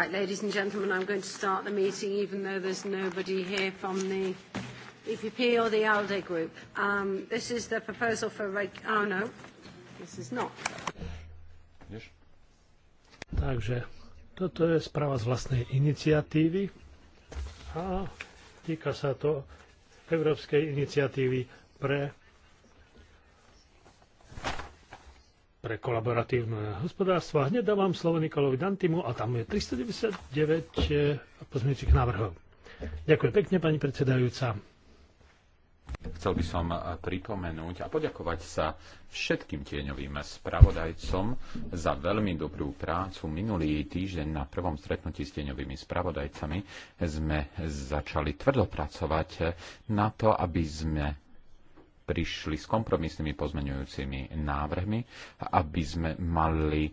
Right, ladies and gentlemen, I'm going to start the meeting even though there's nobody here from the EPP or the ALDE group. Um, this is the proposal for reg... Oh, no, this is not. Yes. Takže toto je správa z vlastnej iniciatívy a týka sa to Európskej iniciatívy pre pre kolaboratívne hospodárstvo. hneď dávam slovo Nikolovi Dantimu a tam je 399 pozmeňujúcich návrhov. Ďakujem pekne, pani predsedajúca. Chcel by som pripomenúť a poďakovať sa všetkým tieňovým spravodajcom za veľmi dobrú prácu. Minulý týždeň na prvom stretnutí s tieňovými spravodajcami sme začali tvrdopracovať na to, aby sme prišli s kompromisnými pozmeňujúcimi návrhmi, aby sme mali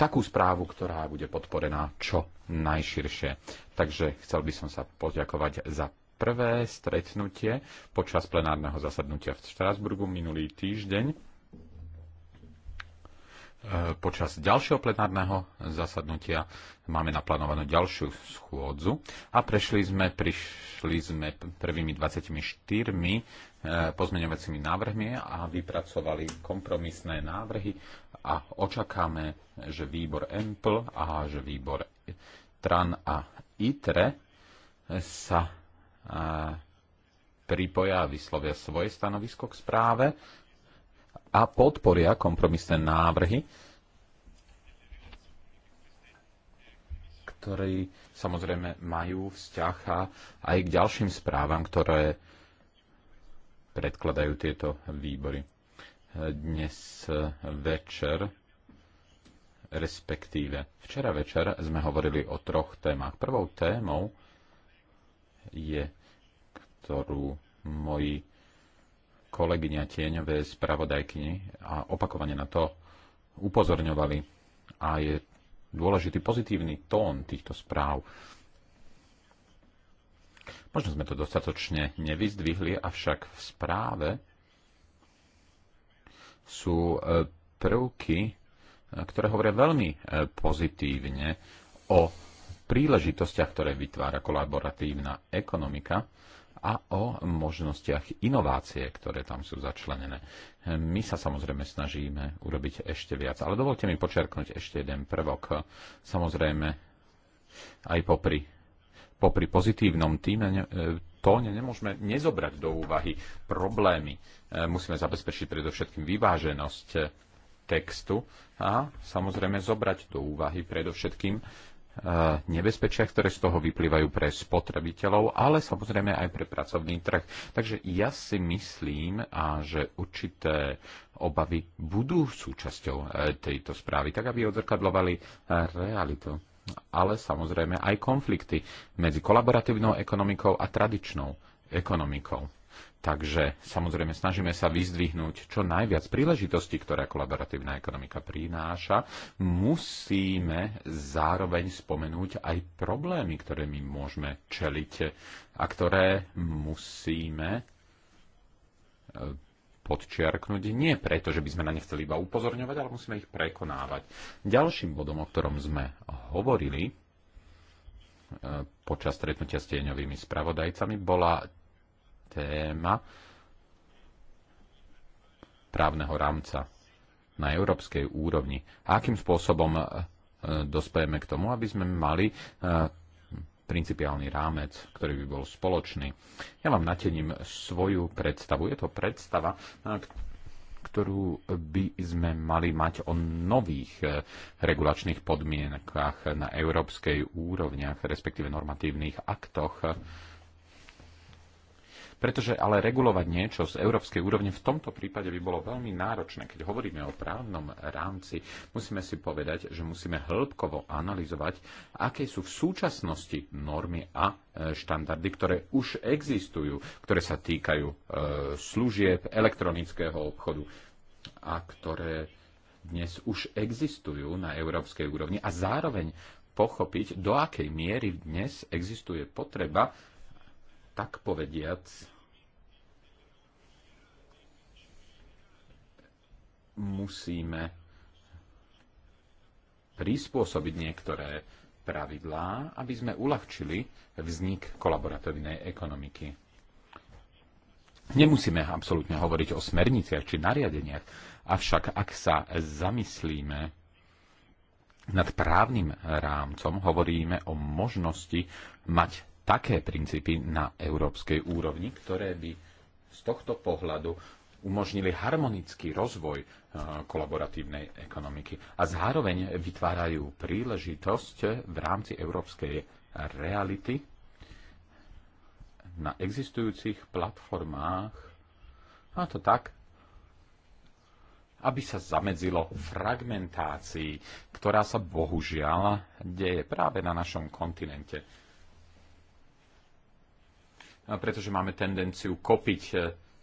takú správu, ktorá bude podporená čo najširšie. Takže chcel by som sa poďakovať za prvé stretnutie počas plenárneho zasadnutia v Štrásburgu minulý týždeň E, počas ďalšieho plenárneho zasadnutia máme naplánovanú ďalšiu schôdzu a prešli sme, prišli sme prvými 24 e, pozmeňovacími návrhmi a vypracovali kompromisné návrhy a očakáme, že výbor EMPL a že výbor TRAN a ITRE sa e, pripoja a vyslovia svoje stanovisko k správe a podporia kompromisné návrhy, ktoré samozrejme majú vzťah aj k ďalším správam, ktoré predkladajú tieto výbory. Dnes večer, respektíve včera večer, sme hovorili o troch témach. Prvou témou je, ktorú moji kolegyňa tieňové spravodajkyni a opakovane na to upozorňovali. A je dôležitý pozitívny tón týchto správ. Možno sme to dostatočne nevyzdvihli, avšak v správe sú e, prvky, e, ktoré hovoria veľmi e, pozitívne o príležitostiach, ktoré vytvára kolaboratívna ekonomika a o možnostiach inovácie, ktoré tam sú začlenené. My sa samozrejme snažíme urobiť ešte viac, ale dovolte mi počerknúť ešte jeden prvok. Samozrejme, aj popri, popri pozitívnom týme, tóne e, nemôžeme nezobrať do úvahy problémy. E, musíme zabezpečiť predovšetkým vyváženosť e, textu a samozrejme zobrať do úvahy predovšetkým Eh, nebezpečia, ktoré z toho vyplývajú pre spotrebiteľov, ale samozrejme aj pre pracovný trh. Takže ja si myslím, a že určité obavy budú súčasťou eh, tejto správy, tak aby odzrkadlovali eh, realitu ale samozrejme aj konflikty medzi kolaboratívnou ekonomikou a tradičnou ekonomikou. Takže samozrejme snažíme sa vyzdvihnúť čo najviac príležitostí, ktoré kolaboratívna ekonomika prináša. Musíme zároveň spomenúť aj problémy, ktoré my môžeme čeliť a ktoré musíme e, podčiarknúť. Nie preto, že by sme na ne chceli iba upozorňovať, ale musíme ich prekonávať. Ďalším bodom, o ktorom sme hovorili e, počas stretnutia s tieňovými spravodajcami, bola téma právneho rámca na európskej úrovni. A akým spôsobom e, dospejeme k tomu, aby sme mali e, principiálny rámec, ktorý by bol spoločný. Ja vám natením svoju predstavu. Je to predstava, e, ktorú by sme mali mať o nových regulačných podmienkach na európskej úrovniach, respektíve normatívnych aktoch, pretože ale regulovať niečo z európskej úrovne v tomto prípade by bolo veľmi náročné. Keď hovoríme o právnom rámci, musíme si povedať, že musíme hĺbkovo analyzovať, aké sú v súčasnosti normy a e, štandardy, ktoré už existujú, ktoré sa týkajú e, služieb, elektronického obchodu a ktoré dnes už existujú na európskej úrovni a zároveň pochopiť, do akej miery dnes existuje potreba tak povediac musíme prispôsobiť niektoré pravidlá, aby sme uľahčili vznik kolaboratívnej ekonomiky. Nemusíme absolútne hovoriť o smerniciach či nariadeniach, avšak ak sa zamyslíme nad právnym rámcom, hovoríme o možnosti mať také princípy na európskej úrovni, ktoré by z tohto pohľadu umožnili harmonický rozvoj eh, kolaboratívnej ekonomiky a zároveň vytvárajú príležitosť v rámci európskej reality na existujúcich platformách a to tak, aby sa zamedzilo fragmentácii, ktorá sa bohužiaľ deje práve na našom kontinente pretože máme tendenciu kopiť e,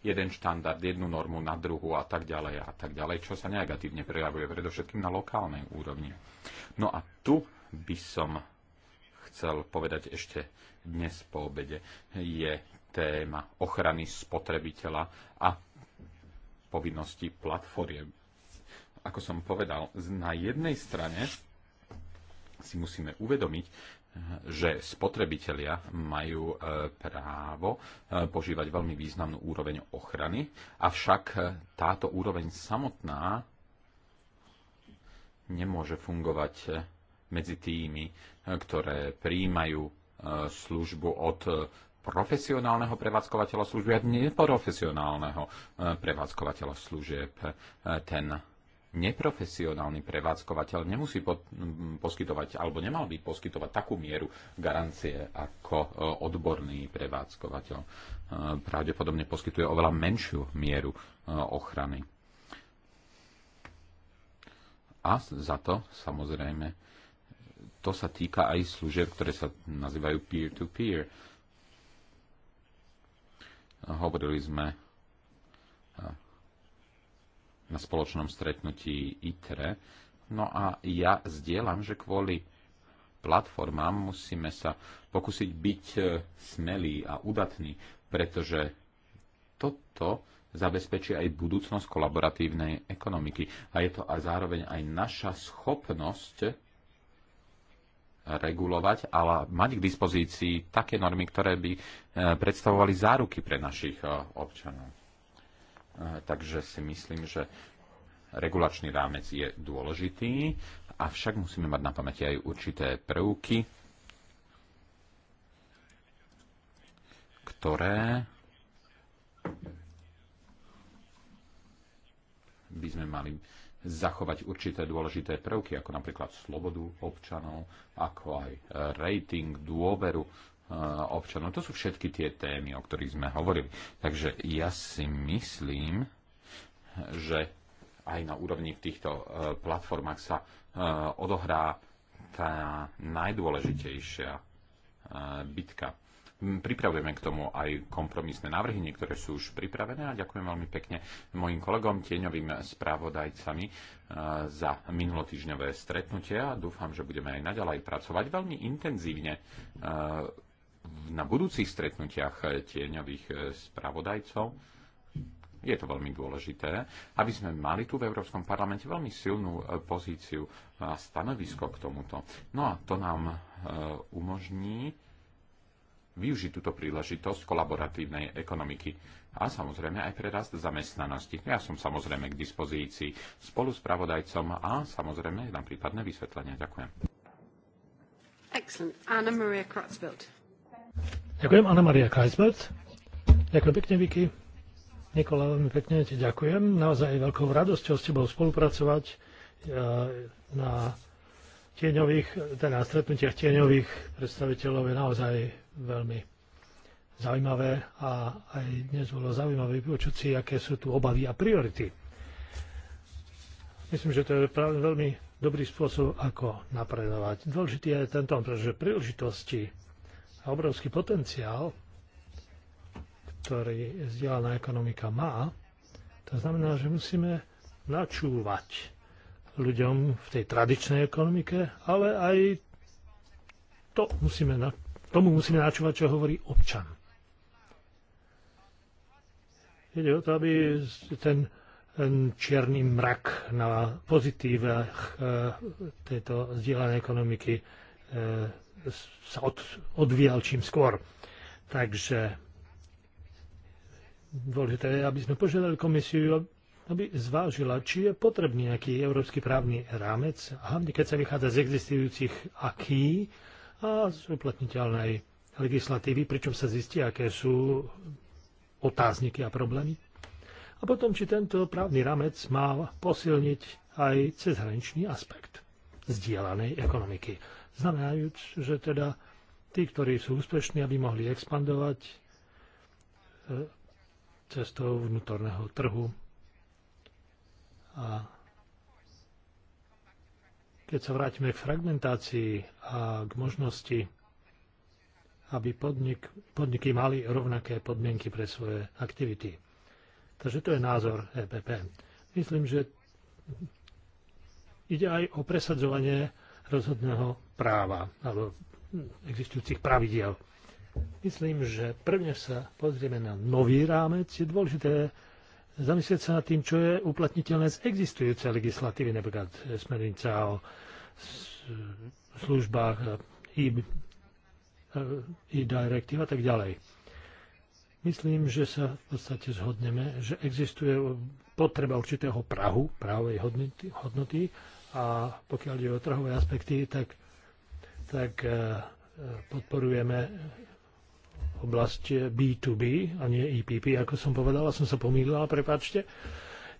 jeden štandard, jednu normu na druhú a tak ďalej a tak ďalej, čo sa negatívne prejavuje predovšetkým na lokálnej úrovni. No a tu by som chcel povedať ešte dnes po obede, je téma ochrany spotrebiteľa a povinnosti platformiem. Ako som povedal, na jednej strane si musíme uvedomiť, že spotrebitelia majú e, právo e, požívať veľmi významnú úroveň ochrany, avšak e, táto úroveň samotná nemôže fungovať medzi tými, ktoré príjmajú službu od profesionálneho prevádzkovateľa služieb, neprofesionálneho prevádzkovateľa služieb. Ten neprofesionálny prevádzkovateľ nemusí pod, poskytovať alebo nemal by poskytovať takú mieru garancie ako e, odborný prevádzkovateľ. E, pravdepodobne poskytuje oveľa menšiu mieru e, ochrany. A za to samozrejme to sa týka aj služieb, ktoré sa nazývajú peer-to-peer. -peer. Hovorili sme na spoločnom stretnutí ITRE. No a ja zdieľam, že kvôli platformám musíme sa pokúsiť byť e, smelí a udatní, pretože toto zabezpečí aj budúcnosť kolaboratívnej ekonomiky. A je to a zároveň aj naša schopnosť regulovať, ale mať k dispozícii také normy, ktoré by e, predstavovali záruky pre našich e, občanov. Takže si myslím, že regulačný rámec je dôležitý, avšak musíme mať na pamäti aj určité prvky, ktoré by sme mali zachovať určité dôležité prvky, ako napríklad slobodu občanov, ako aj rating, dôveru Eh, občanov. To sú všetky tie témy, o ktorých sme hovorili. Takže ja si myslím, že aj na úrovni v týchto eh, platformách sa eh, odohrá tá najdôležitejšia bitka. Pripravujeme k tomu aj kompromisné návrhy, niektoré sú už pripravené a ďakujem veľmi pekne mojim kolegom, tieňovým správodajcami za minulotýžňové stretnutie a dúfam, že budeme aj naďalej pracovať veľmi intenzívne na budúcich stretnutiach eh, tieňových eh, spravodajcov. Je to veľmi dôležité, aby sme mali tu v Európskom parlamente veľmi silnú eh, pozíciu a stanovisko k tomuto. No a to nám umožní využiť túto príležitosť kolaboratívnej ekonomiky a samozrejme aj pre rast zamestnanosti. Ja som samozrejme k dispozícii spolu s pravodajcom a samozrejme na prípadné vysvetlenie. Ďakujem. Excellent. Anna Maria Kratzbild. Ďakujem, Anna Maria Kreisbert. Ďakujem pekne, Viki. Nikola, veľmi pekne ti ďakujem. Naozaj veľkou radosťou s tebou spolupracovať e, na tieňových, teda na stretnutiach tieňových predstaviteľov je naozaj veľmi zaujímavé a aj dnes bolo zaujímavé vypočuť si, aké sú tu obavy a priority. Myslím, že to je práve veľmi dobrý spôsob, ako napredovať. Dôležitý je tento, pretože príležitosti a obrovský potenciál, ktorý vzdelaná ekonomika má, to znamená, že musíme načúvať ľuďom v tej tradičnej ekonomike, ale aj to musíme na, tomu musíme načúvať, čo hovorí občan. Ide o to, aby ten čierny mrak na pozitívach eh, tejto vzdielanej ekonomiky eh, sa od, odvíjal čím skôr. Takže dôležité je, aby sme požiadali komisiu, aby zvážila, či je potrebný nejaký európsky právny rámec, hlavne keď sa vychádza z existujúcich aký a z uplatniteľnej legislatívy, pričom sa zistí, aké sú otázniky a problémy. A potom, či tento právny ramec má posilniť aj cezhraničný aspekt zdieľanej ekonomiky znamenajúc, že teda tí, ktorí sú úspešní, aby mohli expandovať e, cestou vnútorného trhu. A keď sa vrátime k fragmentácii a k možnosti, aby podnik, podniky mali rovnaké podmienky pre svoje aktivity. Takže to je názor EPP. Myslím, že ide aj o presadzovanie rozhodného práva alebo existujúcich pravidiel. Myslím, že prvne sa pozrieme na nový rámec. Je dôležité zamyslieť sa nad tým, čo je uplatniteľné z existujúcej legislatívy, napríklad smernica o službách e-directive a tak ďalej. Myslím, že sa v podstate zhodneme, že existuje potreba určitého prahu, právej hodnoty a pokiaľ ide o trhové aspekty, tak, tak e, e, podporujeme oblasť B2B a nie EPP, ako som povedala, som sa pomýlila, prepačte.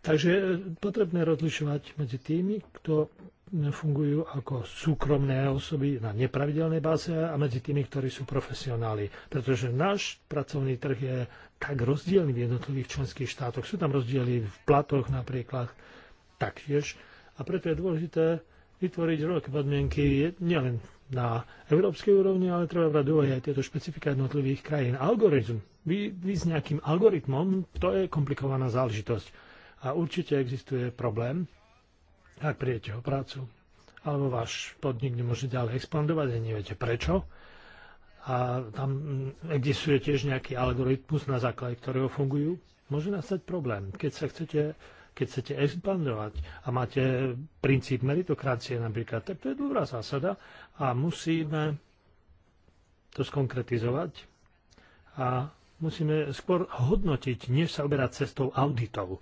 Takže e, potrebné rozlišovať medzi tými, kto fungujú ako súkromné osoby na nepravidelnej báze a medzi tými, ktorí sú profesionáli. Pretože náš pracovný trh je tak rozdielny v jednotlivých členských štátoch. Sú tam rozdiely v platoch napríklad taktiež a preto je dôležité vytvoriť rovnaké podmienky nielen na európskej úrovni, ale treba brať do aj tieto špecifika jednotlivých krajín. Algoritm, vy, vy s nejakým algoritmom, to je komplikovaná záležitosť. A určite existuje problém, ak prijete o prácu, alebo váš podnik nemôže ďalej expandovať a neviete prečo. A tam existuje tiež nejaký algoritmus, na základe ktorého fungujú. Môže nastať problém, keď sa chcete keď chcete expandovať a máte princíp meritokracie napríklad, tak to je dobrá zásada a musíme to skonkretizovať a musíme skôr hodnotiť, než sa uberať cestou auditov.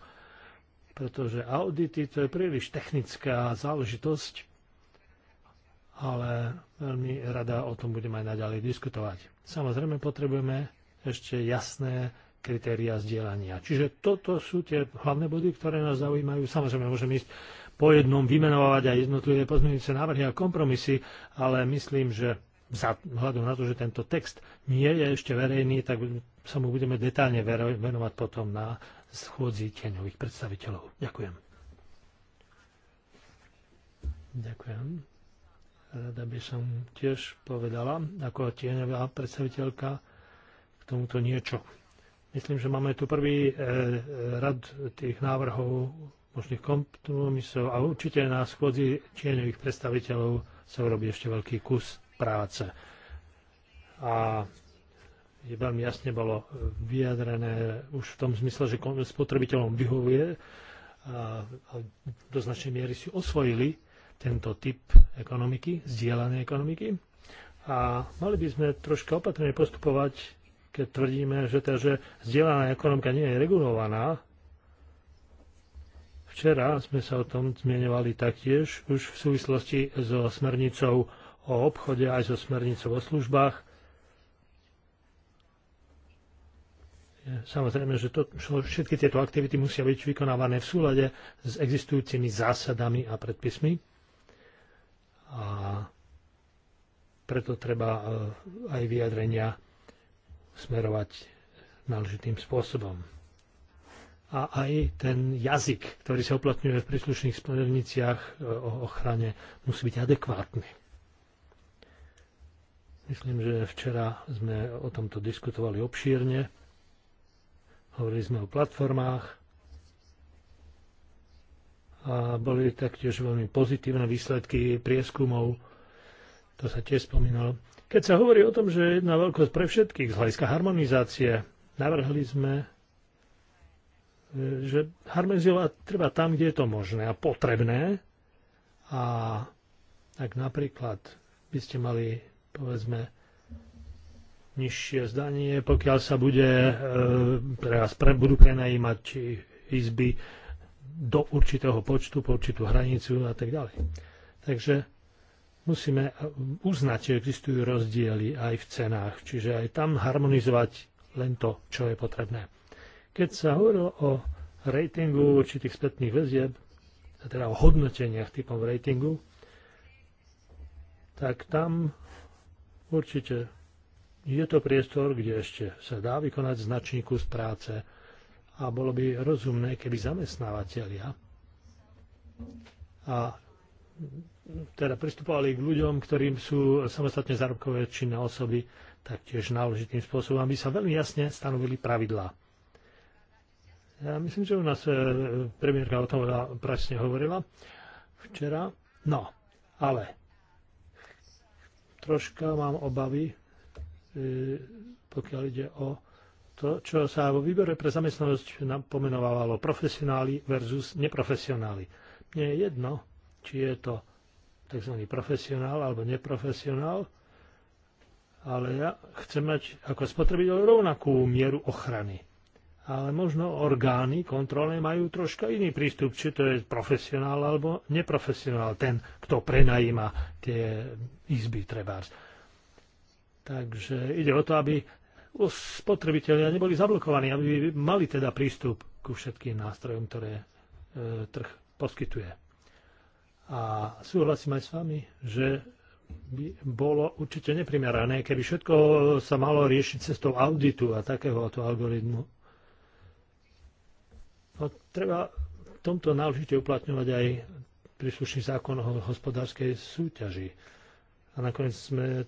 Pretože audity to je príliš technická záležitosť, ale veľmi rada o tom budeme aj naďalej diskutovať. Samozrejme potrebujeme ešte jasné kritéria zdieľania. Čiže toto sú tie hlavné body, ktoré nás zaujímajú. Samozrejme, môžeme ísť po jednom vymenovať aj jednotlivé pozmeňujúce návrhy a kompromisy, ale myslím, že za vzhľadom na to, že tento text nie je ešte verejný, tak sa mu budeme detálne venovať potom na schôdzi tieňových predstaviteľov. Ďakujem. Ďakujem. Rada by som tiež povedala, ako tieňová predstaviteľka, k tomuto niečo. Myslím, že máme tu prvý eh, eh, rad tých návrhov možných kompromisov a určite na schôdzi čienových predstaviteľov sa urobí ešte veľký kus práce. A je veľmi jasne bolo vyjadrené už v tom zmysle, že spotrebiteľom vyhovuje a, eh, a do značnej miery si osvojili tento typ ekonomiky, zdieľanej ekonomiky. A mali by sme troška opatrne postupovať keď tvrdíme, že, tá, že vzdelaná ekonomika nie je regulovaná. Včera sme sa o tom zmienovali taktiež už v súvislosti so smernicou o obchode aj so smernicou o službách. Samozrejme, že to, všetky tieto aktivity musia byť vykonávané v súlade s existujúcimi zásadami a predpismi. A preto treba e, aj vyjadrenia smerovať náležitým spôsobom. A aj ten jazyk, ktorý sa uplatňuje v príslušných smerniciach e, o ochrane, musí byť adekvátny. Myslím, že včera sme o tomto diskutovali obšírne. Hovorili sme o platformách, a boli taktiež veľmi pozitívne výsledky prieskumov to sa tiež spomínalo. Keď sa hovorí o tom, že jedna veľkosť pre všetkých z hľadiska harmonizácie, navrhli sme, e, že harmonizovať treba tam, kde je to možné a potrebné. A tak napríklad by ste mali, povedzme, nižšie zdanie, pokiaľ sa bude, e, pre vás pre, budú prenajímať izby do určitého počtu, po určitú hranicu a tak ďalej. Takže musíme uznať, že existujú rozdiely aj v cenách, čiže aj tam harmonizovať len to, čo je potrebné. Keď sa hovorilo o ratingu určitých spätných väzieb, teda o hodnoteniach typom ratingu, tak tam určite je to priestor, kde ešte sa dá vykonať značný kus práce a bolo by rozumné, keby zamestnávateľia a teda pristupovali k ľuďom, ktorým sú samostatne zárobkové činné osoby, taktiež náležitým spôsobom, aby sa veľmi jasne stanovili pravidlá. Ja myslím, že u nás e, premiérka o tom presne hovorila včera. No, ale troška mám obavy, e, pokiaľ ide o to, čo sa vo výbore pre zamestnanosť pomenovalo profesionáli versus neprofesionáli. Nie je jedno, či je to tzv. profesionál alebo neprofesionál, ale ja chcem mať ako spotrebiteľ rovnakú mieru ochrany. Ale možno orgány kontrolné majú troška iný prístup, či to je profesionál alebo neprofesionál, ten, kto prenajíma tie izby trebárs. Takže ide o to, aby spotrebitelia neboli zablokovaní, aby mali teda prístup ku všetkým nástrojom, ktoré e, trh poskytuje. A súhlasím aj s vami, že by bolo určite neprimerané, keby všetko sa malo riešiť cestou auditu a takéhoto algoritmu. No, treba v tomto náležite uplatňovať aj príslušný zákon o hospodárskej súťaži. A nakoniec sme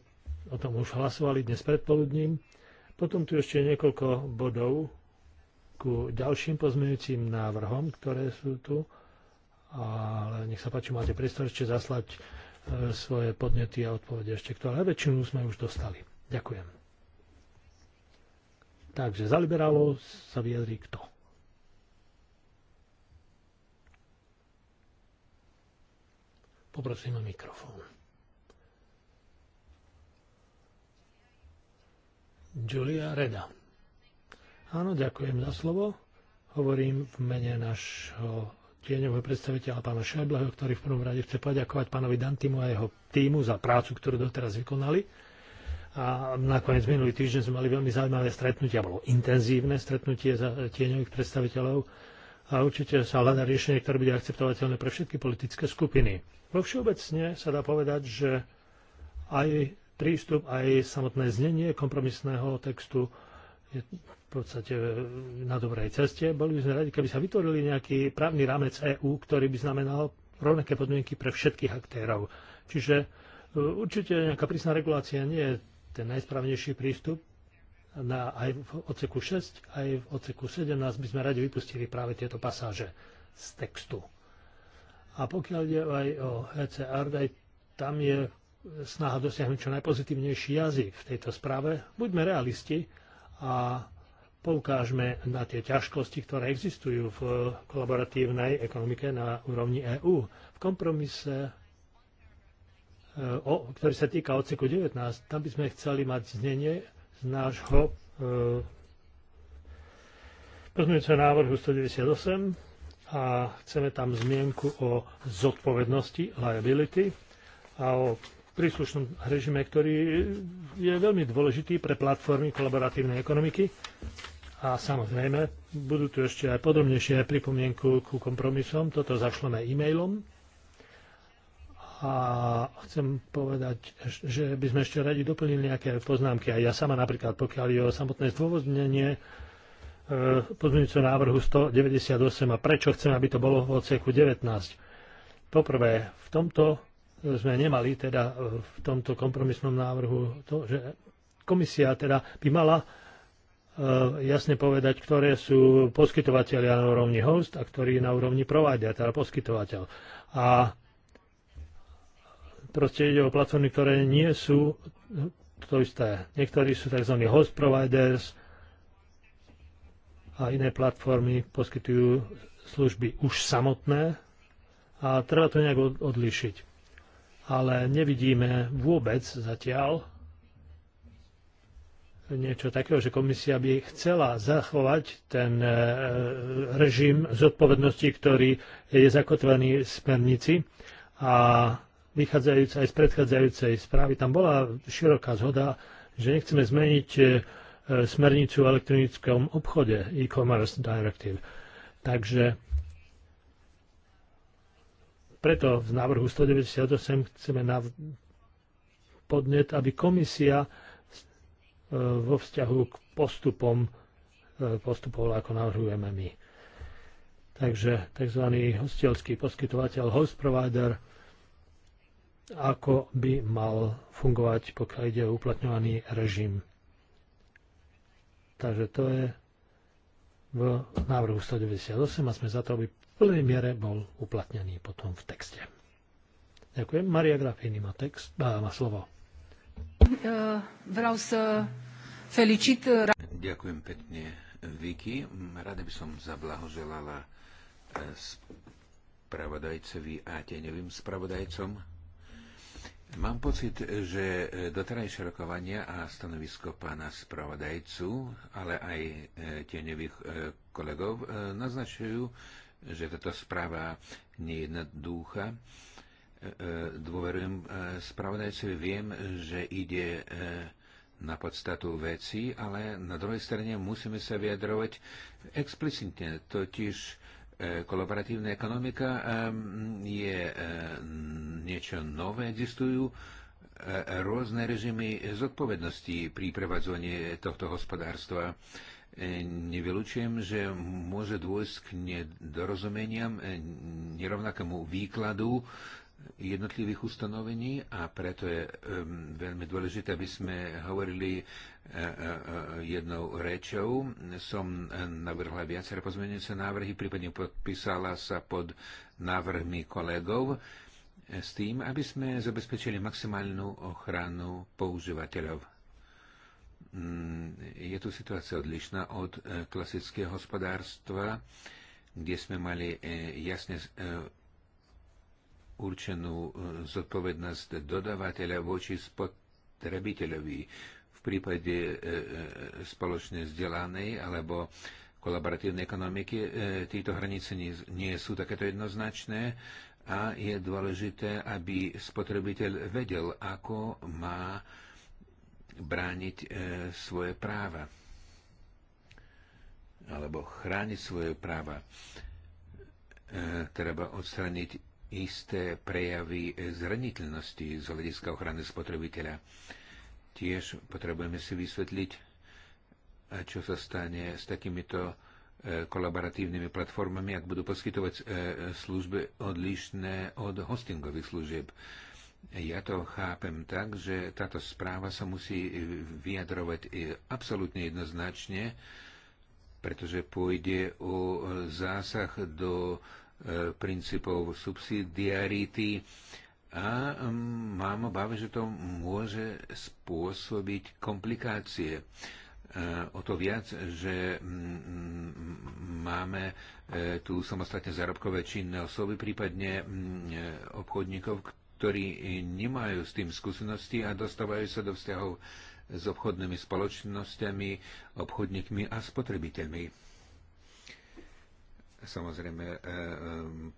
o tom už hlasovali dnes predpoludním. Potom tu ešte niekoľko bodov ku ďalším pozmeňujúcim návrhom, ktoré sú tu ale nech sa páči, máte priestor ešte zaslať e, svoje podnety a odpovede ešte k ale väčšinu sme už dostali. Ďakujem. Takže za liberálov sa vyjadrí kto? Poprosím o mikrofón. Julia Reda. Áno, ďakujem za slovo. Hovorím v mene našho tieňového predstaviteľa pána Šajbleho, ktorý v prvom rade chce poďakovať pánovi Dantimu a jeho týmu za prácu, ktorú doteraz vykonali. A nakoniec minulý týždeň sme mali veľmi zaujímavé stretnutia, bolo intenzívne stretnutie za tieňových predstaviteľov a určite sa hľadá riešenie, ktoré bude akceptovateľné pre všetky politické skupiny. Vo všeobecne sa dá povedať, že aj prístup, aj samotné znenie kompromisného textu je v podstate e, na dobrej ceste. Boli by sme radi, keby sa vytvorili nejaký právny rámec EÚ, ktorý by znamenal rovnaké podmienky pre všetkých aktérov. Čiže e, určite nejaká prísna regulácia nie je ten najsprávnejší prístup. Na, aj v oceku 6, aj v oceku 17 by sme radi vypustili práve tieto pasáže z textu. A pokiaľ ide aj o ECR, aj tam je snaha dosiahnuť čo najpozitívnejší jazyk v tejto správe. Buďme realisti a poukážme na tie ťažkosti, ktoré existujú v kolaboratívnej ekonomike na úrovni EÚ. V kompromise, e, ktorý sa týka odseku 19, tam by sme chceli mať znenie z nášho e, pozmeňujúceho návrhu 198 a chceme tam zmienku o zodpovednosti, liability a o príslušnom režime, ktorý je veľmi dôležitý pre platformy kolaboratívnej ekonomiky. A samozrejme, budú tu ešte aj podrobnejšie pripomienku ku kompromisom. Toto zašleme e-mailom. A chcem povedať, že by sme ešte radi doplnili nejaké poznámky. A ja sama napríklad, pokiaľ je o samotné zdôvodnenie e, pozmeňujúceho návrhu 198 a prečo chcem, aby to bolo v odseku 19. Poprvé, v tomto sme nemali teda e, v tomto kompromisnom návrhu to, že komisia teda by mala e, jasne povedať, ktoré sú poskytovateľia na úrovni host a ktorí na úrovni provider, teda poskytovateľ. A proste ide o platformy, ktoré nie sú to isté. Niektorí sú tzv. host providers a iné platformy poskytujú služby už samotné a treba to nejak odlišiť ale nevidíme vôbec zatiaľ niečo takého, že komisia by chcela zachovať ten e, režim zodpovednosti, ktorý je zakotvený v smernici a vychádzajúc aj z predchádzajúcej správy, tam bola široká zhoda, že nechceme zmeniť e, smernicu o elektronickom obchode e-commerce directive. Takže preto v návrhu 198 chceme na podnet, aby komisia e, vo vzťahu k postupom e, postupovala, ako navrhujeme my. Takže tzv. hostelský poskytovateľ, host provider, ako by mal fungovať, pokiaľ ide o uplatňovaný režim. Takže to je v návrhu 198 a sme za to, aby plnej miere bol uplatnený potom v texte. Ďakujem. Maria Grafini má, text, má, má slovo. Vrav sa felicit... Ďakujem pekne, Viki. Rada by som zablahoželala eh, spravodajcovi a tieňovým spravodajcom. Mám pocit, že eh, doterajšie rokovania a stanovisko pána spravodajcu, ale aj eh, tieňových kolegov naznačujú, že táto správa nie je ducha. E, e, dôverujem e, spravodajcovi, viem, že ide na podstatu veci, ale na druhej strane musíme sa vyjadrovať explicitne, totiž kolaboratívna ekonomika je niečo nové, existujú rôzne režimy zodpovednosti pri prevádzovaní tohto hospodárstva. E, nevylučujem, že môže dôjsť k nedorozumeniam, e, nerovnakému výkladu jednotlivých ustanovení a preto je veľmi dôležité, aby sme hovorili e, jednou rečou. Som navrhla viaceré pozmenujúce návrhy, prípadne podpísala sa pod návrhmi kolegov s tým, aby sme zabezpečili maximálnu ochranu používateľov Mm, je tu situácia odlišná od e, klasického hospodárstva, kde sme mali e, jasne e, určenú zodpovednosť dodávateľa voči spotrebiteľovi v prípade spoločne vzdelanej alebo kolaboratívnej ekonomiky. Tieto hranice nie, nie sú takéto jednoznačné a je dôležité, aby spotrebiteľ vedel, ako má brániť e, svoje práva alebo chrániť svoje práva. E, treba odstraniť isté prejavy zraniteľnosti z hľadiska ochrany spotrebiteľa. Tiež potrebujeme si vysvetliť, e, čo sa stane s takýmito kolaboratívnymi platformami, ak budú poskytovať služby odlišné od hostingových služieb. Ja to chápem tak, že táto správa sa musí e, vyjadrovať e, absolútne jednoznačne, pretože pôjde o e, zásah do princípov subsidiarity a mám obavy, že to môže spôsobiť komplikácie. O to viac, že máme tu samostatne zárobkové činné osoby, prípadne obchodníkov, ktorí nemajú s tým skúsenosti a dostávajú sa do vzťahov s obchodnými spoločnosťami, obchodníkmi a spotrebiteľmi. Samozrejme, eh, eh,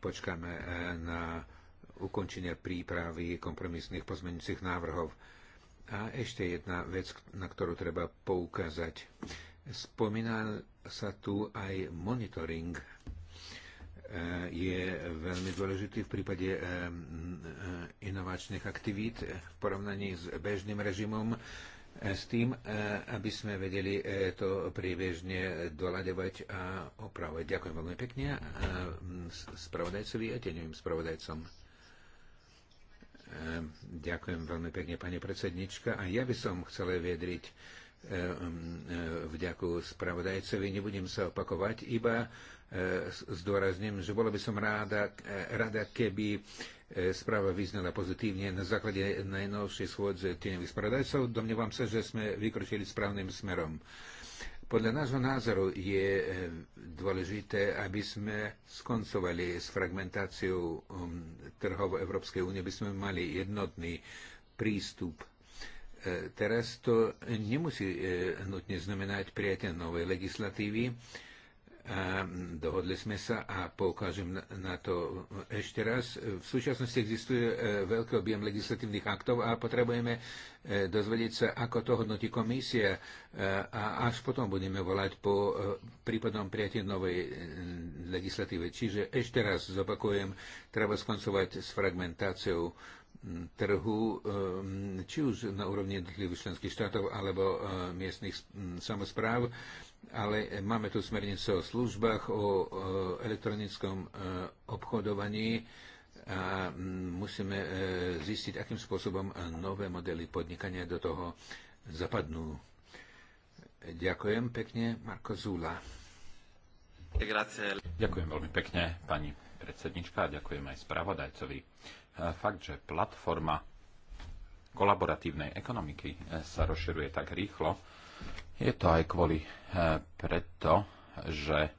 počkáme eh, na ukončenie prípravy kompromisných pozmeňujúcich návrhov. A ešte jedna vec, na ktorú treba poukázať. Spomínal sa tu aj monitoring E, je veľmi dôležitý v prípade e, e, inovačných aktivít v porovnaní s bežným režimom s tým, aby sme vedeli to priebežne doľadevať a opravovať. Ďakujem veľmi pekne spravodajcovi a tieňovým spravodajcom. Ďakujem veľmi pekne, pani predsednička. A ja by som chcel vedriť vďaku spravodajcovi. Nebudem sa opakovať, iba E, zdôrazním, že bola by som ráda, e, rada, keby e, správa vyznala pozitívne na základe najnovšej schôdze tieňových spravodajcov. Domnievam sa, že sme vykročili správnym smerom. Podľa nášho názoru je dôležité, aby sme skoncovali s fragmentáciou um, trhov Európskej únie, aby sme mali jednotný prístup. Teraz to nemusí nutne znamenať prijatie novej legislatívy, a dohodli sme sa a poukážem na to ešte raz. V súčasnosti existuje e, veľký objem legislatívnych aktov a potrebujeme e, dozvedieť sa, ako to hodnotí komisia e, a až potom budeme volať po prípadnom prijatí novej legislatívy. Čiže ešte raz zopakujem, treba skoncovať s fragmentáciou trhu, či už na úrovni jednotlivých členských štátov alebo miestnych samozpráv ale e, máme tu smernice o službách, o elektronickom e, obchodovaní a mm, musíme e, zistiť, akým spôsobom nové modely podnikania do toho zapadnú. Ďakujem pekne, Marko Zula. Ďakujem veľmi pekne, pani predsednička, a ďakujem aj spravodajcovi. Fakt, že platforma kolaboratívnej ekonomiky sa rozširuje tak rýchlo, je to aj kvôli eh, preto, že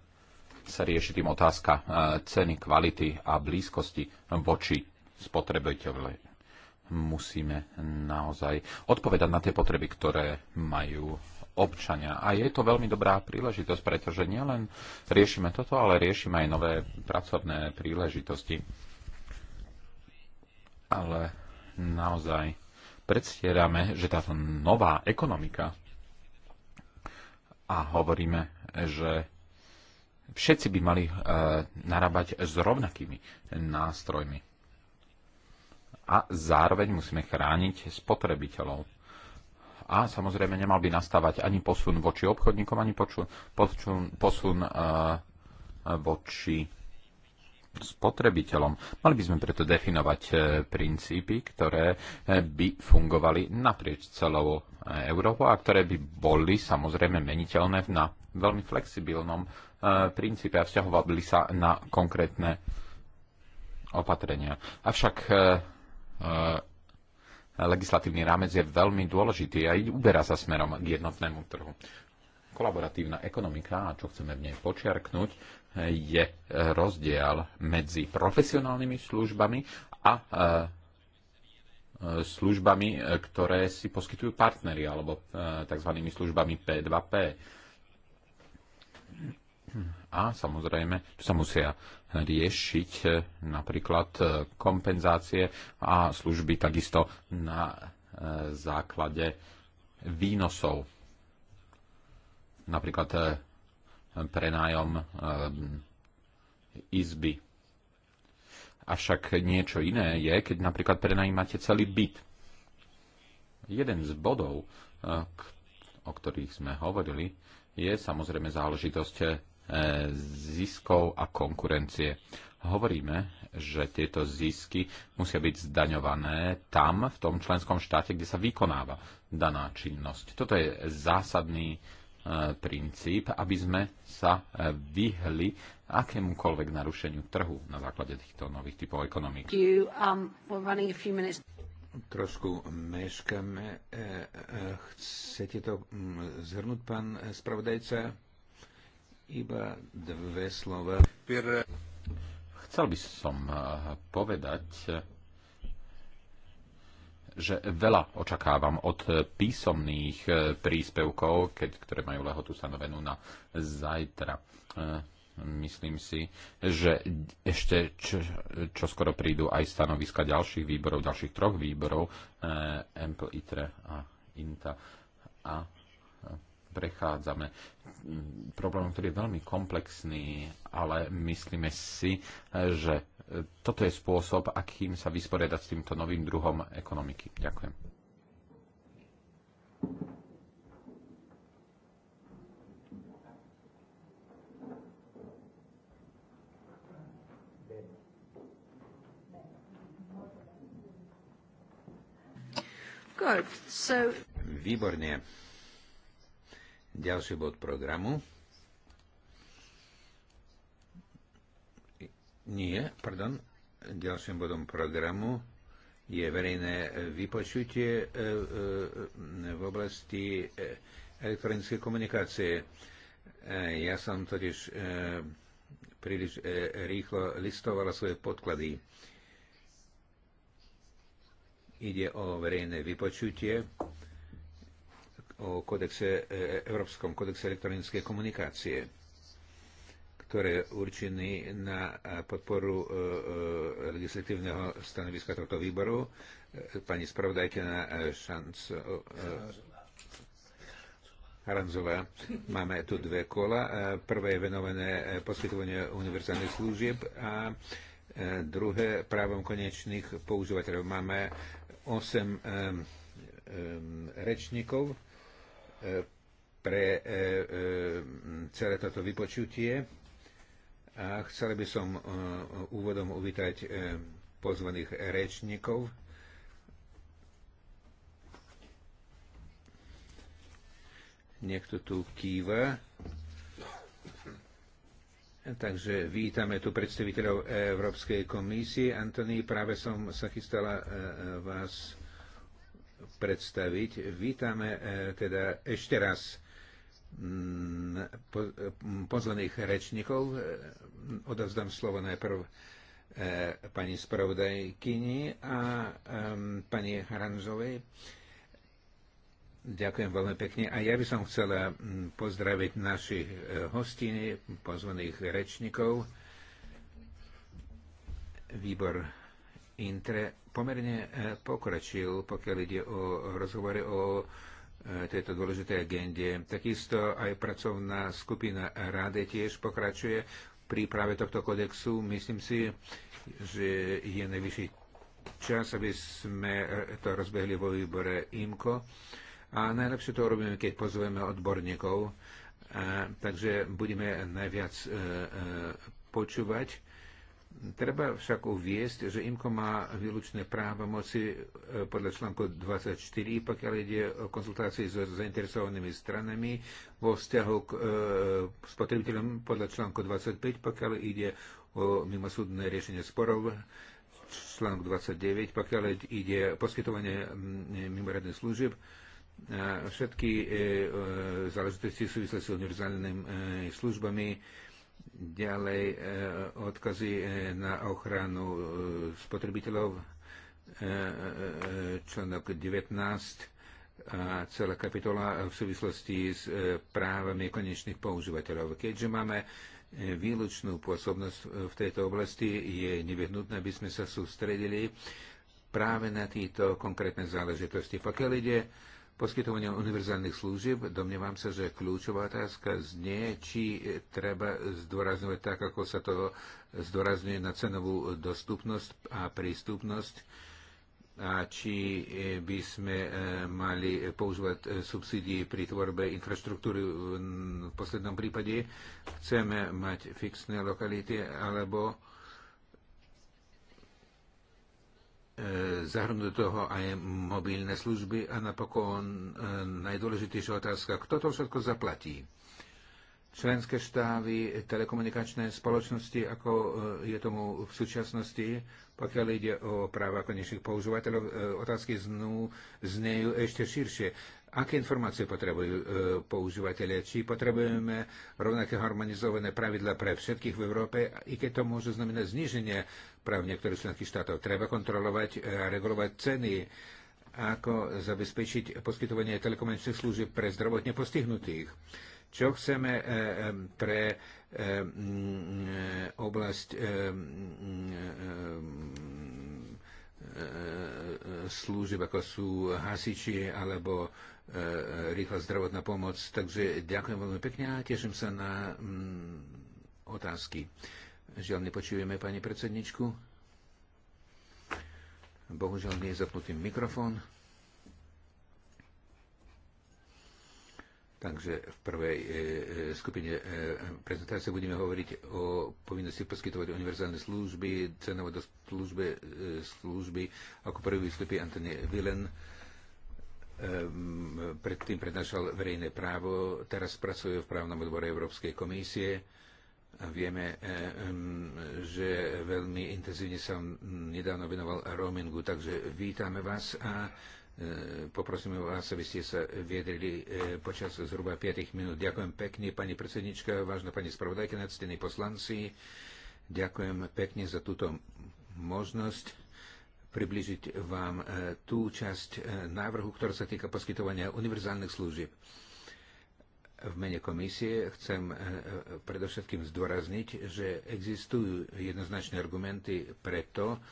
sa rieši tým otázka eh, ceny, kvality a blízkosti voči spotrebiteľovi. Musíme naozaj odpovedať na tie potreby, ktoré majú občania. A je to veľmi dobrá príležitosť, pretože nielen riešime toto, ale riešime aj nové pracovné príležitosti. Ale naozaj predstierame, že táto nová ekonomika a hovoríme, že všetci by mali e, narábať s rovnakými nástrojmi. A zároveň musíme chrániť spotrebiteľov. A samozrejme nemal by nastávať ani posun voči obchodníkom, ani poču, posun, posun e, voči spotrebiteľom. Mali by sme preto definovať e, princípy, ktoré e, by fungovali naprieč celou e, Európou a ktoré by boli samozrejme meniteľné na veľmi flexibilnom princípe a vzťahovali sa na konkrétne opatrenia. Avšak legislatívny rámec je veľmi dôležitý a uberá sa smerom k jednotnému trhu. Kolaboratívna ekonomika, a čo chceme v nej počiarknúť, je rozdiel medzi profesionálnymi službami a e, službami, ktoré si poskytujú partnery alebo e, tzv. službami P2P. A samozrejme, tu sa musia riešiť e, napríklad kompenzácie a služby takisto na základe výnosov. Napríklad prenájom eh, izby. Avšak niečo iné je, keď napríklad prenajímate celý byt. Jeden z bodov, eh, o ktorých sme hovorili, je samozrejme záležitosť eh, ziskov a konkurencie. Hovoríme, že tieto zisky musia byť zdaňované tam, v tom členskom štáte, kde sa vykonáva daná činnosť. Toto je zásadný E, princíp, aby sme sa e, vyhli akémukoľvek narušeniu trhu na základe týchto nových typov ekonomík. Um, Trošku meškame. E, chcete to mm, zhrnúť, pán spravodajca? Iba dve slova. Chcel by som povedať, že veľa očakávam od eh, písomných eh, príspevkov, keď, ktoré majú lehotu stanovenú na zajtra. Eh, myslím si, že ešte čo, čo skoro prídu aj stanoviska ďalších výborov, ďalších troch výborov, EMPL, ITRE a INTA. A prechádzame mm, Problém, ktorý je veľmi komplexný, ale myslíme si, že toto je spôsob, akým sa vysporiadať s týmto novým druhom ekonomiky. Ďakujem. Výborne. Ďalší bod programu. Nie, pardon. Ďalším bodom programu je verejné e, vypočutie e, e, v oblasti elektronickej komunikácie. Ja som totiž príliš rýchlo listovala svoje podklady. Ide o verejné vypočutie o kodexe, Európskom kodexe elektronickej komunikácie ktoré je určený na podporu e, e, legislatívneho stanoviska tohto výboru. E, pani na Šanc Haranzová. Máme tu dve kola. Prvé je venované poskytovanie univerzálnych služieb a druhé právom konečných používateľov. Máme osem rečníkov pre celé toto vypočutie a chcel by som e, úvodom uvítať e, pozvaných rečníkov. Niekto tu kýva. Takže vítame tu predstaviteľov Európskej komisie. Antony, práve som sa chystala e, vás predstaviť. Vítame teda ešte raz Mm, mm, pozvaných rečníkov. Eh, odovzdám slovo najprv eh, pani spravodajkyni a pani Haranžovej. Ďakujem veľmi pekne. A ja by som chcela mm, pozdraviť našich eh, hostí, pozvaných rečníkov. Výbor Intre pomerne pokračil, pokiaľ ide o rozhovory o Eh, tejto dôležitej agende. Takisto aj pracovná skupina Rade tiež pokračuje v príprave tohto kodexu. Myslím si, že je najvyšší čas, aby sme eh, to rozbehli vo výbore IMCO. A najlepšie to robíme, keď pozveme odborníkov. A, eh, takže budeme najviac e, e, počúvať Treba však uviesť, že IMCO má výlučné práva moci e, podľa článku 24, pokiaľ ide o konzultácii so zainteresovanými stranami vo vzťahu k e, spotrebiteľom podľa článku 25, pokiaľ ide o mimosúdne riešenie sporov článok 29, pokiaľ ide o poskytovanie mimoriadných služieb, e, všetky e, e, záležitosti súvisle s univerzálnymi e, službami e, Ďalej e, odkazy e, na ochranu e, spotrebiteľov článok 19 a celá kapitola v súvislosti s právami konečných používateľov. Keďže máme výlučnú pôsobnosť v tejto oblasti, je nevyhnutné, aby sme sa sústredili práve na tieto konkrétne záležitosti. Pokiaľ ide poskytovania univerzálnych služieb, domnievam sa, že kľúčová otázka znie, či treba zdôrazňovať tak, ako sa to zdôrazňuje na cenovú dostupnosť a prístupnosť, a či by sme e, mali používať e, subsídie pri tvorbe infraštruktúry v poslednom prípade. Chceme mať fixné lokality alebo E, zahrnúť do toho aj mobilné služby a napokon e, najdôležitejšia otázka, kto to všetko zaplatí. Členské štávy, telekomunikačné spoločnosti, ako e, je tomu v súčasnosti, pokiaľ ide o práva konečných používateľov, otázky znú, znejú ešte širšie. Aké informácie potrebujú e, používateľe? Či potrebujeme rovnaké harmonizované pravidla pre všetkých v Európe, i keď to môže znamenať zníženie v niektorých členských štátoch. Treba kontrolovať e, a regulovať ceny, ako zabezpečiť poskytovanie telekomunikačných služieb pre zdravotne postihnutých. Čo chceme e, pre e, oblasť služieb, ako sú hasiči alebo rýchla zdravotná pomoc. Takže ďakujem veľmi pekne a teším sa na otázky. Žiaľ, nepočujeme pani predsedničku. Bohužiaľ, nie je zapnutý mikrofón. Takže v prvej e, e skupine e, prezentácie budeme hovoriť o povinnosti poskytovať univerzálne služby, cenové služby, e, služby. Ako prvý vystupí Antony Willen, e, predtým prednášal verejné právo, teraz pracuje v právnom odbore Európskej komisie. E, Vieme, eh, že veľmi intenzívne sa nedávno venoval roamingu, takže vítame vás a eh, poprosíme vás, aby ste sa viedrili eh, počas zhruba 5 minút. Ďakujem pekne, pani predsednička, vážna pani spravodajka, nadstení poslanci. Ďakujem pekne za túto možnosť približiť vám tú časť návrhu, ktorá sa týka poskytovania univerzálnych služieb. V mene komisie chcem e, e, predovšetkým zdôrazniť, že existujú jednoznačné argumenty preto,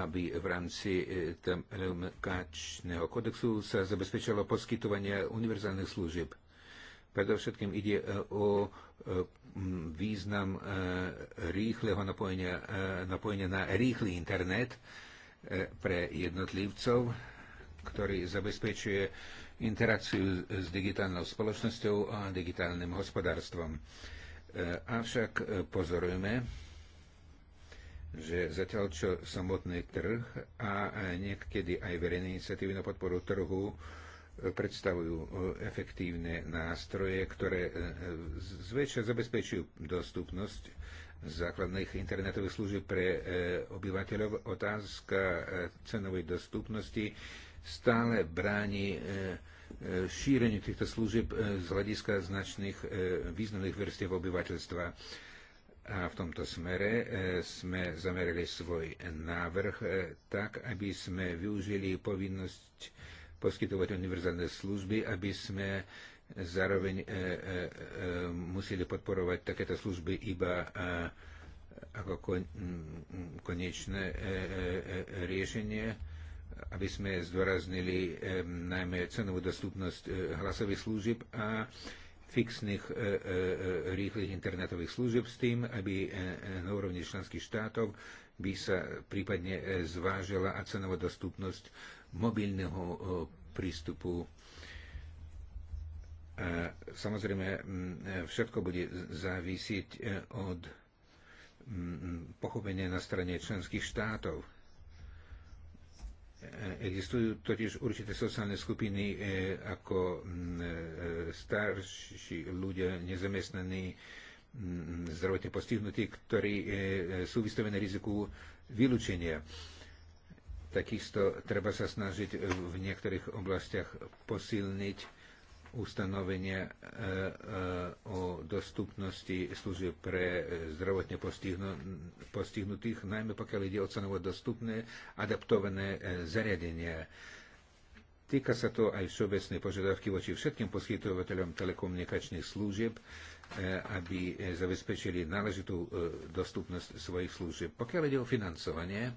aby v rámci e, telekomunikačného kodexu sa zabezpečilo poskytovanie univerzálnych služieb. Predovšetkým ide o význam rýchleho napojenia, napojenia na rýchly internet pre jednotlivcov, ktorý zabezpečuje interakciu s digitálnou spoločnosťou a digitálnym hospodárstvom. E, avšak e, pozorujeme, že zatiaľ čo samotný trh a e, niekedy aj verejné iniciatívy na podporu trhu predstavujú efektívne nástroje, ktoré zväčša zabezpečujú dostupnosť základných internetových služieb pre obyvateľov. Otázka cenovej dostupnosti stále bráni šíreniu týchto služieb e, z hľadiska značných e, významných vrstiev obyvateľstva. A v tomto smere e, sme zamerali svoj návrh tak, aby sme využili povinnosť poskytovať univerzálne služby, aby sme zároveň museli podporovať takéto služby iba ako konečné riešenie aby sme zdôraznili najmä cenovú dostupnosť e, hlasových služieb a fixných e, e, rýchlych internetových služieb s tým, aby na úrovni členských štátov by sa prípadne zvážila a cenová dostupnosť mobilného prístupu. A samozrejme, všetko bude závisieť od pochopenia na strane členských štátov Existujú totiž určité sociálne skupiny e, ako e, starší ľudia, nezamestnaní, zdravotne postihnutí, ktorí e, sú vystavení riziku vylúčenia. Takisto treba sa snažiť v niektorých oblastiach posilniť ustanovenia e, e, o dostupnosti služieb pre e, zdravotne postihnutých, najmä pokiaľ ide o cenovo dostupné adaptované zariadenia. Týka sa to aj všeobecnej požiadavky voči všetkým poskytovateľom telekomunikačných služieb, aby zabezpečili náležitú dostupnosť svojich služieb. Pokiaľ ide o financovanie,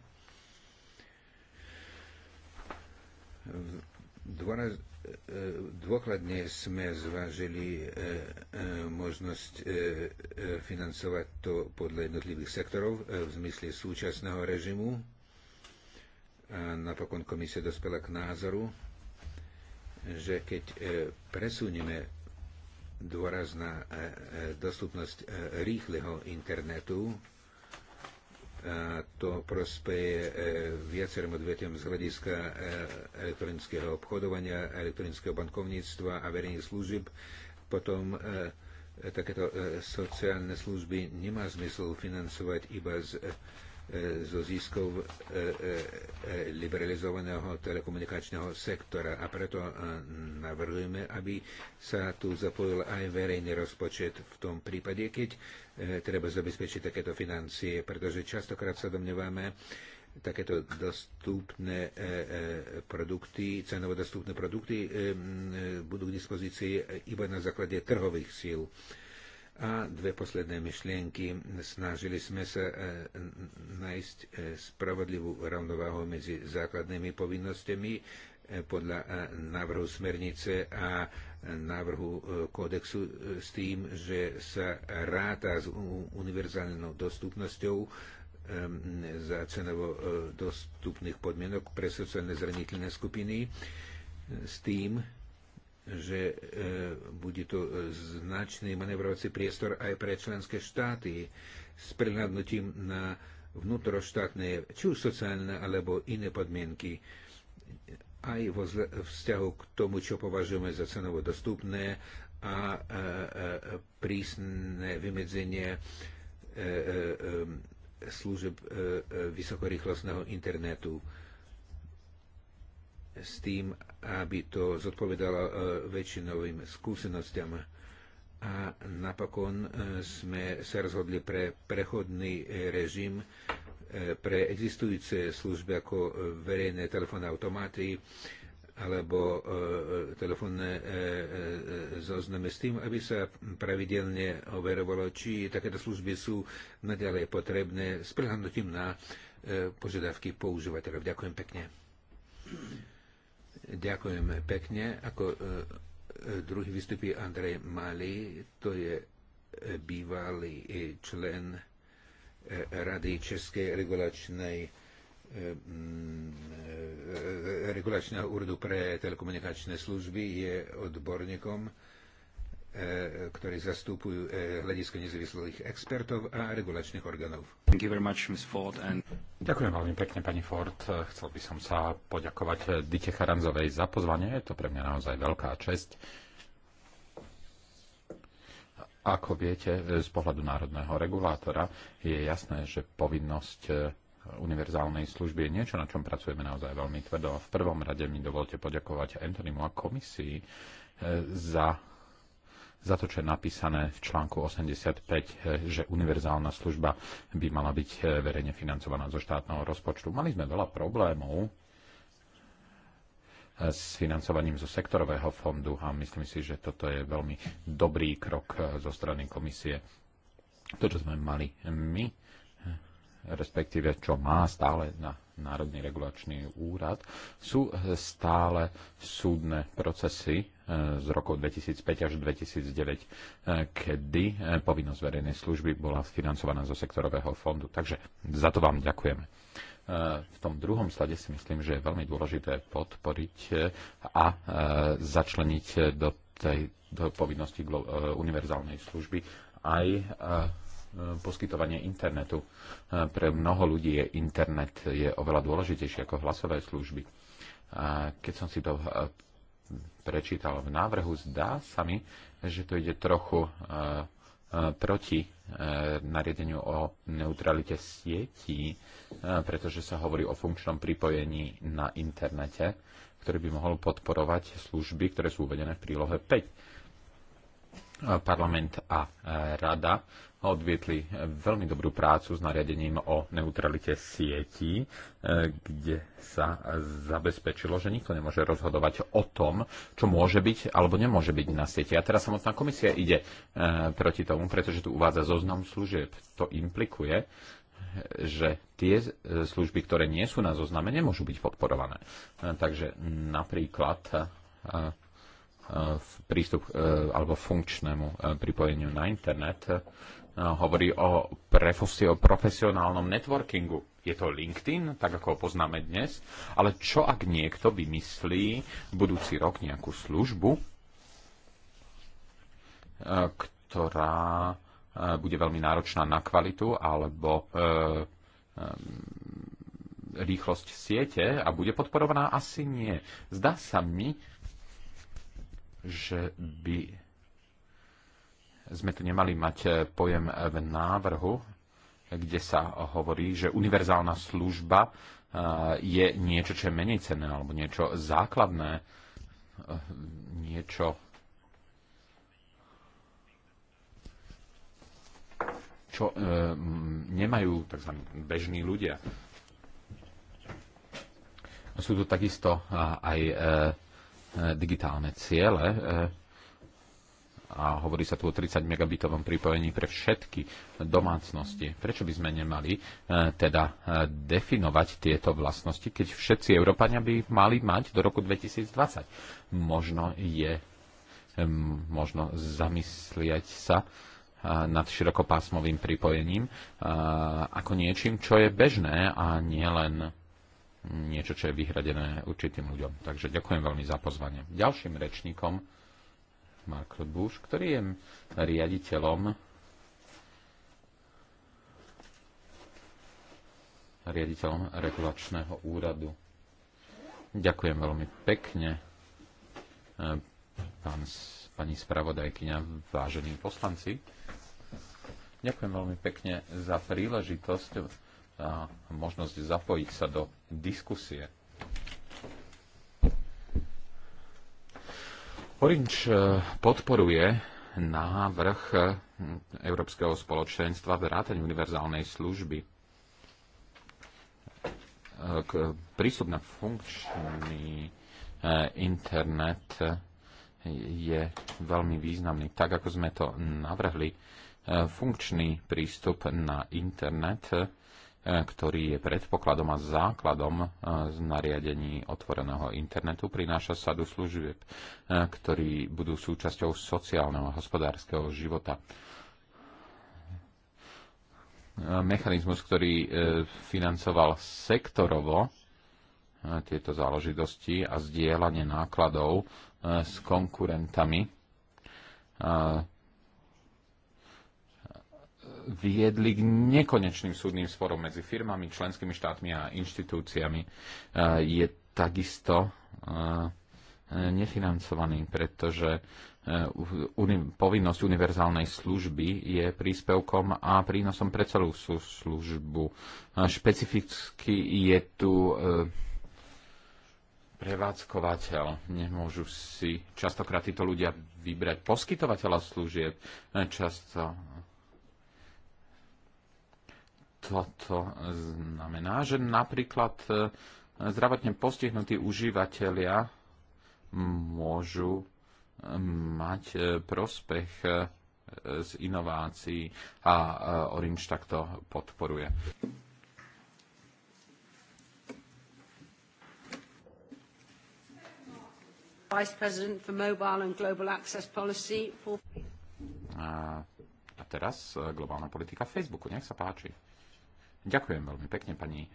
E, dôkladne sme zvážili e, e, možnosť financovať to podľa jednotlivých sektorov v zmysle súčasného režimu. A napokon komisia dospela k názoru, že keď presunieme dôraz na dostupnosť rýchleho internetu, a to prospeje e, viacerým odvetiam z hľadiska e, elektronického obchodovania, elektronického bankovníctva a verejných služieb. Potom e, takéto sociálne služby nemá zmysel financovať iba z E, zo získov e, e, liberalizovaného telekomunikačného sektora. A preto navrhujeme, aby sa tu zapojil aj verejný rozpočet v tom prípade, keď treba zabezpečiť takéto financie, pretože častokrát sa domnievame, takéto dostupné produkty, cenovo dostupné produkty budú k dispozícii iba na základe trhových síl. A dve posledné myšlienky. Snažili sme sa e, nájsť e, spravodlivú rovnováhu medzi základnými povinnosťami e, podľa návrhu smernice a návrhu kódexu s tým, že sa ráta s univerzálnou dostupnosťou za cenovo dostupných podmienok pre sociálne zraniteľné skupiny s tým, že e, bude to značný manevrovací priestor aj pre členské štáty s prihľadnutím na vnútroštátne, či už sociálne alebo iné podmienky aj vo vzťahu k tomu, čo považujeme za cenovo dostupné a e, e, prísne vymedzenie služeb vysokorýchlostného internetu s tým, aby to zodpovedalo e, väčšinovým skúsenostiam. A napokon e, sme sa rozhodli pre prechodný e, režim pre existujúce služby ako verejné telefónne automaty alebo telefónne zoznamy s tým, aby sa pravidelne overovalo, či takéto služby sú naďalej potrebné s prehľadnutím na požiadavky používateľov. Ďakujem pekne. Ďakujeme pekne. Ako e, e, druhý vystupí Andrej Mali, to je e, bývalý člen Rady Českej regulačnej regulačného úradu pre telekomunikačné služby, je odborníkom E, ktorí zastupujú e, hľadisko nezávislých expertov a regulačných orgánov. And... Ďakujem veľmi pekne, pani Ford. Chcel by som sa poďakovať Dite Charanzovej za pozvanie. Je to pre mňa naozaj veľká čest. Ako viete, z pohľadu národného regulátora je jasné, že povinnosť e, univerzálnej služby je niečo, na čom pracujeme naozaj veľmi tvrdo. V prvom rade mi dovolte poďakovať Antonimu a komisii za za to, čo je napísané v článku 85, eh, že univerzálna služba by mala byť eh, verejne financovaná zo štátneho rozpočtu. Mali sme veľa problémov eh, s financovaním zo sektorového fondu a myslím si, že toto je veľmi dobrý krok zo strany komisie. To, čo sme mali my, respektíve čo má stále na Národný regulačný úrad, sú stále súdne procesy z roku 2005 až 2009, kedy eh, povinnosť verejnej služby bola financovaná zo sektorového fondu. Takže za to vám ďakujeme. Eh, v tom druhom slade si myslím, že je veľmi dôležité podporiť eh, a začleniť do tej do povinnosti univerzálnej služby aj poskytovanie internetu. Pre mnoho ľudí je internet je oveľa dôležitejší ako hlasové služby. Keď som si to prečítal v návrhu, zdá sa mi, že to ide trochu e, e, proti e, nariadeniu o neutralite sietí, pretože sa hovorí o funkčnom pripojení na internete, ktorý by mohol podporovať služby, ktoré sú uvedené v prílohe 5. Parlament a rada odvietli veľmi dobrú prácu s nariadením o neutralite sietí, e, kde sa zabezpečilo, že nikto nemôže rozhodovať o tom, čo môže byť alebo nemôže byť na sieti. A teraz samotná komisia ide e, proti tomu, pretože tu uvádza zoznam služieb. To implikuje, e, že tie služby, ktoré nie sú na zozname, nemôžu byť podporované. Takže napríklad prístup alebo funkčnému pripojeniu na internet hovorí o, o profesionálnom networkingu. Je to LinkedIn, tak ako ho poznáme dnes, ale čo ak niekto vymyslí budúci rok nejakú službu, e, ktorá e, bude veľmi náročná na kvalitu alebo e, rýchlosť siete a bude podporovaná? Asi nie. Zdá sa mi, že by sme tu nemali mať e, pojem e, v návrhu, kde sa hovorí, že univerzálna služba e, je niečo, čo je menej cenné, alebo niečo základné, niečo, čo nemajú tzv. bežní ľudia. Sú tu takisto aj digitálne ciele, a hovorí sa tu o 30 megabitovom pripojení pre všetky domácnosti. Prečo by sme nemali e, teda e, definovať tieto vlastnosti, keď všetci Európania by mali mať do roku 2020? Možno je e, možno zamyslieť sa nad širokopásmovým pripojením ako niečím, čo je bežné a nielen niečo, čo je vyhradené určitým ľuďom. Takže ďakujem veľmi za pozvanie. Ďalším rečníkom Mark Bush, ktorý je riaditeľom riaditeľom regulačného úradu. Ďakujem veľmi pekne, e, pán, pani spravodajkyňa, vážení poslanci. Ďakujem veľmi pekne za príležitosť a možnosť zapojiť sa do diskusie Orange eh, podporuje návrh eh, Európskeho spoločenstva vrátane univerzálnej služby. Eh, prístup na funkčný internet je veľmi významný. Tak, ako sme to navrhli, funkčný prístup na internet E, ktorý je predpokladom a základom e, z nariadení otvoreného internetu, prináša sadu služieb, e, ktorí budú súčasťou sociálneho a hospodárskeho života. Mechanizmus, ktorý financoval sektorovo tieto záležitosti a zdieľanie nákladov s konkurentami, viedli k nekonečným súdnym sporom medzi firmami, členskými štátmi a inštitúciami. E, je takisto e, nefinancovaný, pretože e, povinnosť univerzálnej služby je príspevkom a prínosom pre celú službu. Špecificky je tu prevádzkovateľ. Nemôžu si častokrát títo ľudia vybrať poskytovateľa služieb. Často toto znamená, že napríklad e, zdravotne postihnutí užívateľia môžu e, mať e, prospech z inovácií a Orange takto podporuje. Vice President for Mobile and Global Access Policy. For... A teraz globálna politika Facebooku. Nech sa páči. Ďakujem veľmi pekne, pani eh,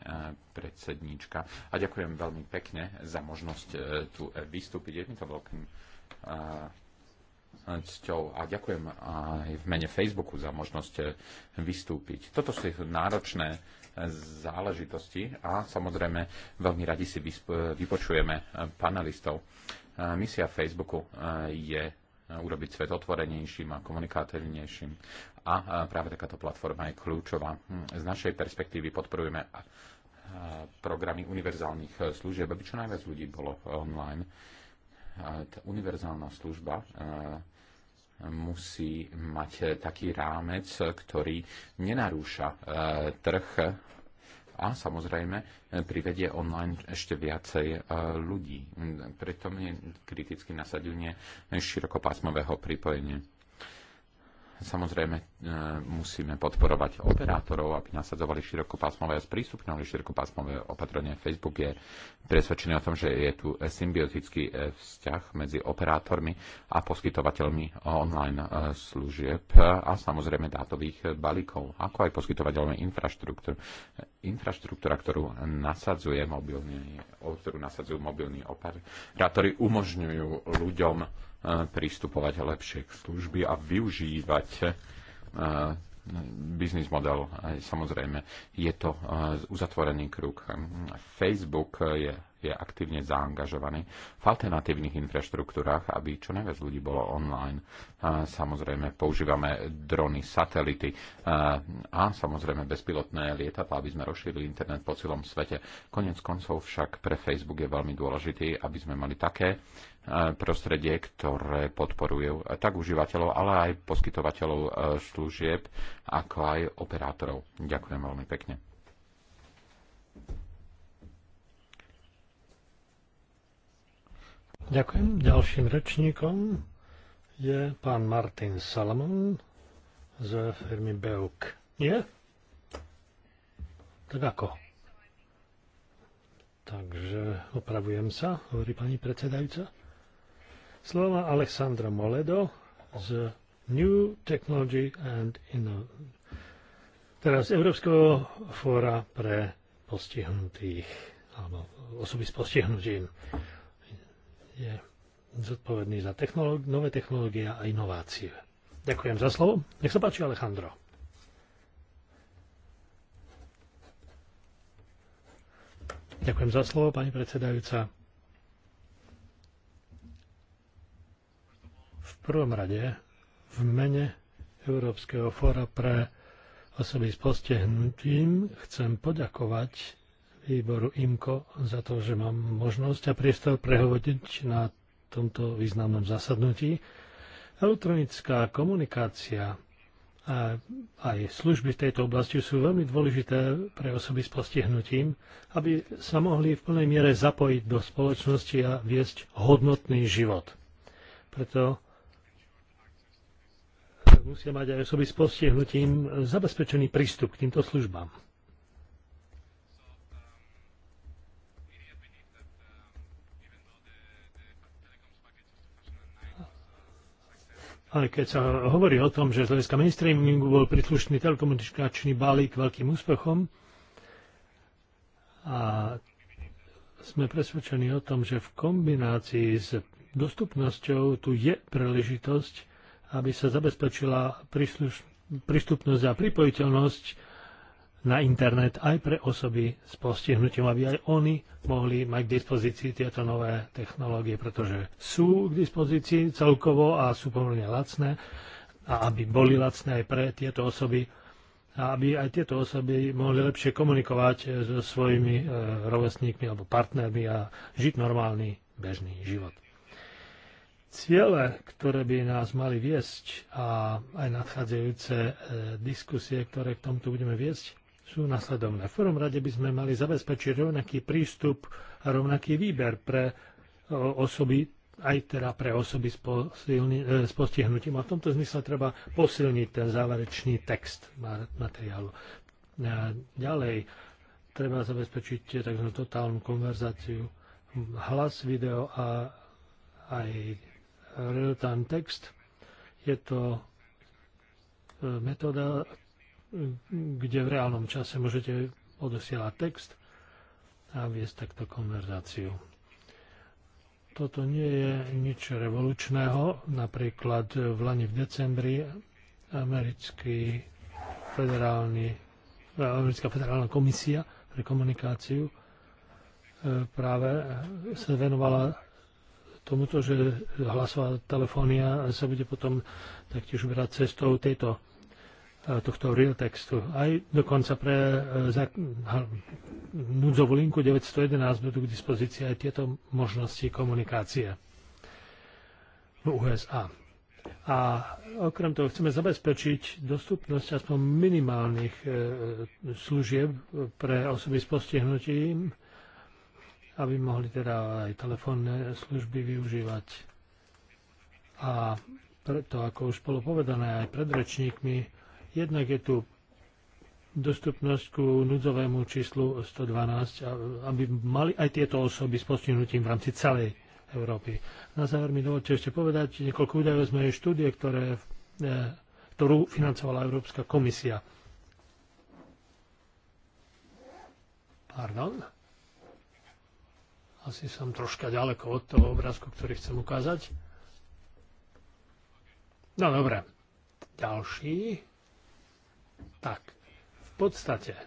predsedníčka, a ďakujem veľmi pekne za možnosť eh, tu eh, vystúpiť. Je mi to veľkým cťou a ďakujem aj v mene Facebooku za možnosť vystúpiť. Toto sú náročné záležitosti a samozrejme veľmi radi si vypočujeme panelistov. Misia Facebooku je urobiť svet otvorenejším a komunikátornejším. A práve takáto platforma je kľúčová. Hm, z našej perspektívy podporujeme programy univerzálnych e, služieb, aby čo najviac ľudí bolo online. Tá univerzálna služba e, musí mať e, taký rámec, ktorý nenarúša trh a samozrejme e, privedie online ešte viacej e, ľudí. Preto je kriticky nasadenie širokopásmového pripojenia Samozrejme, e, musíme podporovať operátorov, aby nasadzovali širokopásmové a sprístupňovali širokopásmové opatrenie. Facebook je presvedčený o tom, že je tu symbiotický e, vzťah medzi operátormi a poskytovateľmi online e, služieb a samozrejme dátových balíkov, ako aj poskytovateľmi infraštruktúr. Infraštruktúra, ktorú, nasadzuje mobilný, ktorú nasadzujú mobilní operátori, umožňujú ľuďom pristupovať lepšie k služby a využívať eh, biznis model. Samozrejme, je to eh, uzatvorený kruh. Facebook eh, je, je aktívne zaangažovaný v alternatívnych infraštruktúrach, aby čo najviac ľudí bolo online. Samozrejme, používame drony, satelity a samozrejme bezpilotné lietadla, aby sme rozšírili internet po celom svete. Konec koncov však pre Facebook je veľmi dôležitý, aby sme mali také prostredie, ktoré podporujú tak užívateľov, ale aj poskytovateľov e, služieb, ako aj operátorov. Ďakujem veľmi pekne. Ďakujem. Ďalším rečníkom je pán Martin Salomon z firmy Beuk. Nie? Tak ako? Takže opravujem sa, hovorí pani predsedajúca slova Alexandra Moledo z New Technology and Innovation. Teraz Európskeho fóra pre postihnutých alebo osoby s postihnutím je zodpovedný za technológ- nové technológie a inovácie. Ďakujem za slovo. Nech sa páči, Alejandro. Ďakujem za slovo, pani predsedajúca. V prvom rade v mene Európskeho fóra pre osoby s postihnutím chcem poďakovať výboru IMKO za to, že mám možnosť a priestor prehovoriť na tomto významnom zasadnutí. Elektronická komunikácia a aj služby v tejto oblasti sú veľmi dôležité pre osoby s postihnutím, aby sa mohli v plnej miere zapojiť do spoločnosti a viesť hodnotný život. Preto musia mať aj osoby s postihnutím zabezpečený prístup k týmto službám. Ale keď sa hovorí o tom, že z hľadiska mainstreamingu bol príslušný telekomunikačný balík veľkým úspechom a sme presvedčení o tom, že v kombinácii s dostupnosťou tu je príležitosť aby sa zabezpečila prístupnosť a pripojiteľnosť na internet aj pre osoby s postihnutím, aby aj oni mohli mať k dispozícii tieto nové technológie, pretože sú k dispozícii celkovo a sú pomerne lacné a aby boli lacné aj pre tieto osoby a aby aj tieto osoby mohli lepšie komunikovať so svojimi e, rovesníkmi alebo partnermi a žiť normálny bežný život ciele, ktoré by nás mali viesť a aj nadchádzajúce e, diskusie, ktoré k tomuto budeme viesť, sú nasledovné. V prvom rade by sme mali zabezpečiť rovnaký prístup a rovnaký výber pre osoby, aj teda pre osoby s, posilni, e, s postihnutím. A v tomto zmysle treba posilniť ten záverečný text materiálu. A e, ďalej treba zabezpečiť tzv. totálnu konverzáciu hlas, video a aj real-time text. Je to e, metóda, e, kde v reálnom čase môžete odosielať text a viesť takto konverzáciu. Toto nie je nič revolučného. Napríklad v Lani v decembri americký federálny, e, americká federálna komisia pre komunikáciu práve sa venovala tomuto, že hlasová telefónia sa bude potom taktiež uberať cestou tejto, eh, tohto real textu. Aj dokonca pre eh, za, núdzovú linku 911 budú k dispozícii aj tieto možnosti komunikácie v USA. A okrem toho chceme zabezpečiť dostupnosť aspoň minimálnych eh, služieb pre osoby s postihnutím aby mohli teda aj telefónne služby využívať. A preto, ako už bolo povedané aj pred rečníkmi, jednak je tu dostupnosť ku núdzovému číslu 112, aby mali aj tieto osoby s postihnutím v rámci celej Európy. Na záver mi dovolte ešte povedať niekoľko údajov z mojej štúdie, ktoré, e, ktorú financovala Európska komisia. Pardon. Asi som troška ďaleko od toho obrázku, ktorý chcem ukázať. No dobre, ďalší. Tak, v podstate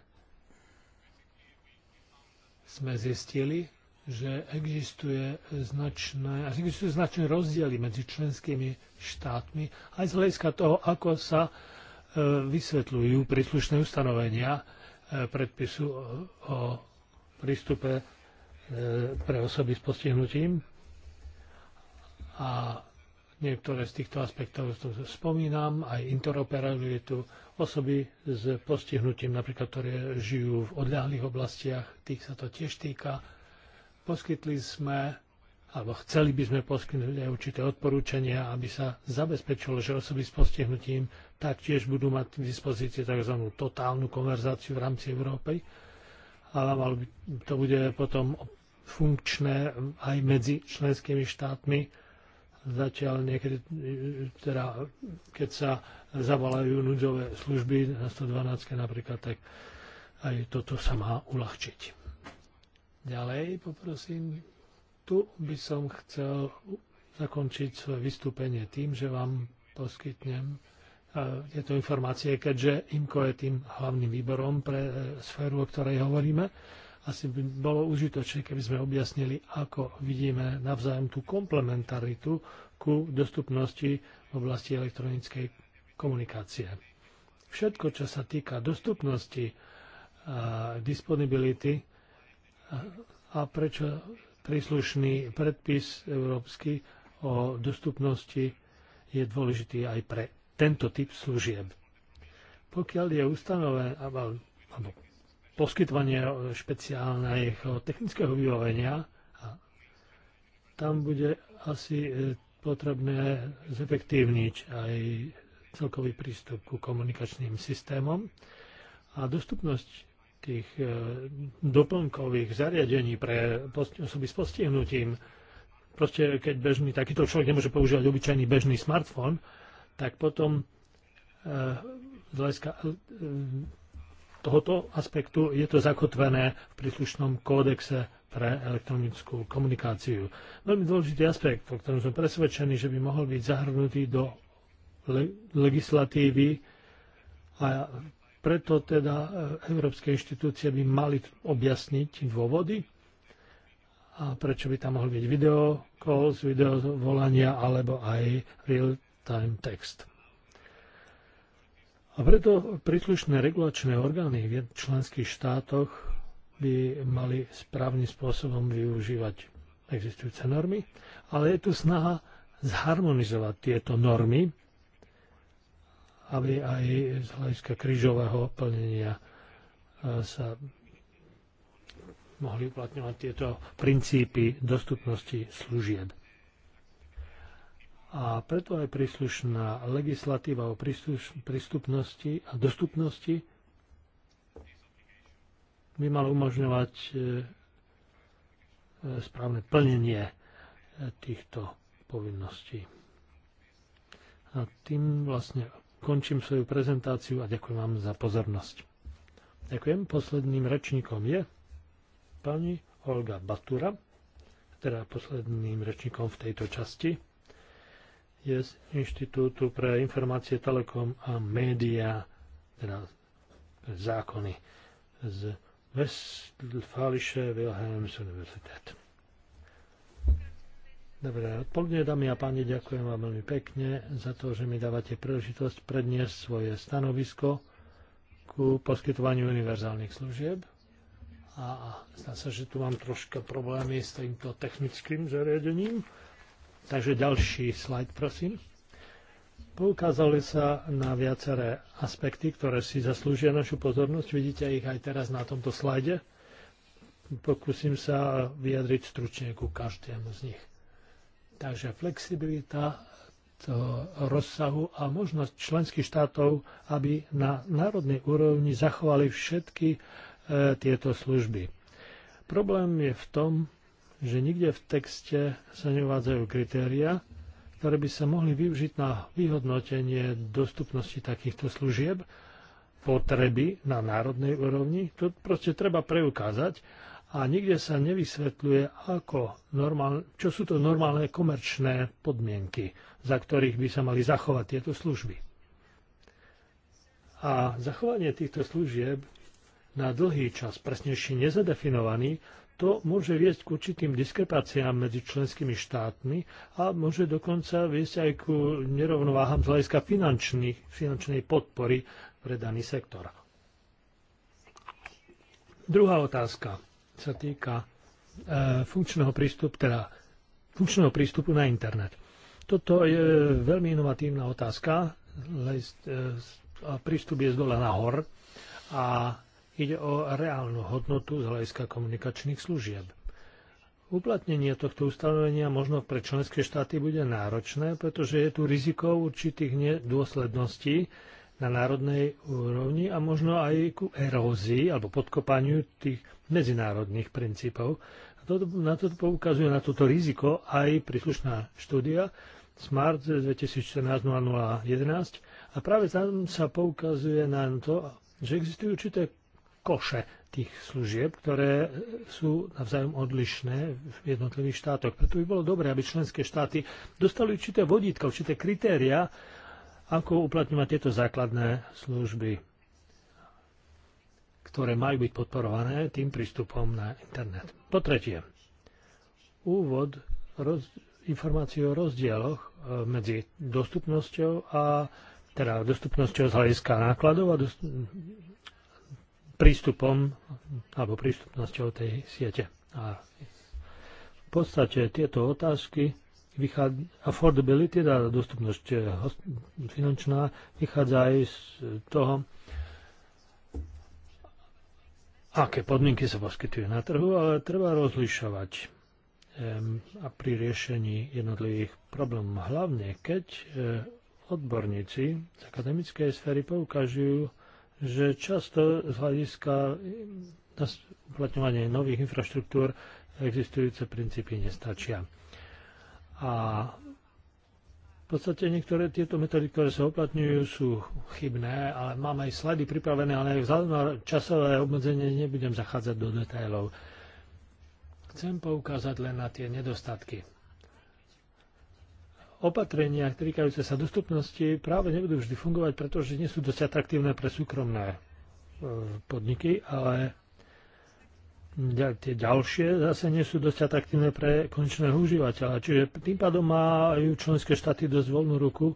sme zistili, že existuje značné, existujú značné rozdiely medzi členskými štátmi aj z hľadiska toho, ako sa e, vysvetľujú príslušné ustanovenia e, predpisu o prístupe E, pre osoby s postihnutím. A niektoré z týchto aspektov to spomínam, aj interoperabilitu osoby s postihnutím, napríklad, ktoré žijú v odľahlých oblastiach, tých sa to tiež týka. Poskytli sme, alebo chceli by sme poskytnúť aj určité odporúčania, aby sa zabezpečilo, že osoby s postihnutím taktiež budú mať k dispozícii tzv. totálnu konverzáciu v rámci Európy ale to bude potom funkčné aj medzi členskými štátmi. Zatiaľ niekedy, teda, keď sa zavolajú núdzové služby na 112 napríklad, tak aj toto sa má uľahčiť. Ďalej poprosím, tu by som chcel zakončiť svoje vystúpenie tým, že vám poskytnem E, tieto informácie, keďže IMCO je tým hlavným výborom pre e, sféru, o ktorej hovoríme. Asi by bolo užitočné, keby sme objasnili, ako vidíme navzájom tú komplementaritu ku dostupnosti v oblasti elektronickej komunikácie. Všetko, čo sa týka dostupnosti, a e, disponibility a prečo príslušný predpis európsky o dostupnosti je dôležitý aj pre tento typ služieb. Pokiaľ je ustanovené alebo, poskytovanie špeciálneho technického vybavenia, tam bude asi eh, potrebné zefektívniť aj celkový prístup ku komunikačným systémom a dostupnosť tých eh, doplnkových zariadení pre osoby s postihnutím. Proste keď bežný takýto človek nemôže používať obyčajný bežný smartfón, tak potom e, z hľadiska e, tohoto aspektu je to zakotvené v príslušnom kódexe pre elektronickú komunikáciu. Veľmi dôležitý aspekt, o ktorom som presvedčený, že by mohol byť zahrnutý do le- legislatívy a preto teda e, európske inštitúcie by mali objasniť dôvody a prečo by tam mohol byť video calls, video volania alebo aj real time text. A preto príslušné regulačné orgány v členských štátoch by mali správnym spôsobom využívať existujúce normy, ale je tu snaha zharmonizovať tieto normy, aby aj z hľadiska krížového plnenia e, sa mohli uplatňovať tieto princípy dostupnosti služieb a preto aj príslušná legislatíva o prístupnosti a dostupnosti by mala umožňovať e, e, správne plnenie e, týchto povinností. A tým vlastne končím svoju prezentáciu a ďakujem vám za pozornosť. Ďakujem. Posledným rečníkom je pani Olga Batura, teda posledným rečníkom v tejto časti je z Inštitútu pre informácie, telekom a média, teda zákony z Westfalische Wilhelms Universität. Dobre, odpoludne, dámy a páni, ďakujem vám veľmi pekne za to, že mi dávate príležitosť predniesť svoje stanovisko ku poskytovaniu univerzálnych služieb. A zdá sa, že tu mám troška problémy s týmto technickým zariadením. Takže ďalší slajd, prosím. Poukázali sa na viaceré aspekty, ktoré si zaslúžia našu pozornosť. Vidíte ich aj teraz na tomto slajde. Pokúsim sa vyjadriť stručne ku každému z nich. Takže flexibilita toho rozsahu a možnosť členských štátov, aby na národnej úrovni zachovali všetky e, tieto služby. Problém je v tom, že nikde v texte sa neuvádzajú kritéria, ktoré by sa mohli využiť na vyhodnotenie dostupnosti takýchto služieb, potreby na národnej úrovni. To proste treba preukázať a nikde sa nevysvetľuje, ako normál, čo sú to normálne komerčné podmienky, za ktorých by sa mali zachovať tieto služby. A zachovanie týchto služieb na dlhý čas, presnejšie nezadefinovaný, to môže viesť k určitým diskrepáciám medzi členskými štátmi a môže dokonca viesť aj ku nerovnováhám z hľadiska finančnej podpory pre daný sektor. Druhá otázka sa týka e, funkčného, prístupu, teda, funkčného prístupu na internet. Toto je veľmi inovatívna otázka. E, prístup je z dola nahor a Ide o reálnu hodnotu z hľadiska komunikačných služieb. Uplatnenie tohto ustanovenia možno pre členské štáty bude náročné, pretože je tu riziko určitých nedôsledností na národnej úrovni a možno aj ku erózii alebo podkopaniu tých medzinárodných princípov. A to, na to poukazuje na toto riziko aj príslušná štúdia Smart 2014-0011 a práve tam sa poukazuje na to, že existujú určité koše tých služieb, ktoré sú navzájom odlišné v jednotlivých štátoch. Preto by bolo dobré, aby členské štáty dostali určité vodítka, určité kritéria, ako uplatňovať tieto základné služby, ktoré majú byť podporované tým prístupom na internet. Po tretie, úvod roz, informácií o rozdieloch eh, medzi dostupnosťou a teda dostupnosťou z hľadiska nákladov a dost, prístupom alebo prístupnosťou tej siete. A v podstate tieto otázky affordability, teda dostupnosť eh, finančná, vychádza aj z toho, aké podmienky sa poskytujú na trhu, ale treba rozlišovať a pri riešení jednotlivých problémov. Hlavne, keď eh, odborníci z akademickej sféry poukazujú že často z hľadiska uplatňovania nových infraštruktúr existujúce princípy nestačia. A v podstate niektoré tieto metódy, ktoré sa uplatňujú, sú chybné, ale mám aj slady pripravené, ale aj vzhľadom na časové obmedzenie nebudem zachádzať do detailov. Chcem poukázať len na tie nedostatky opatrenia týkajúce sa dostupnosti práve nebudú vždy fungovať, pretože nie sú dosť atraktívne pre súkromné e, podniky, ale tie ďalšie zase nie sú dosť atraktívne pre konečného užívateľa. Čiže tým pádom majú členské štáty dosť voľnú ruku, e,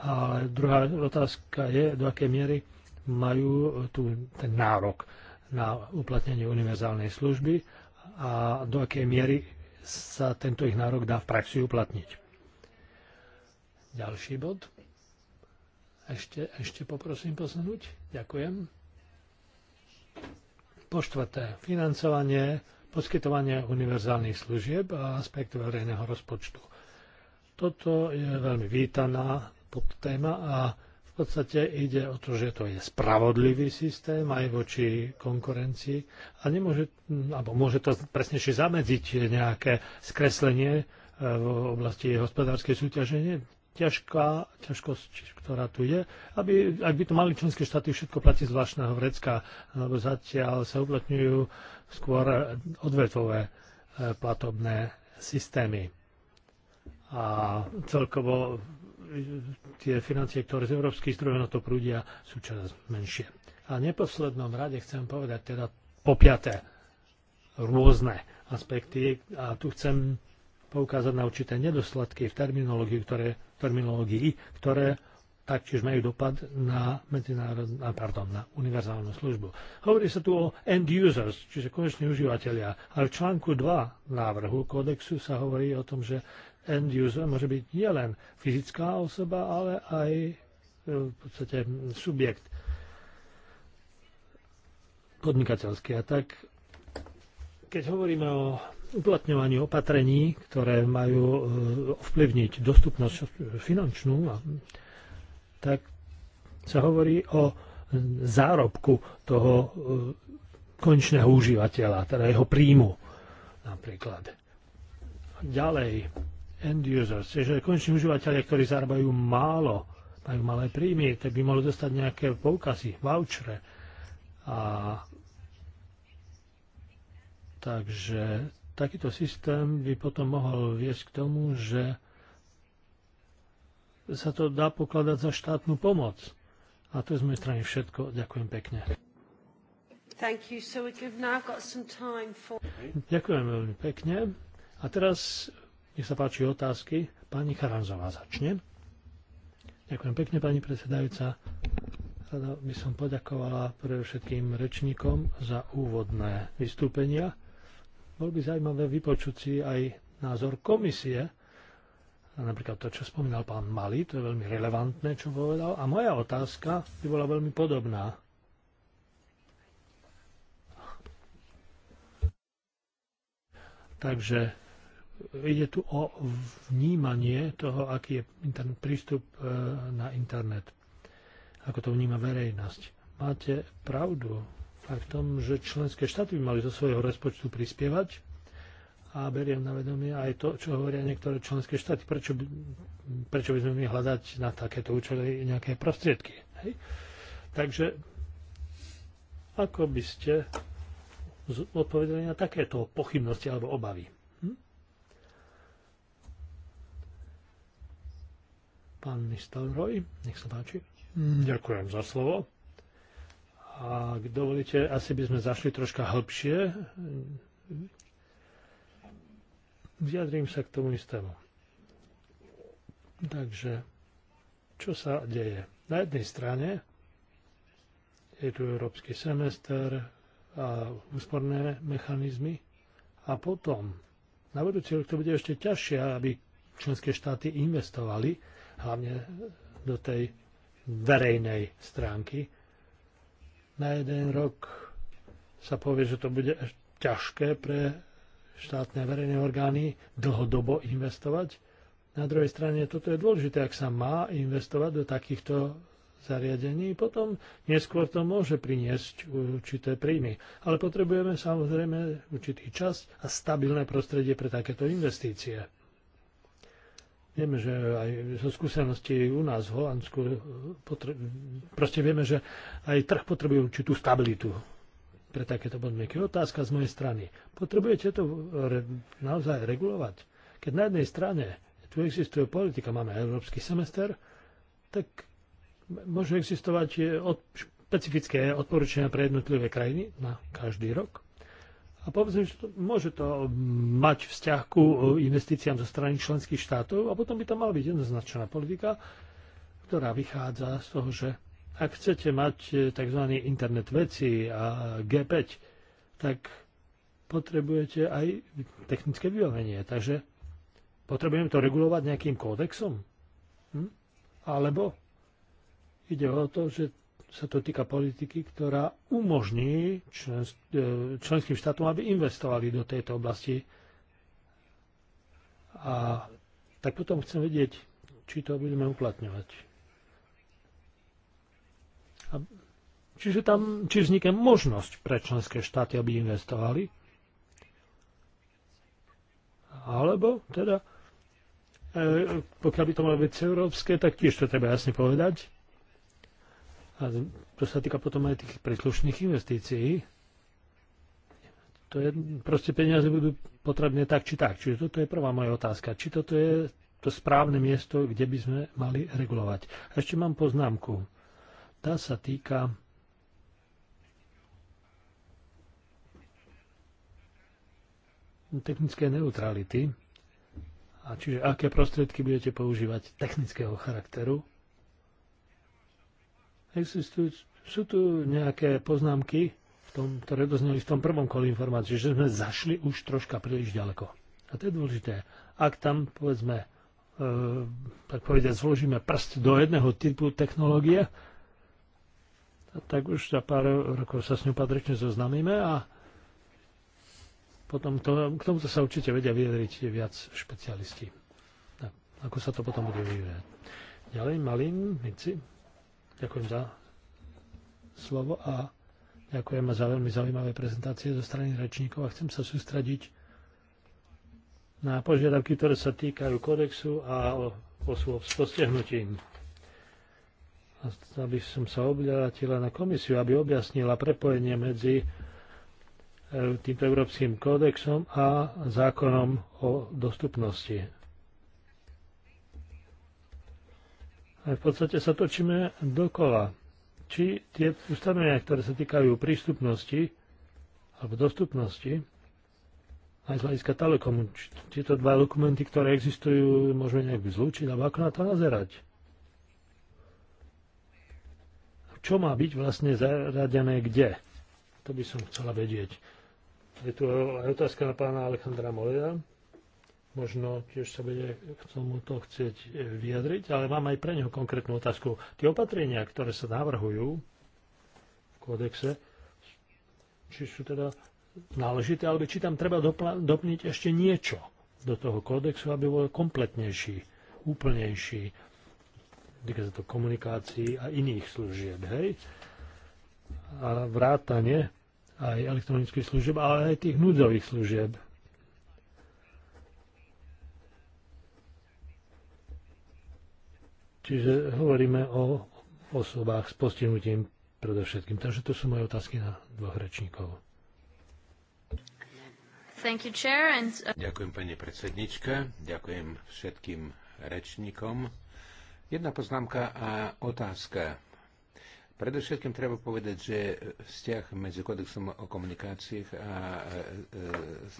ale druhá otázka je, do akej miery majú tu ten nárok na uplatnenie univerzálnej služby a do akej miery sa tento ich nárok dá v praxi uplatniť. Ďalší bod. Ešte, ešte poprosím posunúť. Ďakujem. Po štvrté, financovanie, poskytovanie univerzálnych služieb a aspekt verejného rozpočtu. Toto je veľmi vítaná podtéma a v podstate ide o to, že to je spravodlivý systém aj voči konkurencii a nemôže, alebo môže to presnejšie zamedziť nejaké skreslenie eh, v oblasti hospodárskej súťaže ťažká ťažkosť, ktorá tu je, aby, ak by to mali členské štáty všetko platiť z vlastného vrecka, lebo zatiaľ sa uplatňujú skôr odvetové e, platobné systémy. A celkovo e, tie financie, ktoré z európskych zdrojov na to prúdia, sú čoraz menšie. A neposlednom rade chcem povedať teda po piaté rôzne aspekty a tu chcem poukázať na určité nedosledky v terminológii, ktoré terminológií, ktoré taktiež majú dopad na, medzinárodná, pardon, na univerzálnu službu. Hovorí sa tu o end users, čiže koneční užívateľia, ale v článku 2 návrhu kódexu sa hovorí o tom, že end user môže byť nielen fyzická osoba, ale aj e, v podstate subjekt podnikateľský. A tak, keď hovoríme o Uplatňovaní opatrení, ktoré majú e, ovplyvniť dostupnosť finančnú, tak sa hovorí o zárobku toho e, konečného užívateľa, teda jeho príjmu napríklad. Ďalej, end users, čiže koneční užívateľia, ktorí zarábajú málo, majú malé príjmy, tak by mohli dostať nejaké poukazy, vouchere. A... Takže takýto systém by potom mohol viesť k tomu, že sa to dá pokladať za štátnu pomoc. A to je z mojej strany všetko. Ďakujem pekne. Ďakujem veľmi pekne. A teraz, nech sa páči otázky, pani Charanzová začne. Ďakujem pekne, pani predsedajúca. Rada by som poďakovala pre všetkým rečníkom za úvodné vystúpenia bol by zaujímavé vypočuť si aj názor komisie, napríklad to, čo spomínal pán Mali, to je veľmi relevantné, čo povedal. A moja otázka by bola veľmi podobná. Takže ide tu o vnímanie toho, aký je internet, prístup e, na internet. Ako to vníma verejnosť. Máte pravdu aj v tom, že členské štáty by mali zo svojho rozpočtu prispievať a beriem na vedomie aj to, čo hovoria niektoré členské štáty. Prečo, by, prečo by sme my hľadať na takéto účely nejaké prostriedky? Hej? Takže ako by ste odpovedali na takéto pochybnosti alebo obavy? Hm? Pán Roy, nech sa páči. Hm, ďakujem za slovo. A ak dovolíte, asi by sme zašli troška hĺbšie. Vyjadrím sa k tomu istému. Takže, čo sa deje? Na jednej strane je tu európsky semester a úsporné mechanizmy a potom na budúci rok to bude ešte ťažšie, aby členské štáty investovali hlavne do tej verejnej stránky na jeden rok sa povie, že to bude ťažké pre štátne verejné orgány dlhodobo investovať. Na druhej strane toto je dôležité, ak sa má investovať do takýchto zariadení, potom neskôr to môže priniesť určité príjmy. Ale potrebujeme samozrejme určitý čas a stabilné prostredie pre takéto investície. Vieme, že aj zo skúsenosti u nás v Holandsku potre... proste vieme, že aj trh potrebuje určitú stabilitu pre takéto podmienky. Otázka z mojej strany. Potrebujete to re... naozaj regulovať? Keď na jednej strane tu existuje politika, máme európsky semester, tak môžu existovať eh, od... špecifické odporúčania pre jednotlivé krajiny na každý rok. A povedzme, že to, môže to mať vzťah ku e, investíciám zo strany členských štátov a potom by to mala byť jednoznačná politika, ktorá vychádza z toho, že ak chcete mať e, tzv. internet veci a G5, tak potrebujete aj technické vybavenie. Takže potrebujeme to regulovať nejakým kódexom? Hm? Alebo ide o to, že sa to týka politiky, ktorá umožní e, členským štátom, aby investovali do tejto oblasti. A tak potom chcem vedieť, či to budeme uplatňovať. A, čiže tam, či vznikne možnosť pre členské štáty, aby investovali, alebo teda, e, pokiaľ by to malo byť európske, tak tiež to treba jasne povedať, a čo sa týka potom aj tých príslušných investícií. To je, proste peniaze budú potrebné tak či tak. Čiže toto je prvá moja otázka. Či toto je to správne miesto, kde by sme mali regulovať. A ešte mám poznámku. Tá sa týka technické neutrality, a čiže aké prostriedky budete používať technického charakteru Existujú, sú tu nejaké poznámky, v tom, ktoré dozneli v tom prvom kole informácií, že sme zašli už troška príliš ďaleko. A to je dôležité. Ak tam, povedzme, e, tak povediať, zložíme prst do jedného typu technológie, tak už za pár rokov sa s ňou patrične zoznamíme a potom to, k tomuto sa určite vedia vyjadriť viac špecialisti. Tak, ako sa to potom bude vyvíjať. Ďalej, malým, Mici. Ďakujem za slovo a ďakujem za veľmi zaujímavé prezentácie zo strany rečníkov a chcem sa sústrediť na požiadavky, ktoré sa týkajú kodexu a osôb s postihnutím. Aby som sa obľatila na komisiu, aby objasnila prepojenie medzi e, týmto Európskym kódexom a zákonom o dostupnosti v podstate sa točíme dokola. Či tie ustanovenia, ktoré sa týkajú prístupnosti alebo dostupnosti, aj z hľadiska telekomu, či tieto dva dokumenty, ktoré existujú, môžeme nejak zlúčiť, alebo ako na to nazerať? Čo má byť vlastne zaradené kde? To by som chcela vedieť. Je tu aj otázka na pána Alejandra Moleda možno tiež sa bude k tomuto chcieť e, vyjadriť, ale mám aj pre neho konkrétnu otázku. Tie opatrenia, ktoré sa navrhujú v kódexe, či sú teda náležité, alebo či tam treba doplniť ešte niečo do toho kódexu, aby bol kompletnejší, úplnejší, týka sa to komunikácií a iných služieb, hej? A vrátane aj elektronických služieb, ale aj tých núdzových služieb, Čiže hovoríme o osobách s postihnutím predovšetkým. Takže to sú moje otázky na dvoch rečníkov. Thank You, chair, and... Uh, ďakujem pani predsednička, ďakujem všetkým rečníkom. Jedna poznámka a otázka. Predovšetkým treba povedať, že vzťah medzi kodexom o komunikáciách a e, e,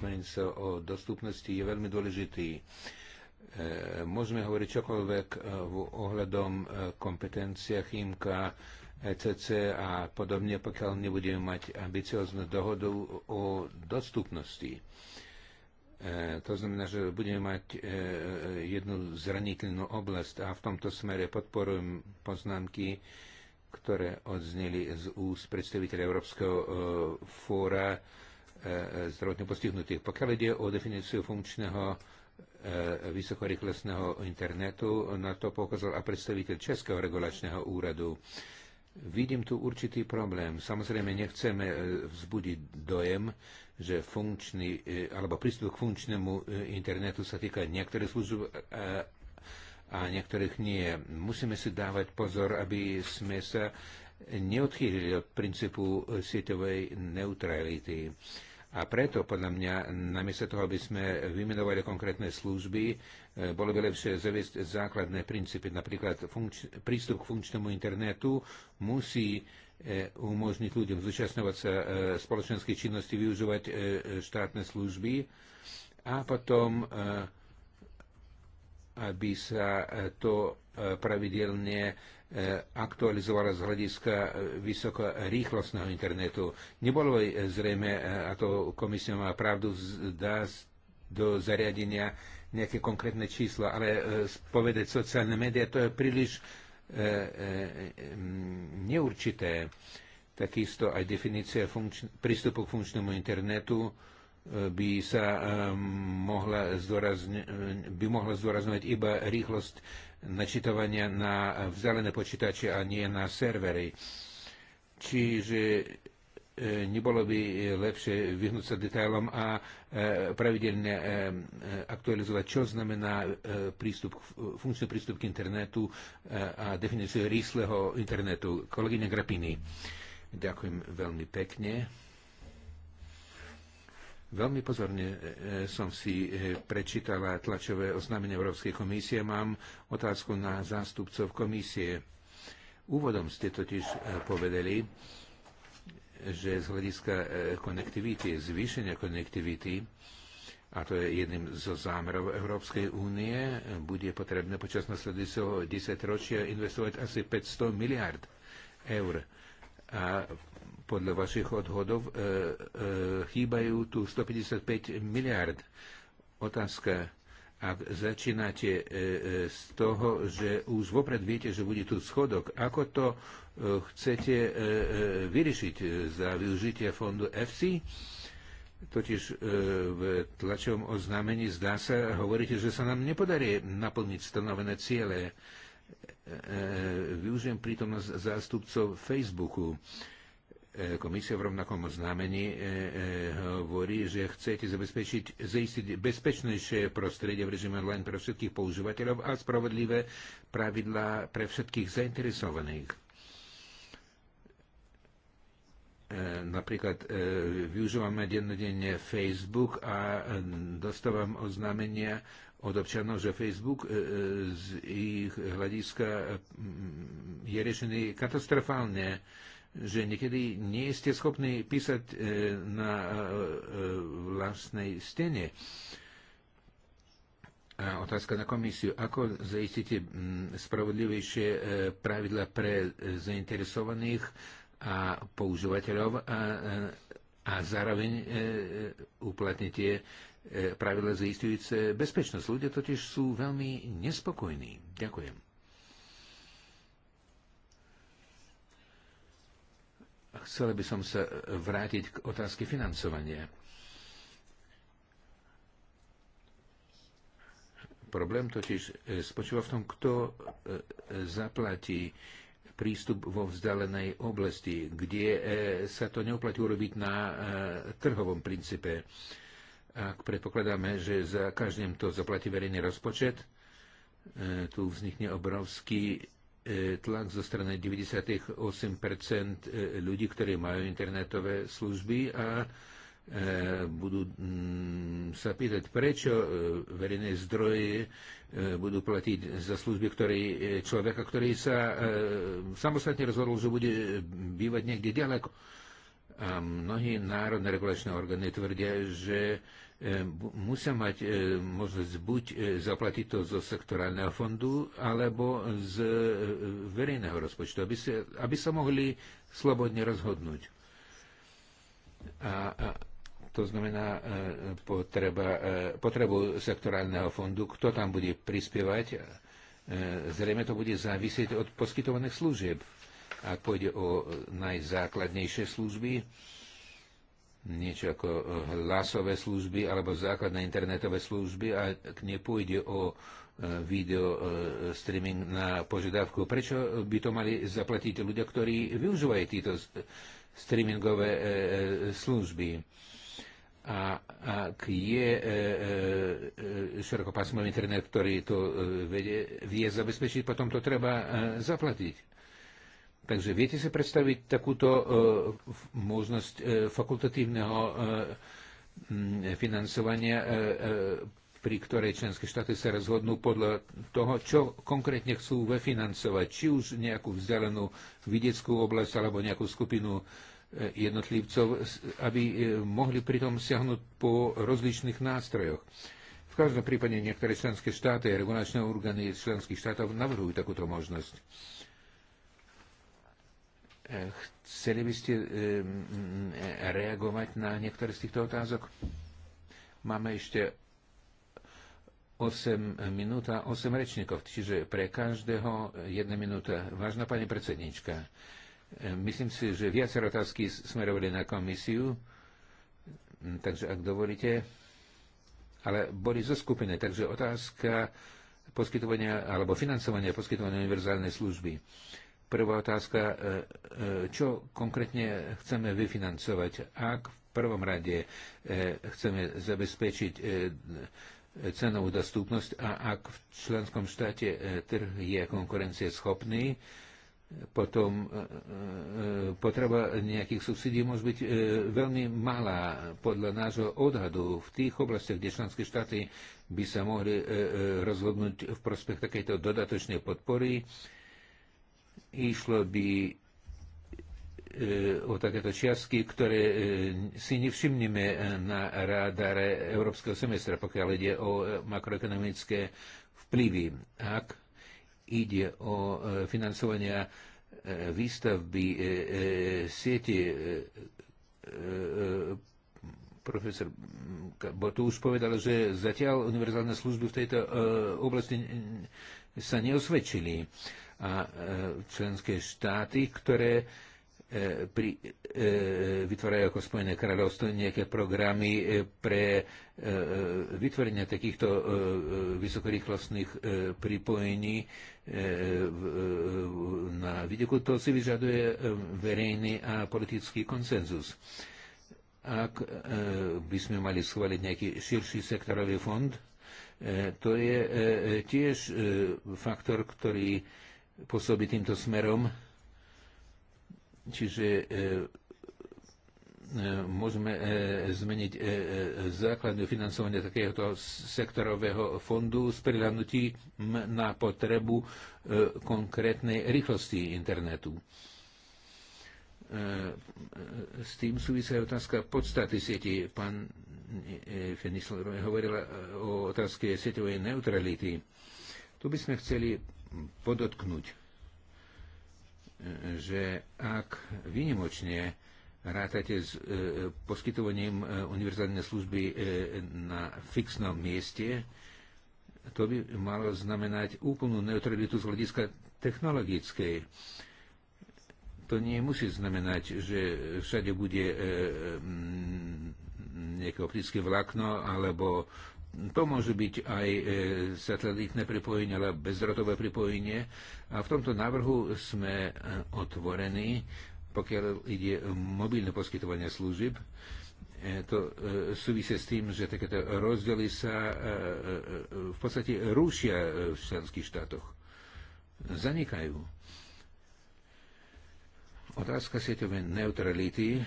smernicou o dostupnosti je veľmi dôležitý. E, E, môžeme hovoriť čokoľvek e, ohľadom e, kompetencia Chýmka, ECC a podobne, pokiaľ nebudeme mať ambicioznú dohodu o dostupnosti. To znamená, že budeme mať jednu zraniteľnú oblasť a v tomto smere podporujem poznámky, ktoré odzneli z úst predstaviteľa Európskeho fóra zdravotne postihnutých. Pokiaľ ide o definíciu funkčného E, vysokorýchlostného internetu. Na to poukázal a predstaviteľ Českého regulačného úradu. Vidím tu určitý problém. Samozrejme, nechceme e, vzbudiť dojem, že funkčný, e, alebo prístup k funkčnému internetu sa týka niektorých služieb a niektorých nie. Musíme si dávať pozor, aby sme sa neodchýlili od princípu sieťovej neutrality. A preto, podľa mňa, namiesto toho, aby sme vymenovali konkrétne služby, e, bolo by lepšie zaviesť základné princípy. Napríklad funkč- prístup k funkčnému internetu musí e, umožniť ľuďom zúčastňovať sa e, spoločenskej činnosti, využívať štátne služby a potom, aby sa to pravidelne Eh, aktualizovala z hľadiska eh, vysokorýchlostného internetu. Nebolo by eh, zrejme, a to komisia má pravdu, dá do zariadenia nejaké konkrétne čísla, ale povedať sociálne médiá, to je príliš neurčité. Takisto aj definícia prístupu k funkčnému internetu by sa mohla zdôrazňovať, by mohla zdôrazňovať iba rýchlosť načítovania na vzdialené počítače a nie na servery. Čiže e, nebolo by lepšie vyhnúť sa detailom a e, pravidelne e, aktualizovať, čo znamená prístup, funkčný prístup k internetu a definíciu rýchleho internetu. Kolegyňa Grapiny, ďakujem veľmi pekne. Veľmi pozorne e, e, som si e, prečítala tlačové oznámenie Európskej komisie. Mám otázku na zástupcov komisie. Úvodom ste totiž povedali, že z hľadiska konektivity, zvýšenia konektivity, a to je jedným zo zámerov Európskej únie, bude potrebné počas nasledujúceho ročia investovať asi 500 miliard eur. A podľa vašich odhodov e, e, chýbajú tu 155 miliard. Otázka, ak začínate e, z toho, že už vopred viete, že bude tu schodok, ako to chcete vyriešiť za využitie fondu FC? Totiž v tlačovom oznámení zdá sa, hovoríte, že sa nám nepodarí naplniť stanovené ciele. Využijem prítomnosť zástupcov Facebooku. E, E, Komisia v rovnakom oznámení e, e, hovorí, že chcete zabezpečiť, zaistiť bezpečnejšie prostredie v režime online pre všetkých používateľov a spravodlivé pravidlá pre všetkých zainteresovaných. Napríklad využívame dennodenne Facebook a dostávam oznámenia od občanov, že Facebook z ich hľadiska je riešený katastrofálne že niekedy nie ste schopní písať e, na e, e, vlastnej stene. A otázka na komisiu. Ako zaistíte spravodlivejšie pravidla pre zainteresovaných a používateľov a, a zároveň uplatnite pravidla zaistujúce bezpečnosť? Ľudia totiž sú veľmi nespokojní. Ďakujem. Chcel by som sa vrátiť k otázke financovania. Problém totiž e, spočíva v tom, kto e, zaplatí prístup vo vzdalenej oblasti, kde e, sa to neoplatí urobiť na trhovom princípe. Ak predpokladáme, že za každým to zaplatí verejný rozpočet, tu vznikne obrovský E, tlak zo strany 98% e, ľudí, ktorí majú internetové služby a e, budú mm, sa pýtať, prečo verejné zdroje budú platiť za služby ktorý, človeka, ktorý sa samostatne rozhodol, že bude bývať niekde ďaleko. A mnohí národné regulačné orgány tvrdia, že E, musia mať e, možnosť buď e, zaplatiť to zo sektorálneho fondu, alebo z verejného rozpočtu, aby sa, aby sa mohli slobodne rozhodnúť. A, a to znamená potreba, potrebu sektorálneho fondu, kto tam bude prispievať. Zrejme to bude závisieť od poskytovaných služieb. Ak pôjde o najzákladnejšie služby, niečo ako eh, hlasové služby alebo základné internetové služby a ak nepôjde o eh, video eh, streaming na požiadavku, prečo by to mali zaplatiť ľudia, ktorí využívajú tieto streamingové služby? A ak je širokopásmový internet, ktorý to vie, vie zabezpečiť, potom to treba zaplatiť. Takže viete si predstaviť takúto e, možnosť e, fakultatívneho e, financovania, pri ktorej členské štáty sa rozhodnú podľa toho, čo konkrétne chcú vefinancovať, či už nejakú vzdialenú vidieckú oblasť alebo nejakú skupinu jednotlivcov, aby mohli pritom siahnuť po rozličných nástrojoch. V každom prípade niektoré členské štáty a regulačné orgány členských štátov navrhujú takúto možnosť. Chceli by ste reagovať na niektoré z týchto otázok? Máme ešte 8 minút a 8 rečníkov, čiže pre každého 1 minúta. Vážna pani predsednička, myslím si, že viacer otázky smerovali na komisiu, takže ak dovolíte, ale boli zo skupiny, takže otázka poskytovania alebo financovania poskytovania univerzálnej služby. Prvá otázka, e, e, čo konkrétne chceme vyfinancovať, ak v prvom rade e, chceme zabezpečiť cenovú dostupnosť a ak v členskom štáte trh je konkurencieschopný, potom potreba nejakých subsidí môže byť veľmi malá podľa nášho odhadu v tých oblastiach, kde členské štáty by sa mohli rozhodnúť v prospech takejto dodatočnej podpory Išlo by e, o takéto čiastky, ktoré e, si nevšimneme na rádare Európskeho semestra, pokiaľ ide o e, makroekonomické vplyvy. Ak ide o financovania výstavby siete, profesor Botu už povedal, že zatiaľ univerzálne služby v tejto oblasti sa neosvedčili a e, členské štáty, ktoré e, pri, e, vytvárajú ako Spojené kráľovstvo nejaké programy e, pre e, vytvorenie takýchto e, vysokorýchlostných e, pripojení e, v, na videku. To si vyžaduje verejný a politický konsenzus. Ak e, by sme mali schváliť nejaký širší sektorový fond, e, to je e, tiež e, faktor, ktorý e, pôsobí týmto smerom. Čiže e, e, môžeme e, zmeniť základné financovanie takéhoto sektorového fondu s prihľadnutím na potrebu konkrétnej rýchlosti internetu. S tým súvisí otázka podstaty sieti. Pán Fenislav hovorila o otázke sieťovej neutrality. Tu by sme chceli podotknúť, že ak vynimočne rátate s e, poskytovaním e, univerzálnej služby e, na fixnom mieste, to by malo znamenať úplnú neutralitu z hľadiska technologickej. To nemusí znamenať, že všade bude nejaké optické vlákno alebo to môže byť aj e, satelitné pripojenie, ale bezdrotové pripojenie. A v tomto návrhu sme e, otvorení, pokiaľ ide mobilné poskytovanie služieb. E, to súvisí s tým, že takéto rozdiely sa v podstate rušia v členských štátoch. Zanikajú. Otázka sieťovej neutrality, e, e, e,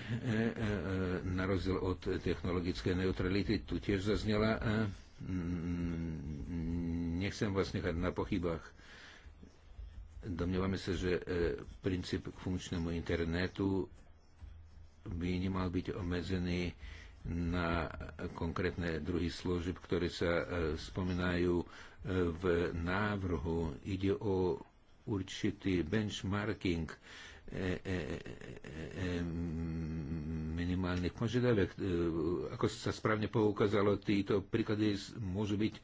na rozdiel od technologickej neutrality, tu tiež zaznela. Mm, nechcem vás nechať na pochybách. Domnievame sa, že princíp k funkčnému internetu by nemal byť omezený na konkrétne druhy služieb, ktoré sa spomínajú v návrhu. Ide o určitý benchmarking, E, e, e, minimálnych požiadaviek. Ako sa správne poukázalo, títo príklady môžu byť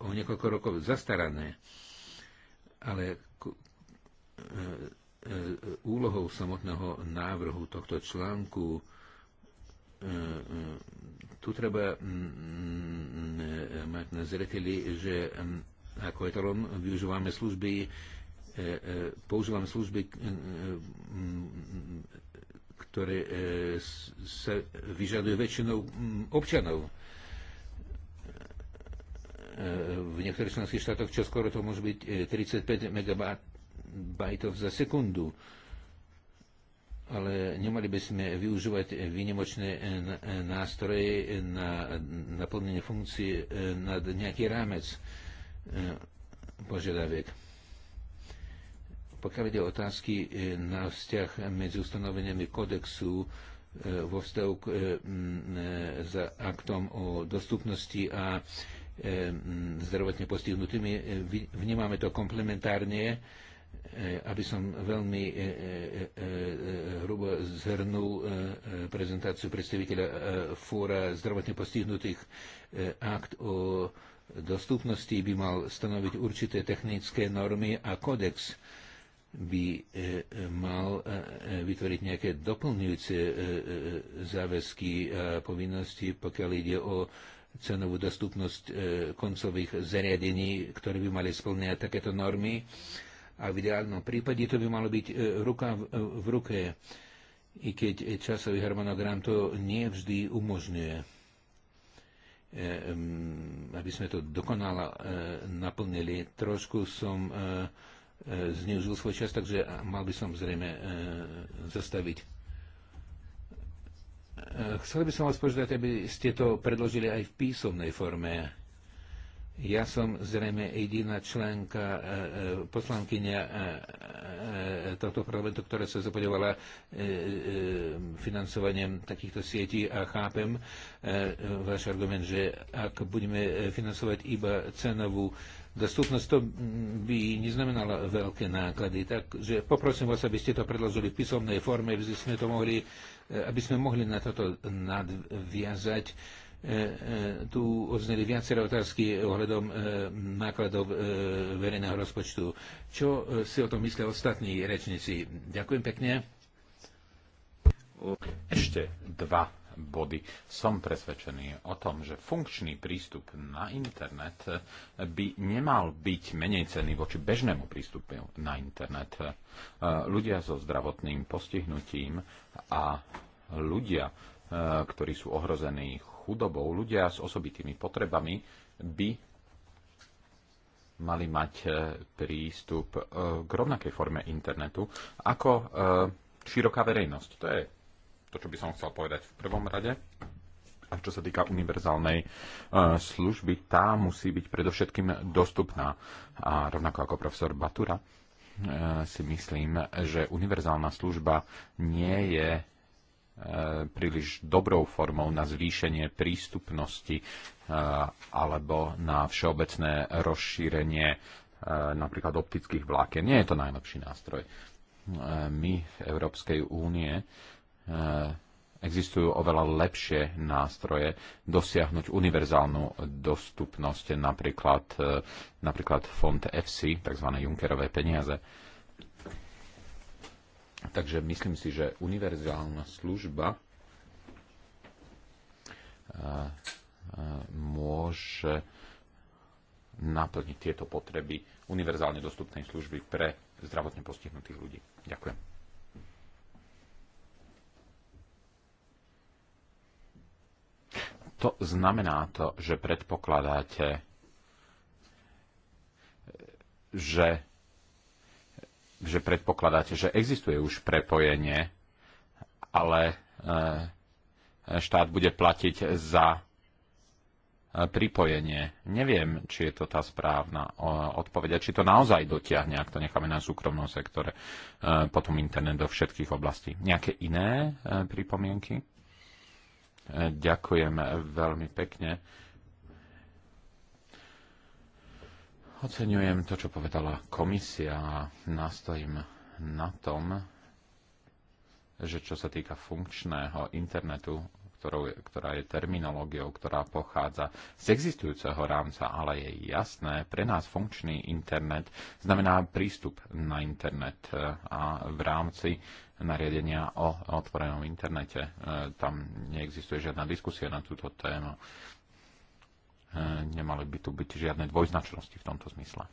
o niekoľko rokov zastarané. Ale úlohou samotného návrhu tohto článku tu treba mm, mm, mať na zreteli, že mm, ako etalon využívame služby používam služby, ktoré e, sa vyžadujú väčšinou občanov. E, v niektorých členských štátoch čo skoro to môže byť 35 e, megabajtov za sekundu. Ale nemali by sme využívať výnimočné nástroje na naplnenie funkcií nad nejaký rámec požiadaviek pokiaľ ide otázky e, na vzťah medzi ustanoveniami kodexu e, vo vzťahu k, e, za aktom o dostupnosti a zdravotne postihnutými, vnímame to komplementárne aby som veľmi hrubo zhrnul prezentáciu predstaviteľa Fóra zdravotne postihnutých akt o dostupnosti by mal stanoviť určité technické normy a kodex by e, e, mal e, vytvoriť nejaké doplňujúce záväzky a povinnosti, pokiaľ ide o cenovú dostupnosť koncových zariadení, ktoré by mali splňať takéto normy. A v ideálnom prípade to by malo byť ruka v ruke, i keď časový harmonogram to nevždy umožňuje. Aby sme to dokonalo naplnili, trošku som E, zneužil svoj čas, takže mal by som zrejme e, zastaviť. E, chcel by som vás požiadať, aby ste to predložili aj v písomnej forme. Ja som zrejme jediná členka, poslankyňa tohto parlamentu, ktorá sa zapodovala financovaniem takýchto sietí a chápem váš argument, že ak budeme financovať iba cenovú Dostupnosť to by neznamenala veľké náklady, takže poprosím vás, aby ste to predložili v písomnej forme, aby sme to mohli, eh, aby sme mohli na toto nadviazať. Eh, eh, tu odzneli viaceré otázky ohľadom nákladov verejného rozpočtu. Čo si o tom myslia ostatní rečníci? Ďakujem pekne. Ešte dva body. Som presvedčený o tom, že funkčný prístup na internet by nemal byť menej cený voči bežnému prístupu na internet. E, ľudia so zdravotným postihnutím a ľudia, e, ktorí sú ohrození chudobou, ľudia s osobitými potrebami by mali mať e, prístup k rovnakej forme internetu ako široká verejnosť. To je to, čo by som chcel povedať v prvom rade. A čo sa týka univerzálnej e, služby, tá musí byť predovšetkým dostupná. A rovnako ako profesor Batura e, si myslím, že univerzálna služba nie je e, príliš dobrou formou na zvýšenie prístupnosti alebo na všeobecné rozšírenie napríklad optických vlákien. Nie je to najlepší nástroj. My v Európskej únie Eh, existujú oveľa lepšie nástroje dosiahnuť univerzálnu dostupnosť, napríklad, eh, napríklad fond FC, tzv. Junckerové peniaze. Takže myslím si, že univerzálna služba eh, môže naplniť tieto potreby univerzálne dostupnej služby pre zdravotne postihnutých ľudí. Ďakujem. to znamená to, že predpokladáte, že, že predpokladáte, že existuje už prepojenie, ale e, štát bude platiť za e, pripojenie. Neviem, či je to tá správna odpoveď, či to naozaj dotiahne, ak to necháme na súkromnom sektore, e, potom internet do všetkých oblastí. Nejaké iné pripomienky? Ďakujem veľmi pekne. Oceňujem to, čo povedala komisia a nastojím na tom, že čo sa týka funkčného internetu, ktorou, ktorá je terminológiou, ktorá pochádza z existujúceho rámca, ale je jasné, pre nás funkčný internet znamená prístup na internet eh, a v rámci nariadenia o otvorenom internete. E, tam neexistuje žiadna diskusia na túto tému. E, nemali by tu byť žiadne dvojznačnosti v tomto zmysle.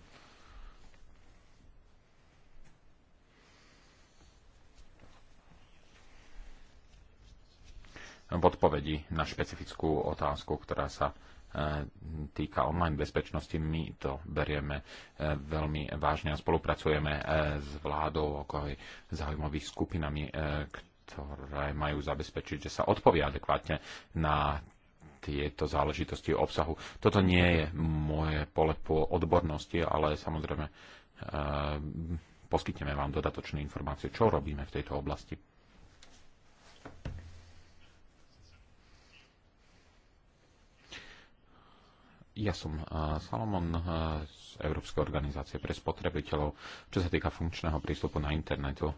v odpovedi na špecifickú otázku, ktorá sa týka online bezpečnosti, my to berieme e, veľmi vážne a spolupracujeme e, s vládou ako aj zaujímavých skupinami, e, ktoré majú zabezpečiť, že sa odpovie adekvátne na tieto záležitosti obsahu. Toto nie je moje pole po odbornosti, ale samozrejme poskytneme vám dodatočné informácie, čo robíme v tejto oblasti. Ja som eh, Salomon eh, z Európskej organizácie pre spotrebiteľov. Čo sa týka funkčného prístupu na internetu, eh,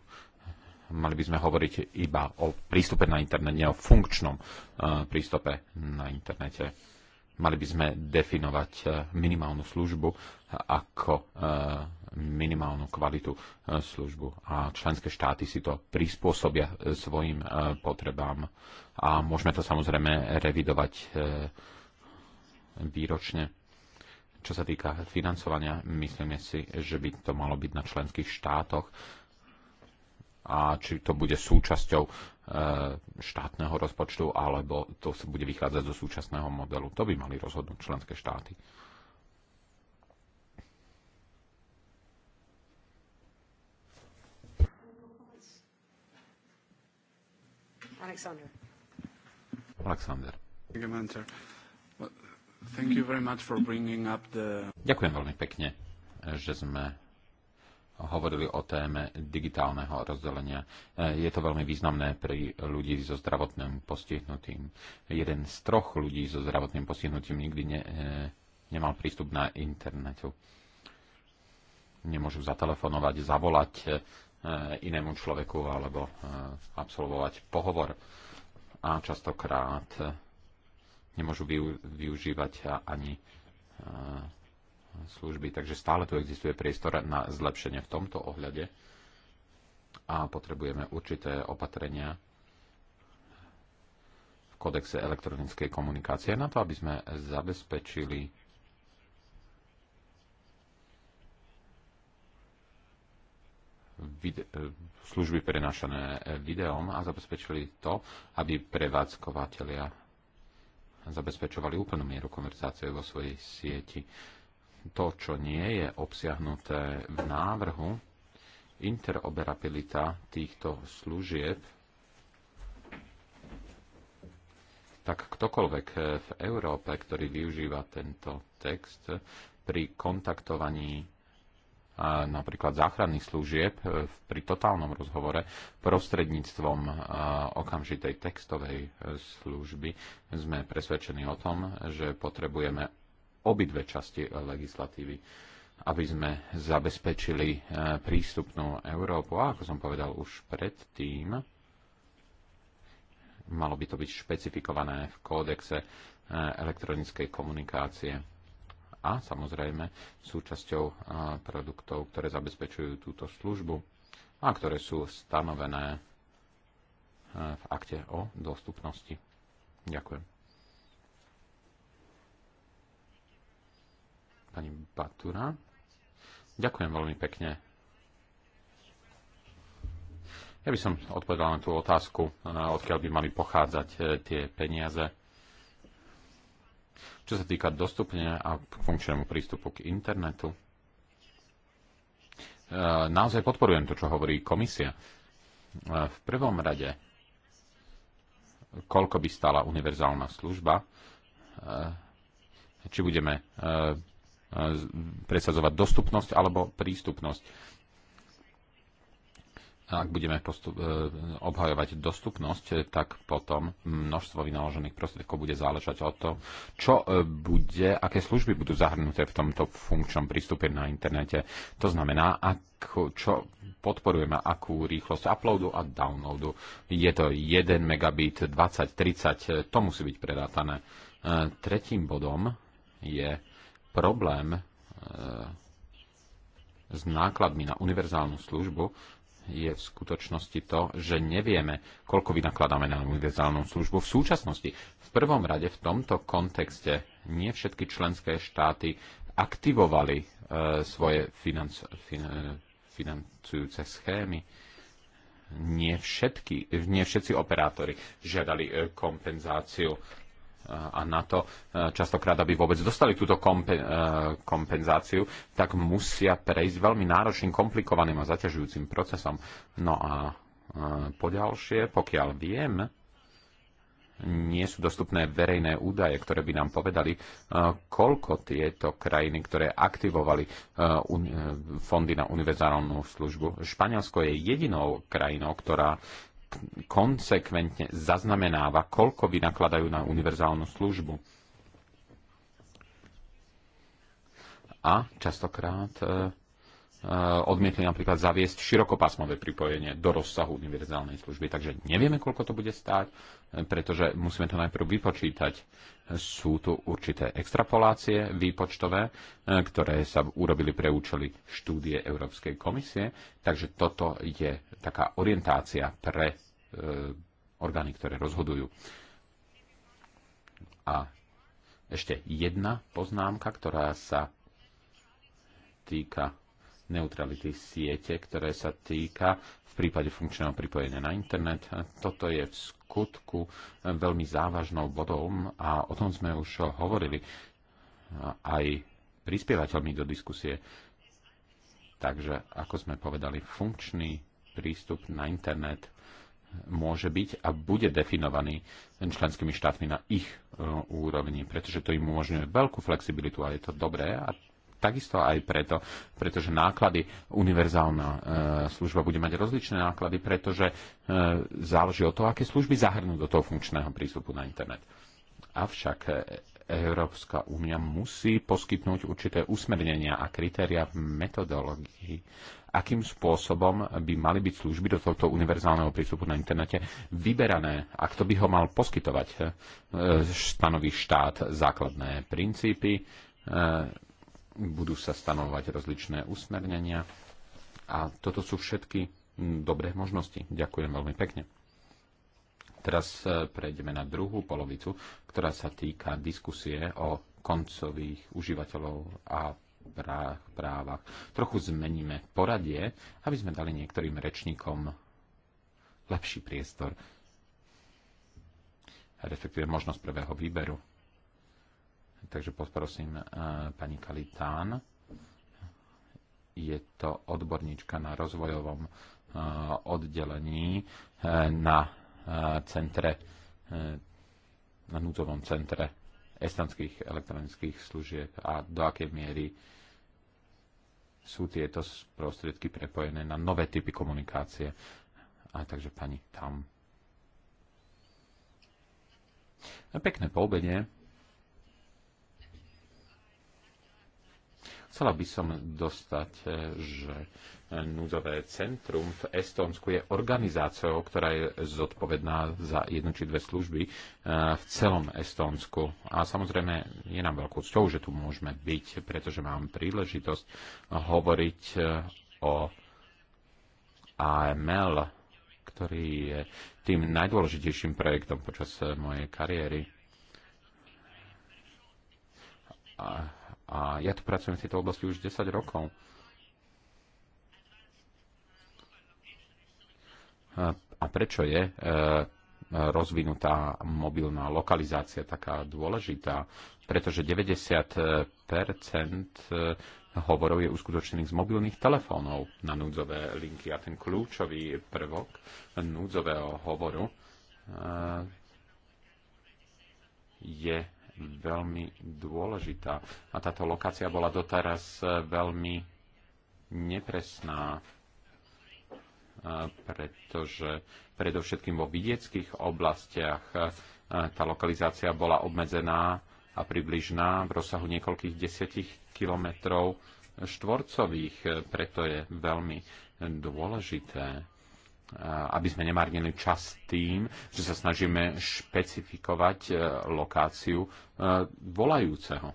mali by sme hovoriť iba o prístupe na internet, nie o funkčnom prístupe na internete. Mali by sme definovať minimálnu službu ako minimálnu kvalitu službu a členské štáty si to prispôsobia svojim potrebám a môžeme to samozrejme revidovať výročne. Čo sa týka financovania, myslíme si, že by to malo byť na členských štátoch a či to bude súčasťou e, štátneho rozpočtu, alebo to sa bude vychádzať zo súčasného modelu. To by mali rozhodnúť členské štáty. Alexander. Alexander. Ďakujem veľmi pekne, že sme hovorili o téme digitálneho rozdelenia. Je to veľmi významné pre ľudí so zdravotným postihnutím. Jeden z troch ľudí so zdravotným postihnutím nikdy ne, e, nemal prístup na internetu. Nemôžu zatelefonovať, zavolať e, inému človeku alebo e, absolvovať pohovor. A častokrát nemôžu využívať ani e, služby. Takže stále tu existuje priestor na zlepšenie v tomto ohľade a potrebujeme určité opatrenia v kodexe elektronickej komunikácie na to, aby sme zabezpečili e, služby prenášané videom a zabezpečili to, aby prevádzkovateľia zabezpečovali úplnú mieru konverzácie vo svojej sieti. To, čo nie je obsiahnuté v návrhu, interoperabilita týchto služieb, tak ktokoľvek v Európe, ktorý využíva tento text pri kontaktovaní napríklad záchranných služieb e, pri totálnom rozhovore prostredníctvom e, okamžitej textovej e, služby sme presvedčení o tom, že potrebujeme obidve časti legislatívy aby sme zabezpečili prístupnú Európu. A ako som povedal už predtým, malo by to byť špecifikované v kódexe elektronickej komunikácie a samozrejme súčasťou produktov, ktoré zabezpečujú túto službu a ktoré sú stanovené v akte o dostupnosti. Ďakujem. Pani Batura. Ďakujem veľmi pekne. Ja by som odpovedal na tú otázku, odkiaľ by mali pochádzať e, tie peniaze čo sa týka dostupne a funkčnému prístupu k internetu, e, naozaj podporujem to, čo hovorí komisia. E, v prvom rade, koľko by stala univerzálna služba, e, či budeme presadzovať dostupnosť alebo prístupnosť ak budeme postup, e, obhajovať dostupnosť, e, tak potom množstvo vynaložených prostriedkov bude záležať od toho, čo e, bude, aké služby budú zahrnuté v tomto funkčnom prístupe na internete. To znamená, ak, čo podporujeme, akú rýchlosť uploadu a downloadu. Je to 1 megabit, 20, 30, to musí byť prerátané. Tretím bodom je problém s nákladmi na univerzálnu službu, je v skutočnosti to, že nevieme, koľko vynakladáme na univerzálnu službu v súčasnosti. V prvom rade v tomto kontexte nie všetky členské štáty aktivovali e, svoje financ, fin, financujúce schémy. Nie, všetky, nie všetci operátori žiadali e, kompenzáciu a na to e, častokrát, aby vôbec dostali túto e, kompenzáciu, tak musia prejsť veľmi náročným, komplikovaným a zaťažujúcim procesom. No a e, poďalšie, pokiaľ viem, nie sú dostupné verejné údaje, ktoré by nám povedali, koľko tieto krajiny, ktoré aktivovali fondy na univerzálnu službu. Španielsko je jedinou krajinou, ktorá konsekventne zaznamenáva, koľko vynakladajú na univerzálnu službu. A častokrát e, e, odmietli napríklad zaviesť širokopásmové pripojenie do rozsahu univerzálnej služby. Takže nevieme, koľko to bude stáť, e, pretože musíme to najprv vypočítať. Sú tu určité extrapolácie výpočtové, ktoré sa urobili pre účely štúdie Európskej komisie, takže toto je taká orientácia pre E, orgány, ktoré rozhodujú. A ešte jedna poznámka, ktorá sa týka neutrality siete, ktoré sa týka v prípade funkčného pripojenia na internet. Toto je v skutku veľmi závažnou bodou a o tom sme už hovorili aj prispievateľmi do diskusie. Takže, ako sme povedali, funkčný prístup na internet môže byť a bude definovaný členskými štátmi na ich e, úrovni, pretože to im umožňuje veľkú flexibilitu a je to dobré a takisto aj preto, pretože náklady univerzálna e, služba bude mať rozličné náklady, pretože e, záleží od toho, aké služby zahrnú do toho funkčného prístupu na internet. Avšak Európska únia musí poskytnúť určité usmernenia a kritéria v metodológii, akým spôsobom by mali byť služby do tohto univerzálneho prístupu na internete vyberané a kto by ho mal poskytovať. E, stanoví štát základné princípy, e, budú sa stanovať rozličné usmernenia a toto sú všetky dobré možnosti. Ďakujem veľmi pekne. Teraz e, prejdeme na druhú polovicu, ktorá sa týka diskusie o koncových užívateľov a právach. Trochu zmeníme poradie, aby sme dali niektorým rečníkom lepší priestor, respektíve možnosť prvého výberu. Takže poprosím e, pani Kalitán. Je to odborníčka na rozvojovom e, oddelení na centre, e, na núdzovom centre estanských elektronických služieb a do akej miery sú tieto prostriedky prepojené na nové typy komunikácie. A takže pani tam. Pekné poobedie. Chcela by som dostať, e, že e, núzové centrum v Estónsku je organizáciou, ktorá je zodpovedná za jednu či dve služby e, v celom Estónsku. A samozrejme je nám veľkou cťou, že tu môžeme byť, pretože mám príležitosť hovoriť o AML, ktorý je tým najdôležitejším projektom počas mojej kariéry. A a ja tu pracujem v tejto oblasti už 10 rokov. A prečo je e, rozvinutá mobilná lokalizácia taká dôležitá, pretože 90% e, hovorov je uskutočnených z mobilných telefónov na núdzové linky a ten kľúčový prvok núdzového hovoru e, je veľmi dôležitá. A táto lokácia bola doteraz veľmi nepresná, pretože predovšetkým vo vidieckých oblastiach tá lokalizácia bola obmedzená a približná v rozsahu niekoľkých desiatich kilometrov štvorcových, preto je veľmi dôležité Eh, aby sme nemárnili čas tým, že sa snažíme špecifikovať eh, lokáciu eh, volajúceho.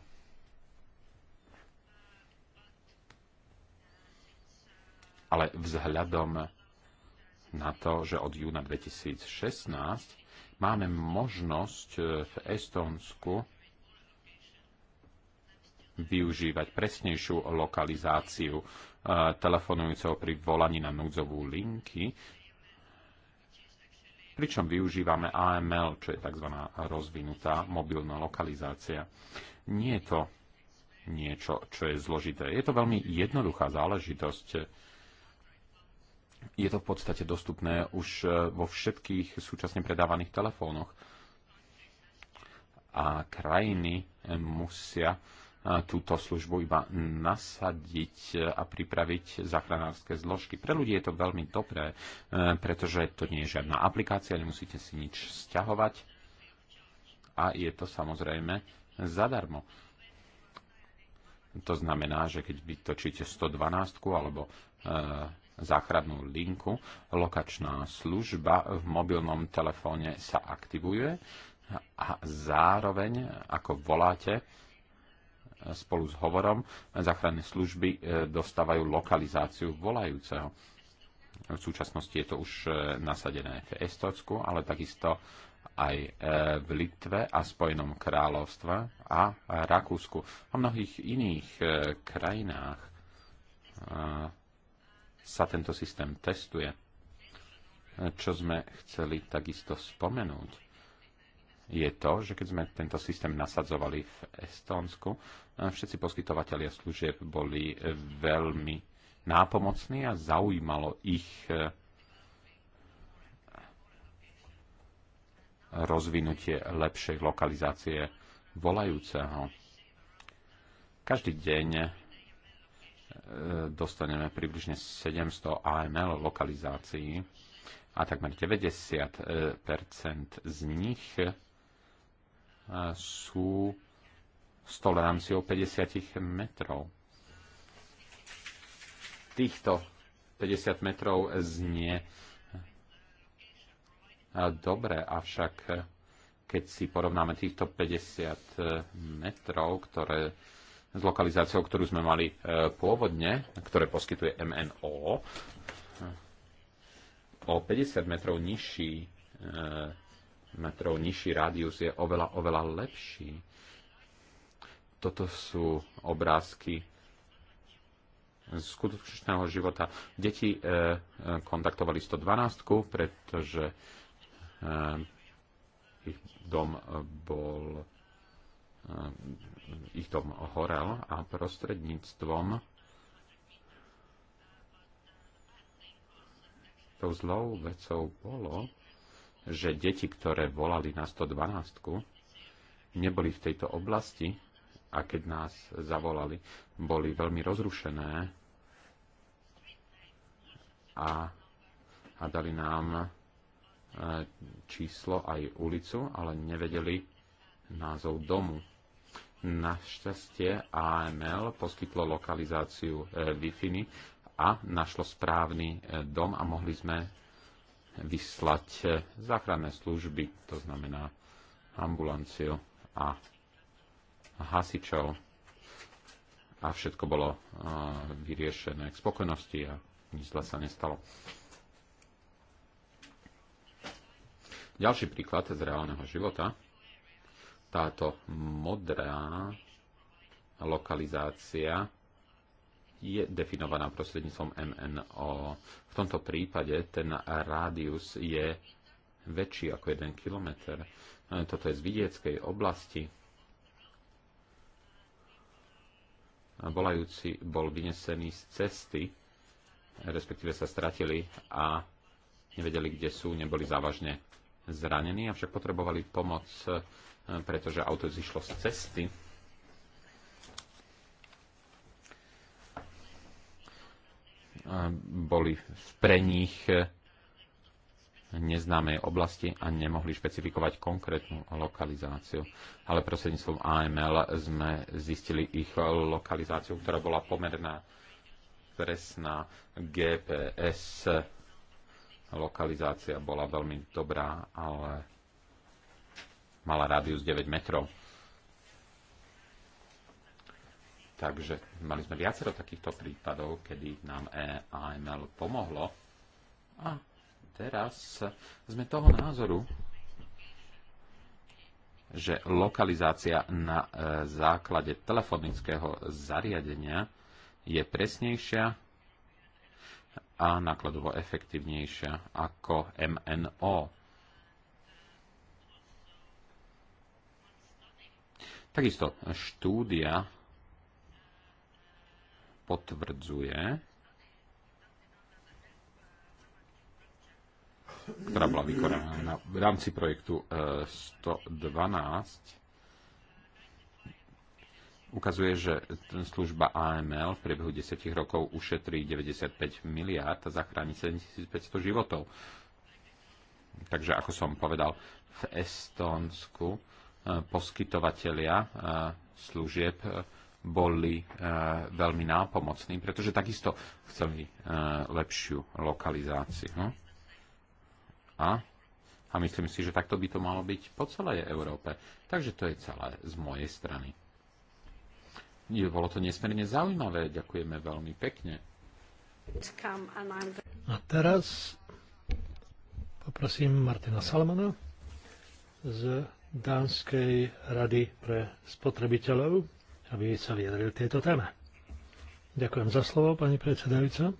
Ale vzhľadom na to, že od júna 2016 máme možnosť v Estónsku využívať presnejšiu lokalizáciu telefonujúceho pri volaní na núdzovú linky, pričom využívame AML, čo je tzv. rozvinutá mobilná lokalizácia. Nie je to niečo, čo je zložité. Je to veľmi jednoduchá záležitosť. Je to v podstate dostupné už e, vo všetkých súčasne predávaných telefónoch. A krajiny e, musia túto službu iba nasadiť e, a pripraviť záchranárske zložky. Pre ľudí je to veľmi dobré, e, pretože to nie je žiadna aplikácia, nemusíte si nič stiahovať a je to samozrejme zadarmo. To znamená, že keď vytočíte 112 alebo e, záchrannú linku, lokačná služba v mobilnom telefóne sa aktivuje a zároveň, ako voláte, spolu s hovorom záchranné služby e, dostávajú lokalizáciu volajúceho. V súčasnosti je to už e, nasadené v Estocku, ale takisto aj e, v Litve a Spojenom kráľovstve a Rakúsku. A mnohých iných krajinách sa tento systém testuje. Čo sme chceli takisto spomenúť, je to, že keď sme tento systém nasadzovali v Estónsku, e, všetci poskytovateľia služieb boli veľmi nápomocní a zaujímalo ich e, rozvinutie lepšej lokalizácie volajúceho. Každý deň e, dostaneme približne 700 AML lokalizácií a takmer 90 z nich sú s toleranciou 50 metrov. Týchto 50 metrov znie dobre, avšak keď si porovnáme týchto 50 metrov, ktoré s lokalizáciou, ktorú sme mali e, pôvodne, ktoré poskytuje MNO, o 50 metrov nižší e, metrov nižší rádius je oveľa, oveľa lepší. Toto sú obrázky z skutočného života. Deti e, e, kontaktovali 112, pretože e, ich dom bol ich dom horel a prostredníctvom tou zlou vecou bolo, že deti, ktoré volali na 112, neboli v tejto oblasti a keď nás zavolali, boli veľmi rozrušené a, a dali nám e, číslo aj ulicu, ale nevedeli názov domu. Našťastie AML poskytlo lokalizáciu e, wi a našlo správny e, dom a mohli sme vyslať eh, záchranné služby, to znamená ambulanciu a hasičov. A všetko bolo eh, vyriešené k spokojnosti a nič zle sa nestalo. Ďalší príklad z reálneho života. Táto modrá lokalizácia je definovaná prostredníctvom MNO. V tomto prípade ten rádius je väčší ako 1 km. No, toto je z vidieckej oblasti. Volajúci bol vynesený z cesty, respektíve sa stratili a nevedeli, kde sú, neboli závažne zranení, avšak potrebovali pomoc, pretože auto zišlo z cesty boli pre nich e, neznámej oblasti a nemohli špecifikovať konkrétnu lokalizáciu. Ale prostredníctvom AML sme zistili ich lokalizáciu, ktorá bola pomerná presná GPS. Lokalizácia bola veľmi dobrá, ale mala rádius 9 metrov. Takže mali sme viacero takýchto prípadov, kedy nám EAML pomohlo a teraz sme toho názoru, že lokalizácia na e, základe telefonického zariadenia je presnejšia a nákladovo efektívnejšia ako MNO. Takisto štúdia potvrdzuje, ktorá bola vykonaná v rámci projektu 112, e, ukazuje, že služba AML v priebehu 10 rokov ušetrí 95 miliard a zachráni 7500 životov. Takže, ako som povedal, v Estónsku e, poskytovatelia e, služieb boli eh, veľmi nápomocní, pretože takisto chceli eh, lepšiu lokalizáciu. A, a myslím si, že takto by to malo byť po celej Európe. Takže to je celé z mojej strany. Bolo to nesmierne zaujímavé, ďakujeme veľmi pekne. A teraz poprosím Martina Salmana z Dánskej rady pre spotrebiteľov aby sa vyjadril tieto téme. Ďakujem za slovo, pani predsedajúca,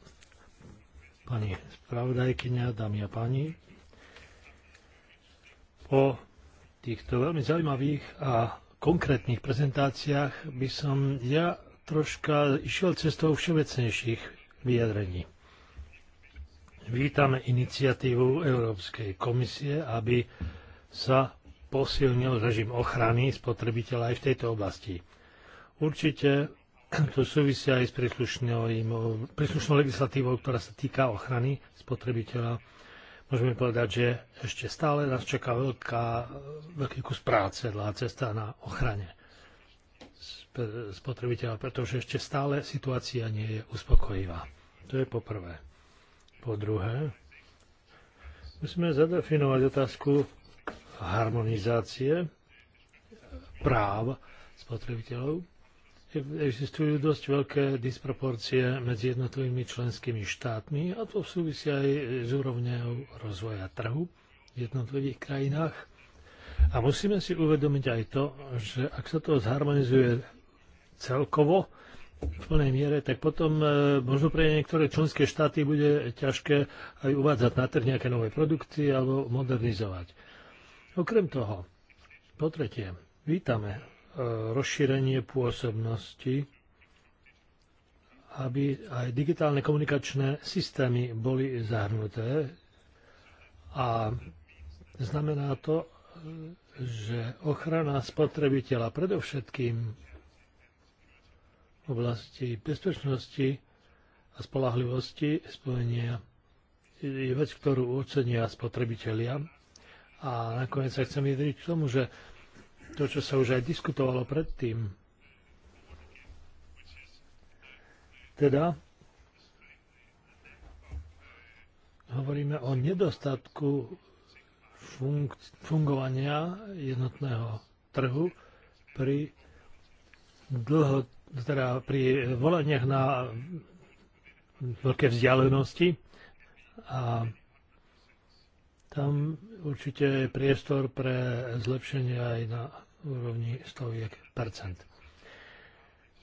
pani spravodajkyňa, dámy a páni. Po týchto veľmi zaujímavých a konkrétnych prezentáciách by som ja troška išiel cestou všeobecnejších vyjadrení. Vítame iniciatívu Európskej komisie, aby sa posilnil režim ochrany spotrebiteľa aj v tejto oblasti Určite to súvisia aj s príslušnou legislatívou, ktorá sa týka ochrany spotrebiteľa. Môžeme povedať, že ešte stále nás čaká veľká, veľký kus práce, dlhá cesta na ochrane spotrebiteľa, pretože ešte stále situácia nie je uspokojivá. To je poprvé. Po druhé, musíme zadefinovať otázku harmonizácie práv spotrebiteľov existujú dosť veľké disproporcie medzi jednotlivými členskými štátmi a to súvisí aj s úrovňou rozvoja trhu v jednotlivých krajinách. A musíme si uvedomiť aj to, že ak sa to zharmonizuje celkovo v plnej miere, tak potom e, možno pre niektoré členské štáty bude ťažké aj uvádzať na trh nejaké nové produkty alebo modernizovať. Okrem toho, po tretie, vítame E, rozšírenie pôsobnosti, aby aj digitálne komunikačné systémy boli zahrnuté. A znamená to, že ochrana spotrebiteľa predovšetkým v oblasti bezpečnosti a spolahlivosti spojenia je vec, ktorú ocenia spotrebitelia. A nakoniec sa chcem vyjadriť k tomu, že to, čo sa už aj diskutovalo predtým. Teda hovoríme o nedostatku fung- fungovania jednotného trhu pri dlho, teda pri voleniach na veľké vzdialenosti a tam určite je priestor pre zlepšenie aj na úrovni stoviek percent.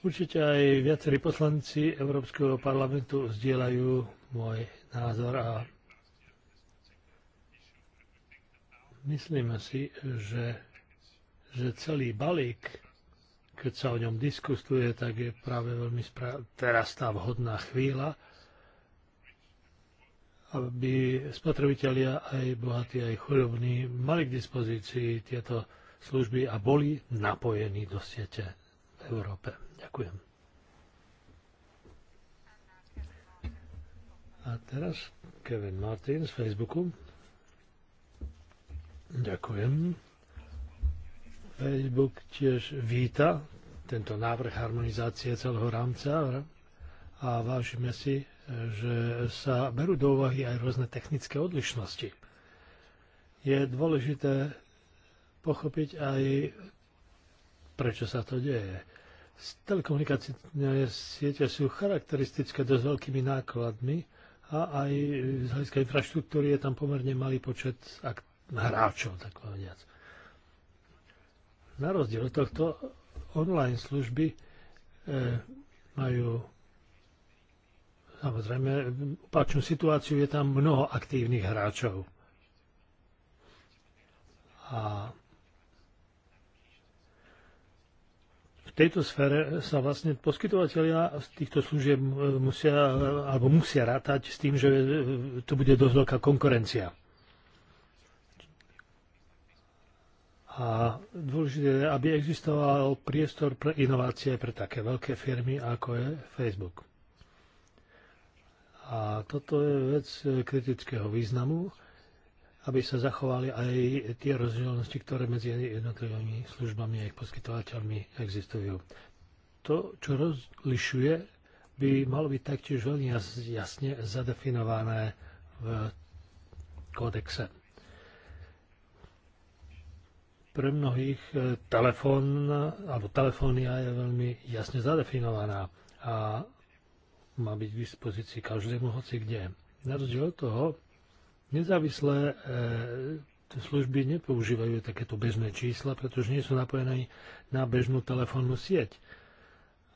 Určite aj viacerí poslanci Európskeho parlamentu zdieľajú môj názor a myslíme si, že, že celý balík, keď sa o ňom diskutuje, tak je práve veľmi spra- teraz tá vhodná chvíľa, aby spotrebitelia aj bohatí, aj chorobní mali k dispozícii tieto služby a boli napojení do siete v Európe. Ďakujem. A teraz Kevin Martin z Facebooku. Ďakujem. Facebook tiež víta tento návrh harmonizácie celého rámca a vážime si že sa berú do úvahy aj rôzne technické odlišnosti. Je dôležité pochopiť aj, prečo sa to deje. Telekomunikačné siete sú charakteristické dosť veľkými nákladmi a aj z hľadiska infraštruktúry je tam pomerne malý počet hráčov, tak povediac. Na rozdiel od tohto online služby e, majú Samozrejme, opačnú situáciu je tam mnoho aktívnych hráčov. A v tejto sfére sa vlastne poskytovateľia z týchto služieb musia, alebo musia rátať s tým, že tu bude dosť veľká konkurencia. A dôležité je, aby existoval priestor pre inovácie pre také veľké firmy, ako je Facebook. A toto je vec e, kritického významu, aby sa zachovali aj tie rozdielnosti, ktoré medzi jednotlivými službami a ich poskytovateľmi existujú. To, čo rozlišuje, by malo byť taktiež veľmi jasne zadefinované v kódexe. Pre mnohých e, telefón alebo telefónia je veľmi jasne zadefinovaná a má byť k dispozícii každému, hoci kde. Na rozdiel od toho, nezávislé e, služby nepoužívajú takéto bežné čísla, pretože nie sú napojené na bežnú telefónnu sieť.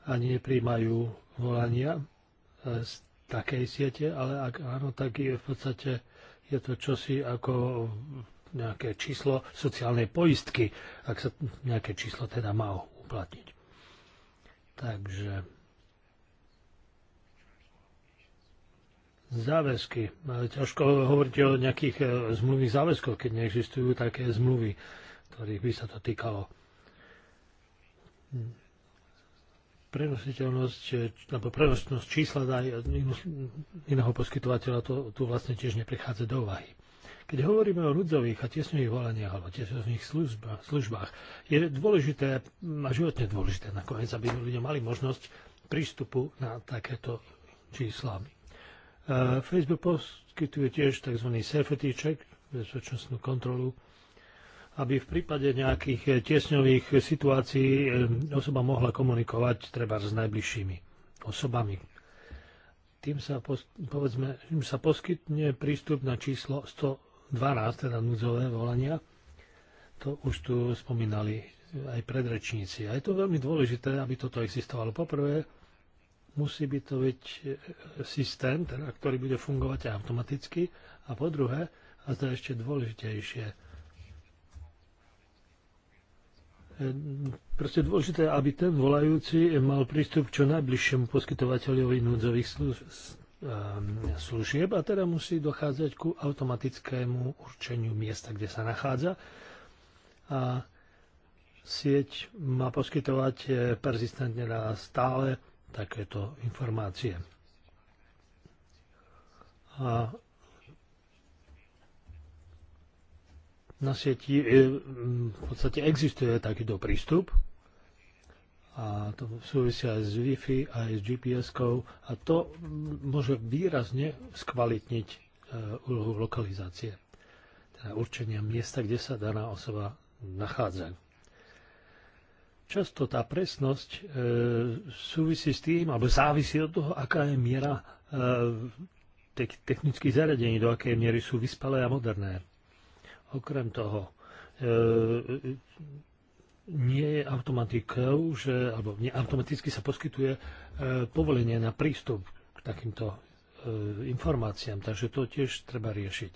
Ani nepríjmajú volania e, z takej siete, ale ak áno, tak je v podstate je to čosi ako nejaké číslo sociálnej poistky, ak sa nejaké číslo teda má uplatniť. Takže záväzky. Ťažko hovoriť o nejakých e, zmluvných záväzkoch, keď neexistujú také zmluvy, ktorých by sa to týkalo. Prenositeľnosť, e, alebo prenositeľnosť čísla aj iného poskytovateľa, to tu vlastne tiež neprichádza do úvahy. Keď hovoríme o ľudzových a tesných volaniach alebo tesných službách, službách, je dôležité a životne dôležité nakoniec, aby ľudia mali možnosť prístupu na takéto číslami Facebook poskytuje tiež tzv. safety check, bezpečnostnú kontrolu, aby v prípade nejakých tiesňových situácií eh, osoba mohla komunikovať treba s najbližšími osobami. Tým sa, povedzme, tým sa poskytne prístup na číslo 112, teda núdzové volania. To už tu spomínali aj predrečníci. A je to veľmi dôležité, aby toto existovalo. Poprvé, musí byť to byť e, systém, teda, ktorý bude fungovať automaticky. A po druhé, a to je ešte dôležitejšie, e, proste dôležité, aby ten volajúci mal prístup k čo najbližšiemu poskytovateľovi núdzových e, služieb a teda musí dochádzať ku automatickému určeniu miesta, kde sa nachádza. A sieť má poskytovať persistentne na stále takéto informácie. A na sieti e, v podstate existuje takýto prístup a to súvisia aj s Wi-Fi, aj s GPS-kou a to môže výrazne skvalitniť e, úlohu lokalizácie, teda určenia miesta, kde sa daná osoba nachádza Často tá presnosť e, súvisí s tým, alebo závisí od toho, aká je miera e, technických zariadení, do akej miery sú vyspelé a moderné. Okrem toho, e, nie je automatikou, že, alebo nie, automaticky sa poskytuje e, povolenie na prístup k takýmto e, informáciám, takže to tiež treba riešiť.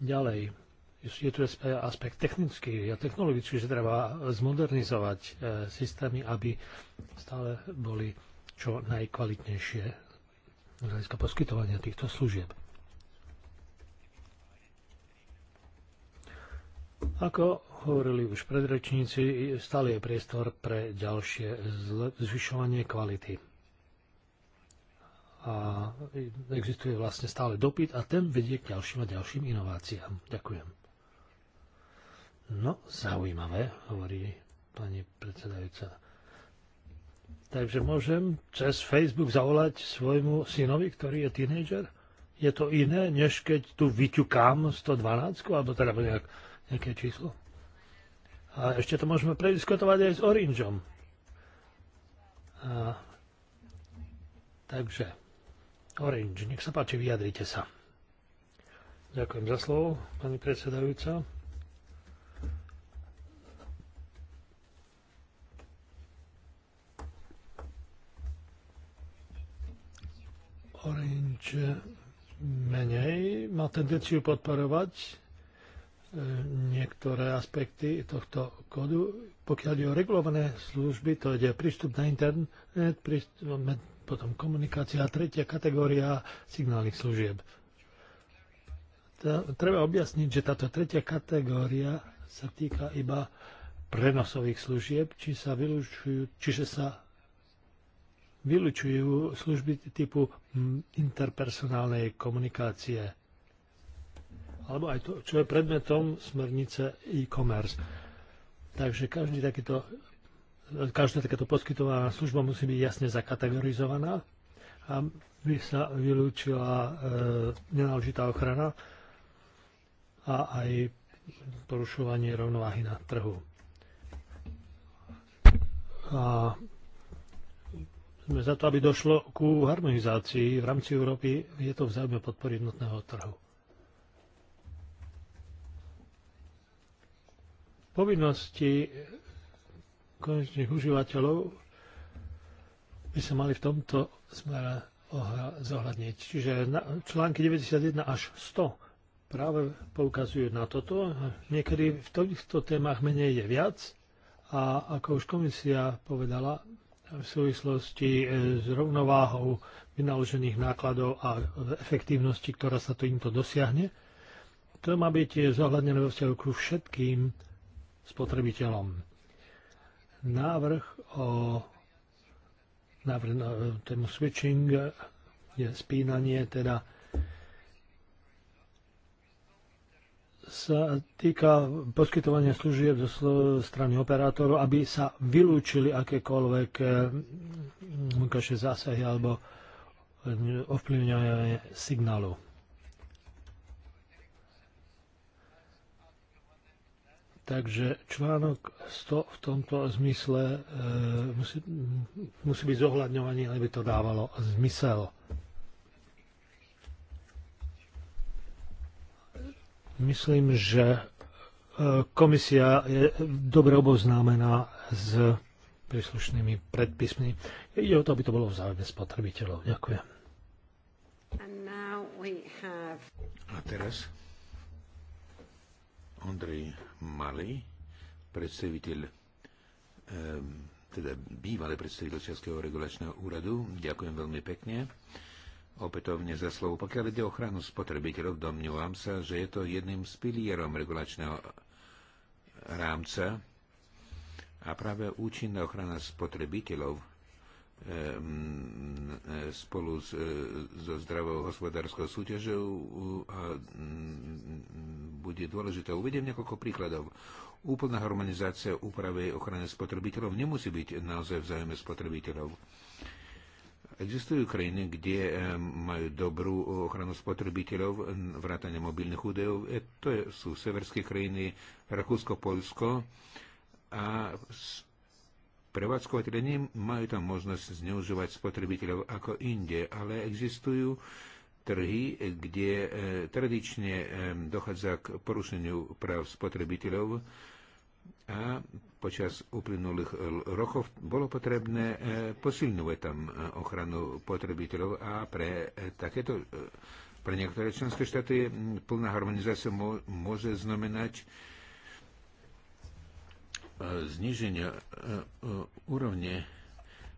Ďalej, je tu aspekt technický a technologický, že treba zmodernizovať e, systémy, aby stále boli čo najkvalitnejšie z hľadiska poskytovania týchto služieb. Ako hovorili už predrečníci, stále je priestor pre ďalšie zvyšovanie kvality. A existuje vlastne stále dopyt a ten vedie k ďalším a ďalším inováciám. Ďakujem. No, zaujímavé, hovorí pani predsedajúca. Takže môžem cez Facebook zavolať svojmu synovi, ktorý je tínejdžer? Je to iné, než keď tu vyťukám 112, alebo teda nejak, nejaké číslo? A ešte to môžeme prediskutovať aj s Orangeom. A, takže, Orange, nech sa páči, vyjadrite sa. Ďakujem za slovo, pani predsedajúca. Orange menej má tendenciu podporovať e, niektoré aspekty tohto kódu. Pokiaľ je o regulované služby, to ide prístup na internet, prístup, potom komunikácia a tretia kategória signálnych služieb. Treba objasniť, že táto tretia kategória sa týka iba prenosových služieb, či sa vylúčujú, čiže sa vylučujú služby typu hm, interpersonálnej komunikácie alebo aj to, čo je predmetom smernice e-commerce. Takže každý takýto, každá takáto poskytovaná služba musí byť jasne zakategorizovaná a by sa vylúčila e, nenáležitá ochrana a aj porušovanie rovnováhy na trhu. A sme za to, aby došlo ku harmonizácii v rámci Európy. Je to v podpory jednotného trhu. Povinnosti konečných užívateľov by sa mali v tomto smere zohľadniť. Čiže články 91 až 100 práve poukazujú na toto. Niekedy v týchto témach menej je viac a ako už komisia povedala, v súvislosti e, s rovnováhou vynaložených nákladov a efektívnosti, ktorá sa týmto dosiahne. To má byť zohľadnené vo vzťahu ku všetkým spotrebiteľom. Návrh o návrh e, tému switching je spínanie teda sa týka poskytovania služieb zo strany operátorov, aby sa vylúčili akékoľvek eh, vonkajšie zásahy alebo eh, ovplyvňovanie signálu. Takže článok 100 v tomto zmysle e, musí, musí byť zohľadňovaný, aby to dávalo zmysel. Myslím, že e, komisia je dobre oboznámená s príslušnými predpismi. Ide o to, aby to bolo v záujme spotrebiteľov. Ďakujem. Have... A teraz Ondrej Malý, predstaviteľ, teda bývalý predstaviteľ Českého regulačného úradu. Ďakujem veľmi pekne opätovne za slovo. Pokiaľ ide ochranu spotrebiteľov, domňujem sa, že je to jedným z pilierom regulačného rámca a práve účinná ochrana spotrebiteľov ehm, spolu e, so zdravou hospodárskou súťažou a bude dôležité. Uvediem niekoľko príkladov. Úplná harmonizácia úpravy ochrany spotrebiteľov nemusí byť naozaj v záujme spotrebiteľov Existujú krajiny, kde eh, majú dobrú eh, ochranu spotrebiteľov, vrátane mobilných údajov. E, to sú severské krajiny, Rakúsko, Polsko. A prevádzkovateľe nemajú tam možnosť zneužívať spotrebiteľov ako inde, ale existujú trhy, kde eh, tradične dochádza k porušeniu práv spotrebiteľov a počas uplynulých eh, rokov bolo potrebné eh, posilňovať tam eh, ochranu potrebiteľov a pre takéto pre niektoré členské štáty hm, plná harmonizácia môže znamenať zniženie úrovne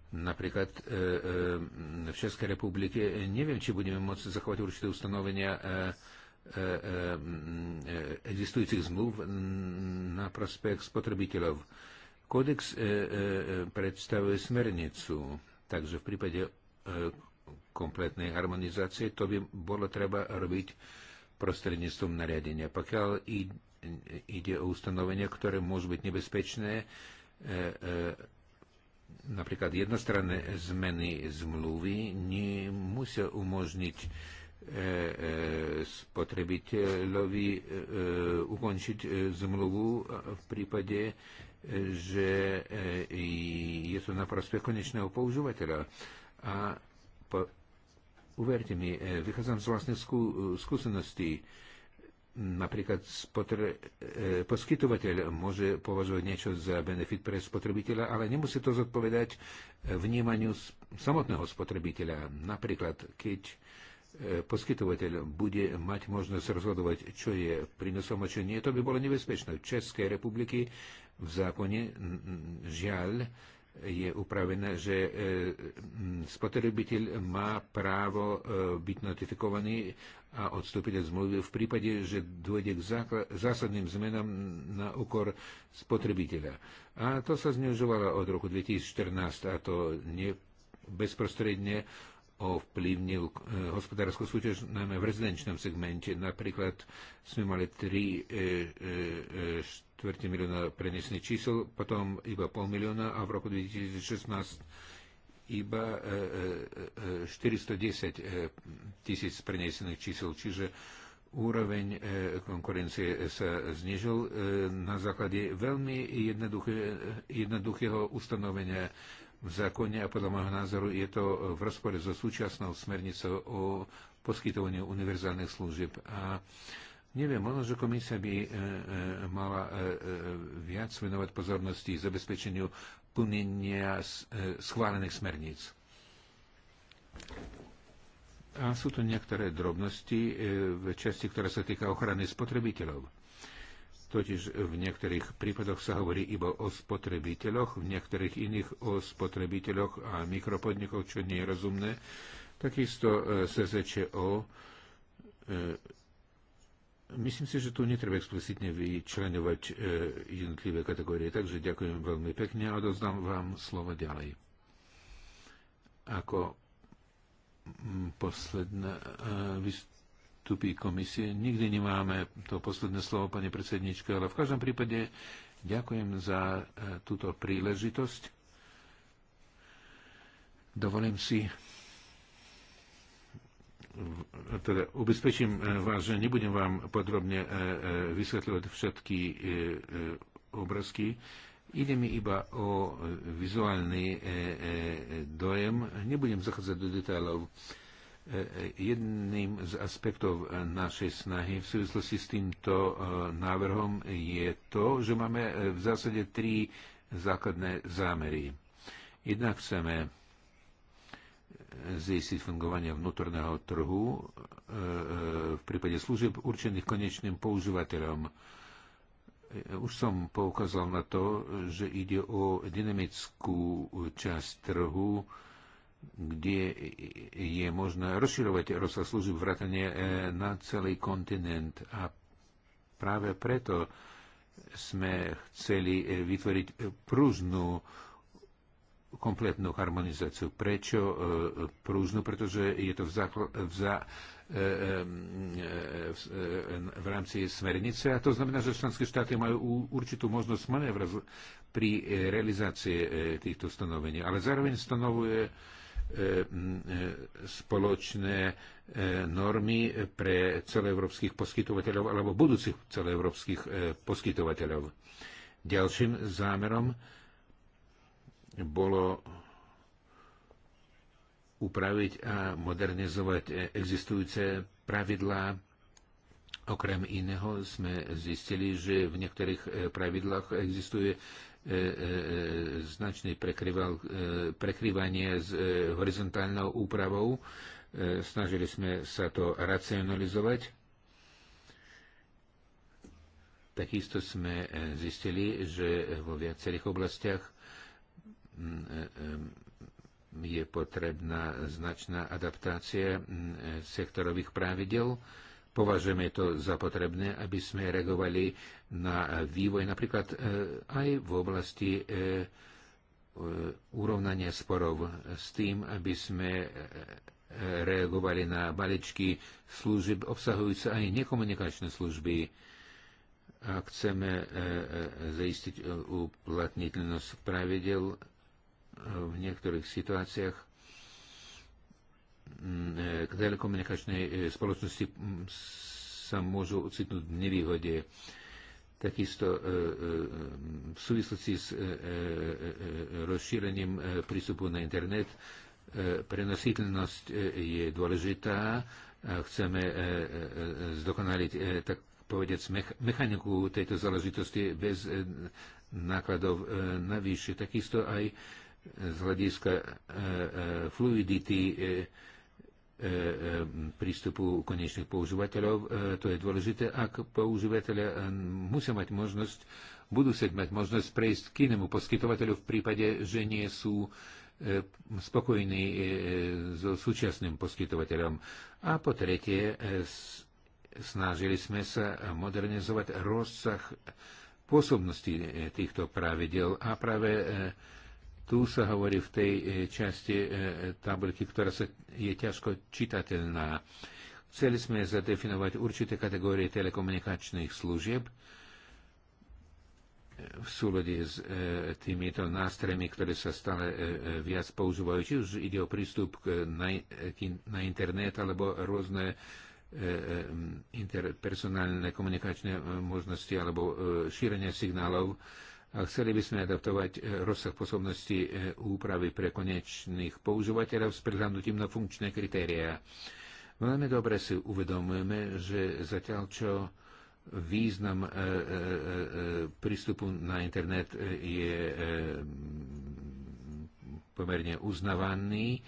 Napríklad v Českej republike neviem, či budeme môcť zachovať určité ustanovenia E, e, existujúcich zmluv na prospech spotrebiteľov. Kódex e, predstavuje smernicu, takže v prípade kompletnej harmonizácie to by bolo treba robiť prostredníctvom nariadenia. Pokiaľ ide o ustanovenia, ktoré môžu byť nebezpečné, napríklad jednostranné zmeny zmluvy nemusia umožniť E, e, spotrebiteľovi e, ukončiť zmluvu v prípade, že je to na prospech konečného používateľa. A po, uverte mi, vychádzam z vlastných skú, Napríklad spotre, poskytovateľ môže považovať niečo za benefit pre spotrebiteľa, ale nemusí to zodpovedať vnímaniu samotného spotrebiteľa. Napríklad, keď E, poskytovateľ bude mať možnosť rozhodovať, čo je prínosom a čo nie, to by bolo nebezpečné. V Českej republiky v zákone žiaľ je upravené, že e, spotrebiteľ má právo e, byť notifikovaný a odstúpiť od zmluvy v prípade, že dôjde k zásadným zmenám na úkor spotrebiteľa. A to sa zneužovalo od roku 2014 a to nie bezprostredne ovplyvnil eh, hospodárskú súťaž najmä v rezidenčnom segmente. Napríklad sme mali 3 4 eh, eh, milióna prenesených čísel, potom iba pol milióna a v roku 2016 iba 410 tisíc prenesených čísel. Čiže úroveň konkurencie sa znižil na základe veľmi jednoduché, jednoduchého ustanovenia v zákone a podľa môjho názoru je to v rozpore so súčasnou smernicou o poskytovaniu univerzálnych služieb. A neviem, možno, že komisia by e, e, mala e, viac venovať pozornosti zabezpečeniu plnenia schválených smerníc. A sú tu niektoré drobnosti v časti, ktorá sa týka ochrany spotrebiteľov Totiž v niektorých prípadoch sa hovorí iba o spotrebiteľoch, v niektorých iných o spotrebiteľoch a mikropodnikoch, čo nie je rozumné. Takisto e, SZČO. E, myslím si, že tu netreba explicitne vyčlenovať e, jednotlivé kategórie, takže ďakujem veľmi pekne a doznám vám slovo ďalej. Ako posledná vystúpenie postupy komisie. Nikdy nemáme to posledné slovo, pani predsednička, ale v každom prípade ďakujem za e, túto príležitosť. Dovolím si teda ubezpečím e, vás, že nebudem vám podrobne e, vysvetľovať všetky obrázky. Ide mi iba o vizuálny dojem. Nebudem zachádzať do detailov. Jedným z aspektov našej snahy v súvislosti s týmto e, návrhom je to, že máme e, v zásade tri základné zámery. Jednak chceme e, zistiť fungovanie vnútorného trhu v prípade služieb určených konečným používateľom. Už som poukázal na to, že ide o dynamickú časť trhu, kde je možné rozširovať rozsah služieb vrátane e, na celý kontinent. A práve preto sme chceli e, vytvoriť prúznú kompletnú harmonizáciu. Prečo e, prúznu? Pretože je to v, zákl- v, za- v rámci smernice a to znamená, že členské štáty majú určitú možnosť manévra pri realizácii týchto stanovení. Ale zároveň stanovuje E, e, spoločné e, normy pre celoeurópskych poskytovateľov alebo budúcich celoeurópskych poskytovateľov. Ďalším zámerom bolo upraviť a modernizovať existujúce pravidlá. Okrem iného sme zistili, že v niektorých pravidlách existuje E, e, značný prekryval, e, prekryvanie s horizontálnou úpravou. Snažili sme sa to racionalizovať. Takisto sme zistili, že vo viacerých oblastiach je potrebná značná adaptácia sektorových pravidel Považujeme to za potrebné, aby sme reagovali na vývoj napríklad e, aj v oblasti e, e, urovnania sporov s tým, aby sme reagovali na balíčky služieb obsahujúce aj nekomunikačné služby. A chceme zaistiť uplatniteľnosť pravidel v niektorých situáciách k telekomunikačnej e, spoločnosti sa môžu ocitnúť v nevýhode. Takisto e, e, v súvislosti s rozšírením prístupu na internet prenositeľnosť je dôležitá. Chceme zdokonaliť tak povedec mechaniku tejto záležitosti bez nákladov navyše. Takisto aj z hľadiska fluidity E, e, prístupu konečných používateľov. E, to je dôležité, ak používateľe musia mať možnosť, budú sa mať možnosť prejsť k inému poskytovateľu v prípade, že nie sú spokojní so súčasným poskytovateľom. A po tretie, snažili sme sa modernizovať rozsah pôsobnosti týchto pravidel a práve tu sa hovorí v tej e, časti e, tabulky, ktorá sa je ťažko čitateľná. Chceli sme zadefinovať určité kategórie telekomunikačných služieb v súlade s e, týmito nástrojmi, ktoré sa stále viac používajú. Či už ide o prístup na, na internet alebo rôzne interpersonálne komunikačné možnosti alebo šírenie signálov a chceli by sme adaptovať e, rozsah posobnosti e, úpravy pre konečných používateľov s prihľadnutím na funkčné kritériá. Veľmi dobre si uvedomujeme, že zatiaľ čo význam e, prístupu na internet je pomerne uznavaný,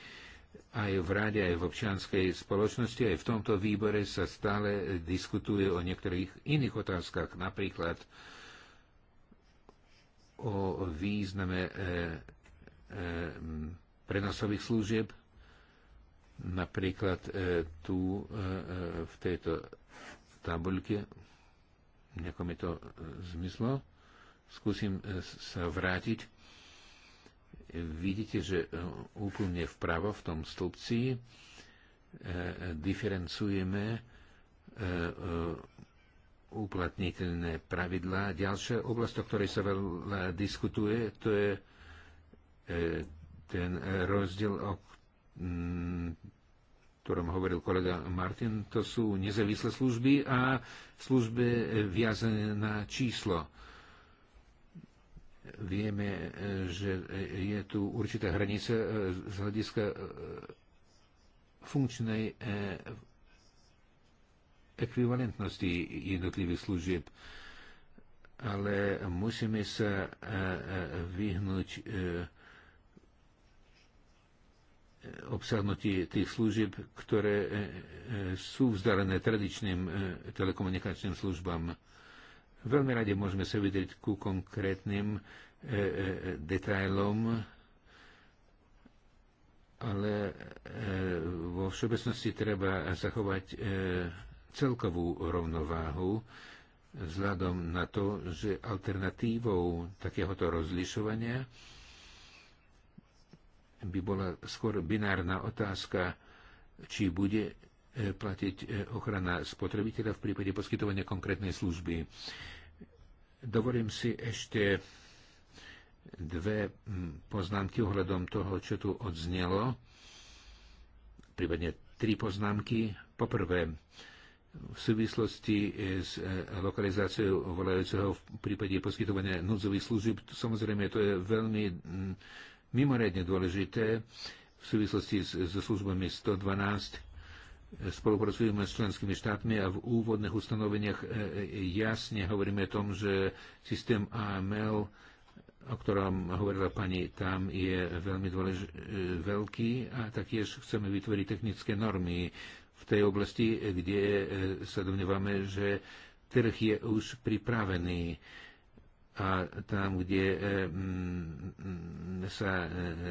aj v rade, aj v občianskej spoločnosti, aj v tomto výbore sa stále diskutuje o niektorých iných otázkach, napríklad o význame e, e, prenosových služieb. Napríklad e, tu v tejto tabuľke, nejakom je to zmyslo, skúsim sa vrátiť. Vidíte, že úplne vpravo v tom stĺpci diferencujeme uplatniteľné pravidlá. Ďalšia oblasť, o ktorej sa veľa diskutuje, to je e, ten rozdiel, o ktorom hovoril kolega Martin, to sú nezávislé služby a služby viazané na číslo. Vieme, že je tu určitá hranica e, z hľadiska e, funkčnej ekvivalentnosti jednotlivých služieb, ale musíme sa e, e, vyhnúť e, obsahnutí tých služieb, ktoré sú vzdarené tradičným telekomunikačným službám. Veľmi rade môžeme sa vydať ku konkrétnym detailom, ale vo všeobecnosti treba zachovať celkovú rovnováhu vzhľadom na to, že alternatívou takéhoto rozlišovania by bola skôr binárna otázka, či bude e, platiť e, ochrana spotrebiteľa v prípade poskytovania konkrétnej služby. Dovolím si ešte dve poznámky ohľadom toho, čo tu odznelo, prípadne tri poznámky. Poprvé, v súvislosti e, s e, lokalizáciou volajúceho v prípade poskytovania núdzových služieb. Samozrejme, to je veľmi mimoriadne dôležité v súvislosti so službami 112. E, spolupracujeme s členskými štátmi a v úvodných ustanoveniach jasne hovoríme o tom, že systém AML o ktorom hovorila pani, tam je veľmi dôlež- veľký a taktiež chceme vytvoriť technické normy v tej oblasti, kde eh, sa domnievame, že trh je už pripravený a tam, kde eh, mm, sa eh,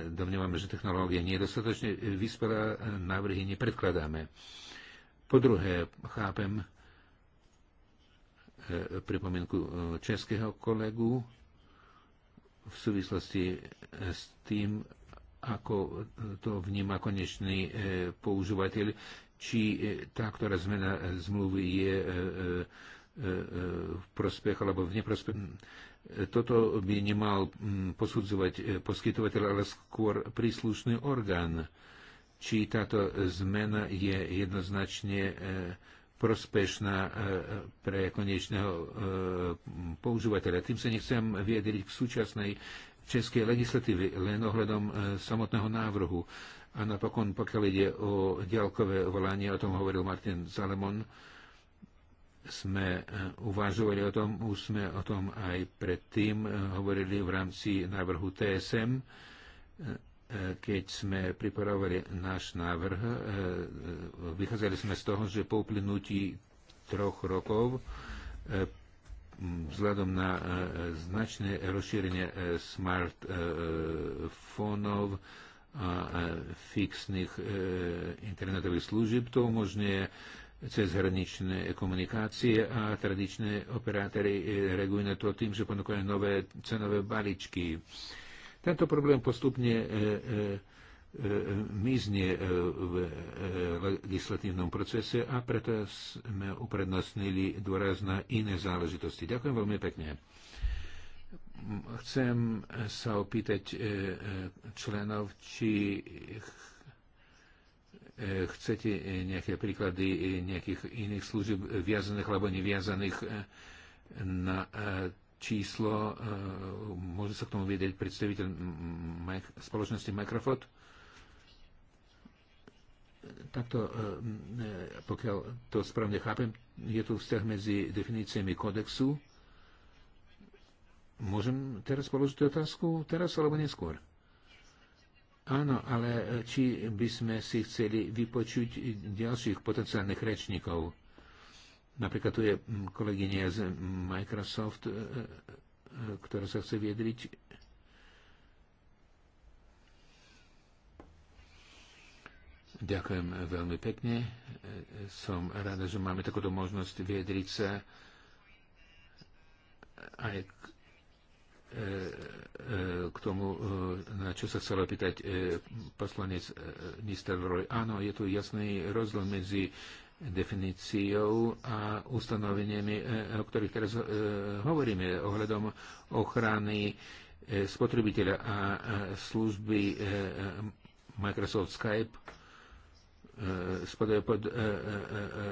domnievame, že technológia nie je dostatočne vyspelá, návrhy nepredkladáme. Po druhé, chápem pripomienku českého kolegu v súvislosti s tým, ako to vníma konečný používateľ či e, tá, ktorá zmena e, zmluvy je e, v prospech alebo v neprospech. Mm, toto by nemal mm, posudzovať poskytovateľ, ale skôr príslušný orgán. Či táto zmena je jednoznačne prospešná e, pre konečného e, používateľa. Tým sa nechcem vyjadriť k súčasnej českej legislatívy, len ohľadom e, samotného návrhu. A napokon, pokiaľ ide o ďalkové volanie, o tom hovoril Martin Salemon, sme uvažovali o tom, už sme o tom aj predtým hovorili v rámci návrhu TSM keď sme pripravovali náš návrh, e, e, vychádzali sme z toho, že po uplynutí troch rokov e, vzhľadom na značné rozšírenie smartfónov a fixných internetových služieb, to umožňuje cez hraničné komunikácie a tradičné operátory reagujú na to tým, že ponúkajú nové cenové balíčky. Tento problém postupne e, e, e, mizne v legislatívnom procese a preto sme uprednostnili dôraz na iné záležitosti. Ďakujem veľmi pekne. Chcem sa opýtať členov, či chcete nejaké príklady nejakých iných služieb viazaných alebo neviazaných na číslo, e, môže sa k tomu viedeť predstaviteľ spoločnosti Microfot. Takto, e, e, pokiaľ to správne chápem, je tu vzťah medzi definíciami kodexu. Môžem teraz položiť otázku? Teraz alebo neskôr? Áno, ale či by sme si chceli vypočuť ďalších potenciálnych rečníkov? Napríklad tu je mm, kolegyňa z mm, Microsoft, e, e, e, ktorá sa chce viedriť. Ďakujem veľmi pekne. Som rada, že máme takúto možnosť viedriť sa aj k, k tomu, na čo sa chcel opýtať poslanec Nistelroj. Áno, je tu jasný rozdiel medzi definíciou a ustanoveniami, e, e, o ktorých teraz e, hovoríme, ohľadom ochrany spotrebiteľa a služby Microsoft Skype spadajú pod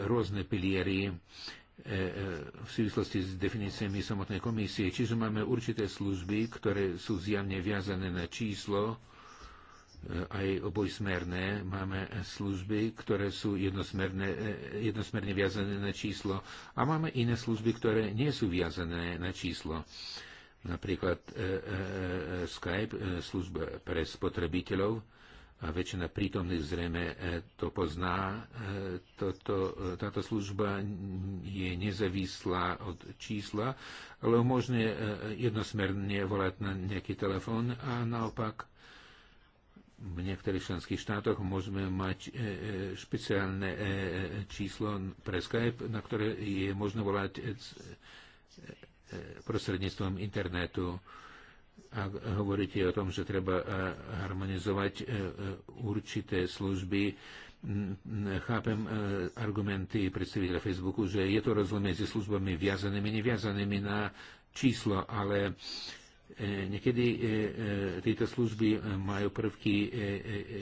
rôzne piliery v súvislosti s definíciami samotnej komisie. Čiže máme určité služby, ktoré sú zjavne viazané na číslo aj obojsmerné. Máme služby, ktoré sú jednosmerne, eh, jednosmerne viazané na číslo a máme iné služby, ktoré nie sú viazané na číslo. Napríklad eh, eh, Skype, služba pre spotrebiteľov a väčšina prítomných zrejme to pozná. toto, táto služba je nezávislá od čísla, ale možno jednosmerne volať na nejaký telefón a naopak v niektorých členských štátoch môžeme mať e, e, špeciálne e, číslo pre Skype, na ktoré je možno volať prostredníctvom internetu. A hovoríte o tom, že treba harmonizovať určité služby, chápem argumenty predstaviteľa Facebooku, že je to rozdiel medzi službami viazanými, neviazanými na číslo, ale E, niekedy e, e, tieto služby majú prvky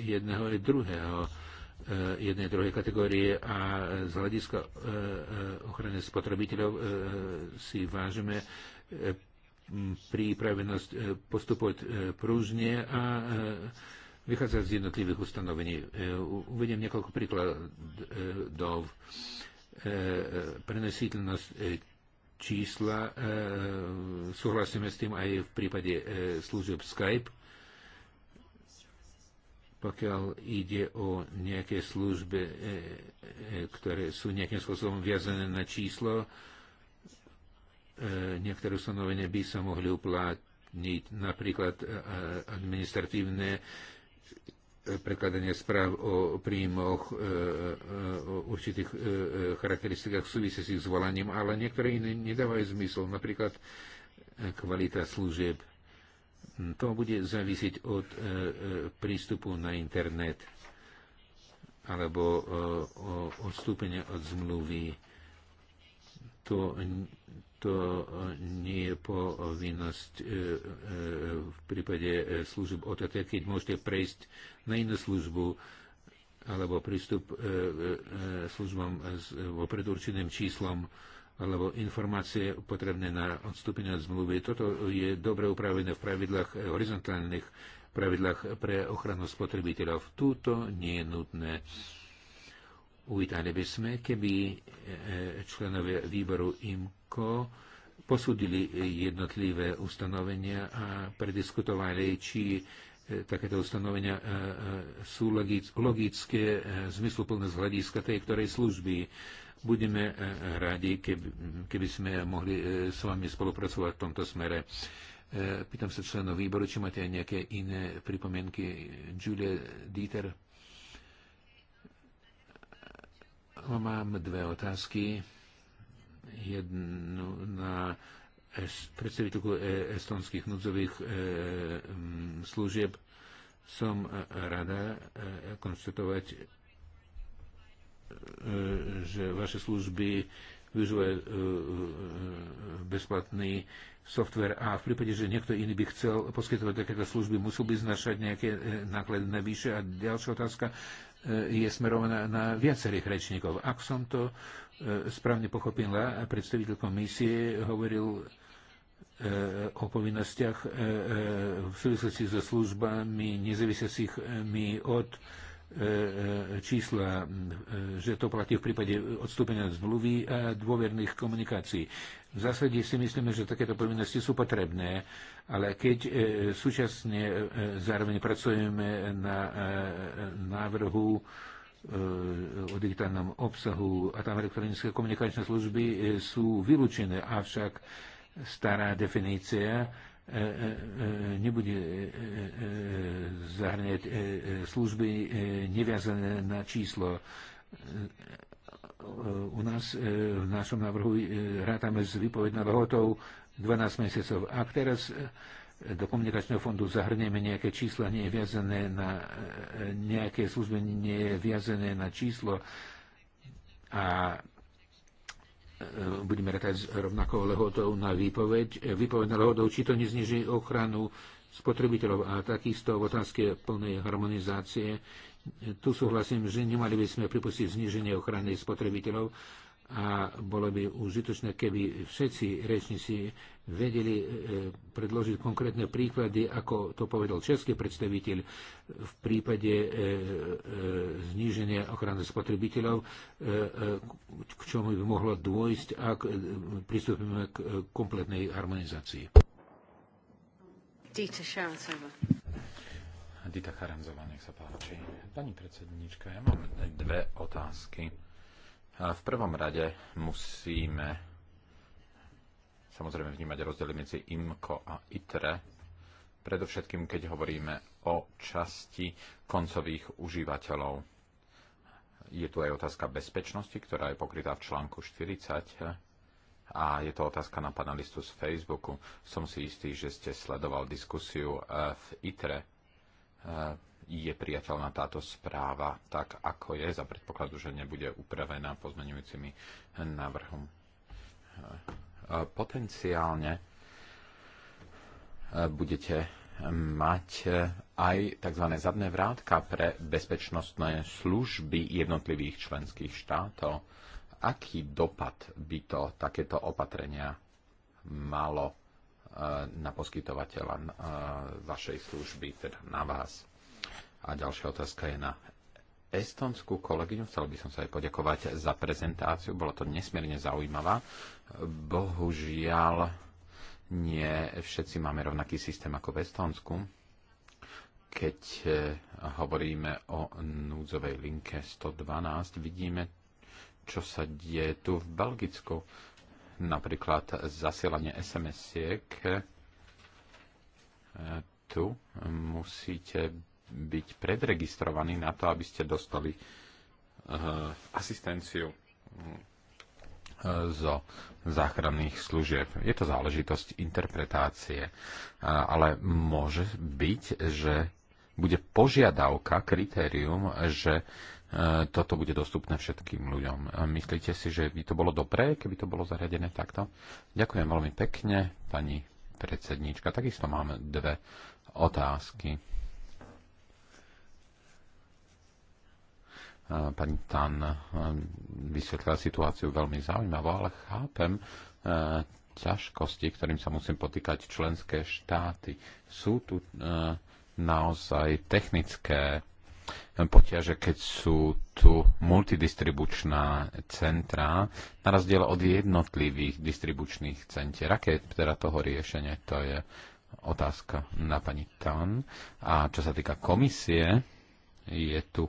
jedného i druhého jednej druhej kategórie a z hľadiska ochrany spotrebiteľov si vážime prípravenosť postupovať prúžne a vychádzať z jednotlivých ustanovení. Uvediem niekoľko príkladov. Prenesiteľnosť čísla, e, súhlasíme s tým aj v prípade e, služieb Skype. Pokiaľ ide o nejaké služby, e, ktoré sú nejakým spôsobom viazané na číslo, niektoré ustanovenia by sa mohli uplatniť, napríklad administratívne prekladania správ o príjmoch, e, e, o určitých e, charakteristikách súvisiacich s volaním, ale niektoré iné nedávajú zmysel, napríklad kvalita služieb. To bude závisiť od prístupu na internet alebo odstúpenia od zmluvy. To to eh, nie je povinnosť eh, eh, v prípade služieb OTT, keď môžete prejsť na inú službu alebo prístup službám s opredurčeným číslom alebo informácie potrebné na odstúpenie od zmluvy. Toto je dobre upravené v pravidlách, horizontálnych pravidlách pre ochranu spotrebiteľov. Tuto nie je nutné Uvítali by sme, keby e, členové výboru IMCO posúdili jednotlivé ustanovenia a prediskutovali, či e, takéto ustanovenia e, sú logické, zmysluplné z hľadiska tej ktorej služby. Budeme radi, keby, keby sme mohli s vami spolupracovať v tomto smere. Pýtam sa členov výboru, či máte aj nejaké iné pripomienky. Julia Dieter. No, mám dve otázky. Jednu na predstaviteľku e, estonských núdzových e, služieb. Som e, rada konštatovať, že vaše služby využívajú bezplatný software a v prípade, že niekto iný by chcel poskytovať takéto služby, musel by znašať nejaké náklady na A ďalšia otázka, E, je smerovaná na viacerých rečníkov. Ak som to e, správne pochopila, predstaviteľ komisie hovoril e, o povinnostiach v súvislosti so službami nezavisiacich od E, e, čísla, e, že to platí v prípade odstúpenia zmluvy a dôverných komunikácií. V zásade si myslíme, že takéto povinnosti sú potrebné, ale keď súčasne zároveň pracujeme na návrhu o digitálnom obsahu a tam elektronické komunikačné služby sú vylúčené, avšak stará definícia E, e, e, nebude zahrňať služby neviazané na číslo. U nás v našom návrhu rátame s výpovednou lehotou 12 mesiacov. Ak teraz do komunikačného fondu zahrnieme nejaké čísla neviazané na nejaké služby neviazané na číslo a E, budeme rátať rovnakou lehotou na e, výpoveď, na lehotou, či to nezniží ochranu spotrebiteľov a takisto v otázke plnej harmonizácie. E, tu súhlasím, že nemali by sme pripustiť zniženie ochrany spotrebiteľov, a bolo by užitočné, keby všetci rečníci vedeli e, predložiť konkrétne príklady, ako to povedal český predstaviteľ v prípade e, e, zníženia ochrany spotrebiteľov, k čomu by mohlo dôjsť, ak pristúpime k kompletnej harmonizácii. Dita Dita Charanzová, nech sa páči. Pani predsedníčka, ja mám dve otázky v prvom rade musíme samozrejme vnímať rozdiely medzi IMCO a ITRE, predovšetkým keď hovoríme o časti koncových užívateľov. Je tu aj otázka bezpečnosti, ktorá je pokrytá v článku 40 a je to otázka na panelistu z Facebooku. Som si istý, že ste sledoval diskusiu eh, v ITRE eh, je priateľná táto správa tak, ako je, za predpokladu, že nebude upravená pozmenujúcimi návrhom. E, potenciálne e, budete mať e, aj tzv. zadné vrátka pre bezpečnostné služby jednotlivých členských štátov. Aký dopad by to takéto opatrenia malo na poskytovateľa vašej služby, teda na vás? A ďalšia otázka je na estonskú kolegyňu. Chcel by som sa aj poďakovať za prezentáciu. Bolo to nesmierne zaujímavá. Bohužiaľ, nie všetci máme rovnaký systém ako v Estonsku. Keď e, hovoríme o núdzovej linke 112, vidíme, čo sa deje tu v Belgicku. Napríklad zasielanie SMS-iek e, tu musíte byť predregistrovaní na to, aby ste dostali uh, asistenciu eh, zo záchranných služieb. Je to záležitosť interpretácie, eh, ale môže byť, že bude požiadavka, kritérium, že toto bude dostupné všetkým ľuďom. Myslíte si, že by to bolo dobré, keby to bolo zariadené takto? Ďakujem veľmi pekne, pani predsedníčka. Takisto máme dve otázky. Pani Tan e, vysvetlila situáciu veľmi zaujímavo, ale chápem e, ťažkosti, ktorým sa musím potýkať členské štáty. Sú tu e, naozaj technické potiaže, keď sú tu multidistribučná centra, na rozdiel od jednotlivých distribučných centier. Aké je teda toho riešenie? To je otázka na pani Tan. A čo sa týka komisie, je tu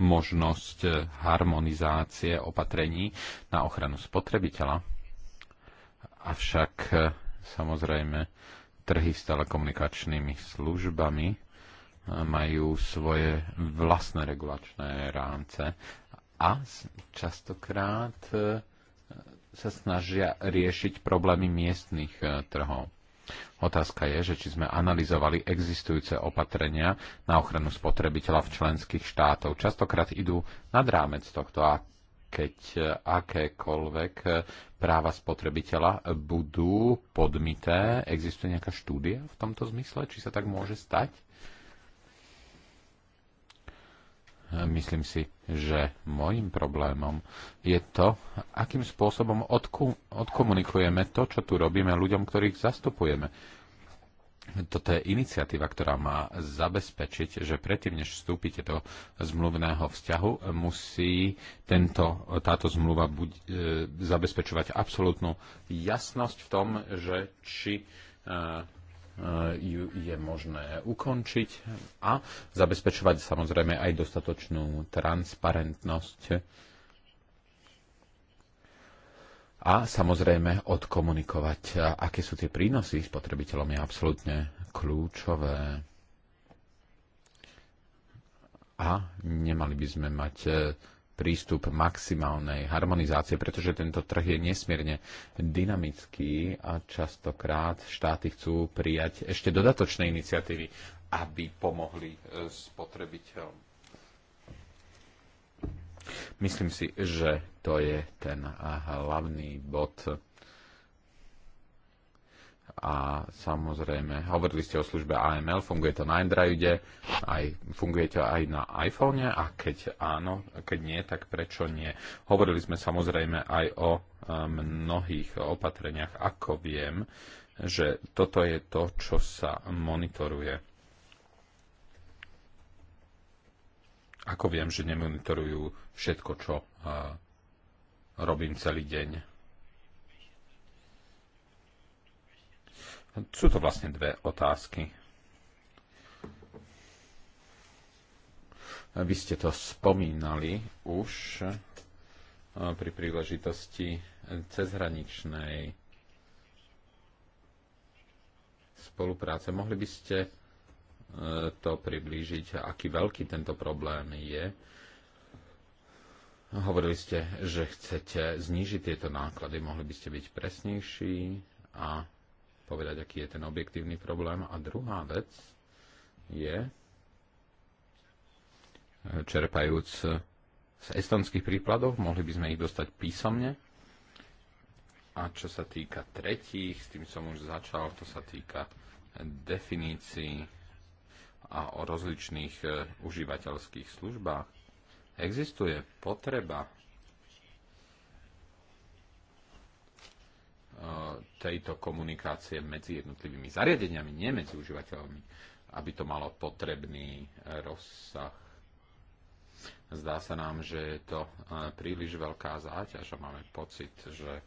možnosť eh, harmonizácie opatrení na ochranu spotrebiteľa. Avšak eh, samozrejme trhy s telekomunikačnými službami eh, majú svoje vlastné regulačné rámce a častokrát sa snažia riešiť problémy miestnych trhov. Otázka je, že či sme analyzovali existujúce opatrenia na ochranu spotrebiteľa v členských štátoch. Častokrát idú nad rámec tohto a keď akékoľvek práva spotrebiteľa budú podmité. Existuje nejaká štúdia v tomto zmysle? Či sa tak môže stať? myslím si, že môjim problémom je to, akým spôsobom odku- odkomunikujeme to, čo tu robíme ľuďom, ktorých zastupujeme. Toto je iniciatíva, ktorá má zabezpečiť, že predtým, než vstúpite do zmluvného vzťahu, musí tento, táto zmluva buď, e, zabezpečovať absolútnu jasnosť v tom, že či e, E, ju je možné ukončiť a zabezpečovať samozrejme aj dostatočnú transparentnosť a samozrejme odkomunikovať, e, aké sú tie prínosy spotrebiteľom je absolútne kľúčové. A nemali by sme mať e, prístup maximálnej harmonizácie, pretože tento trh je nesmierne dynamický a častokrát štáty chcú prijať ešte dodatočné iniciatívy, aby pomohli e, spotrebiteľom. Myslím si, že to je ten hlavný bod a samozrejme, hovorili ste o službe AML, funguje to na Androide, aj, funguje to aj na iPhone a keď áno, keď nie, tak prečo nie? Hovorili sme samozrejme aj o e, mnohých opatreniach, ako viem, že toto je to, čo sa monitoruje. Ako viem, že nemonitorujú všetko, čo e, robím celý deň Sú to vlastne dve otázky. Vy ste to spomínali už eh, pri príležitosti cezhraničnej spolupráce. Mohli by ste eh, to priblížiť, aký veľký tento problém je. Hovorili ste, že chcete znížiť tieto náklady, mohli by ste byť presnejší a povedať, aký je ten objektívny problém. A druhá vec je, eh, čerpajúc z estonských príkladov, mohli by sme ich dostať písomne. A čo sa týka tretích, s tým som už začal, to sa týka eh, definícií a o rozličných eh, užívateľských službách. Existuje potreba E, tejto komunikácie medzi jednotlivými zariadeniami, nie medzi užívateľmi, aby to malo potrebný rozsah. Zdá sa nám, že je to e, príliš veľká záťaž a máme pocit, že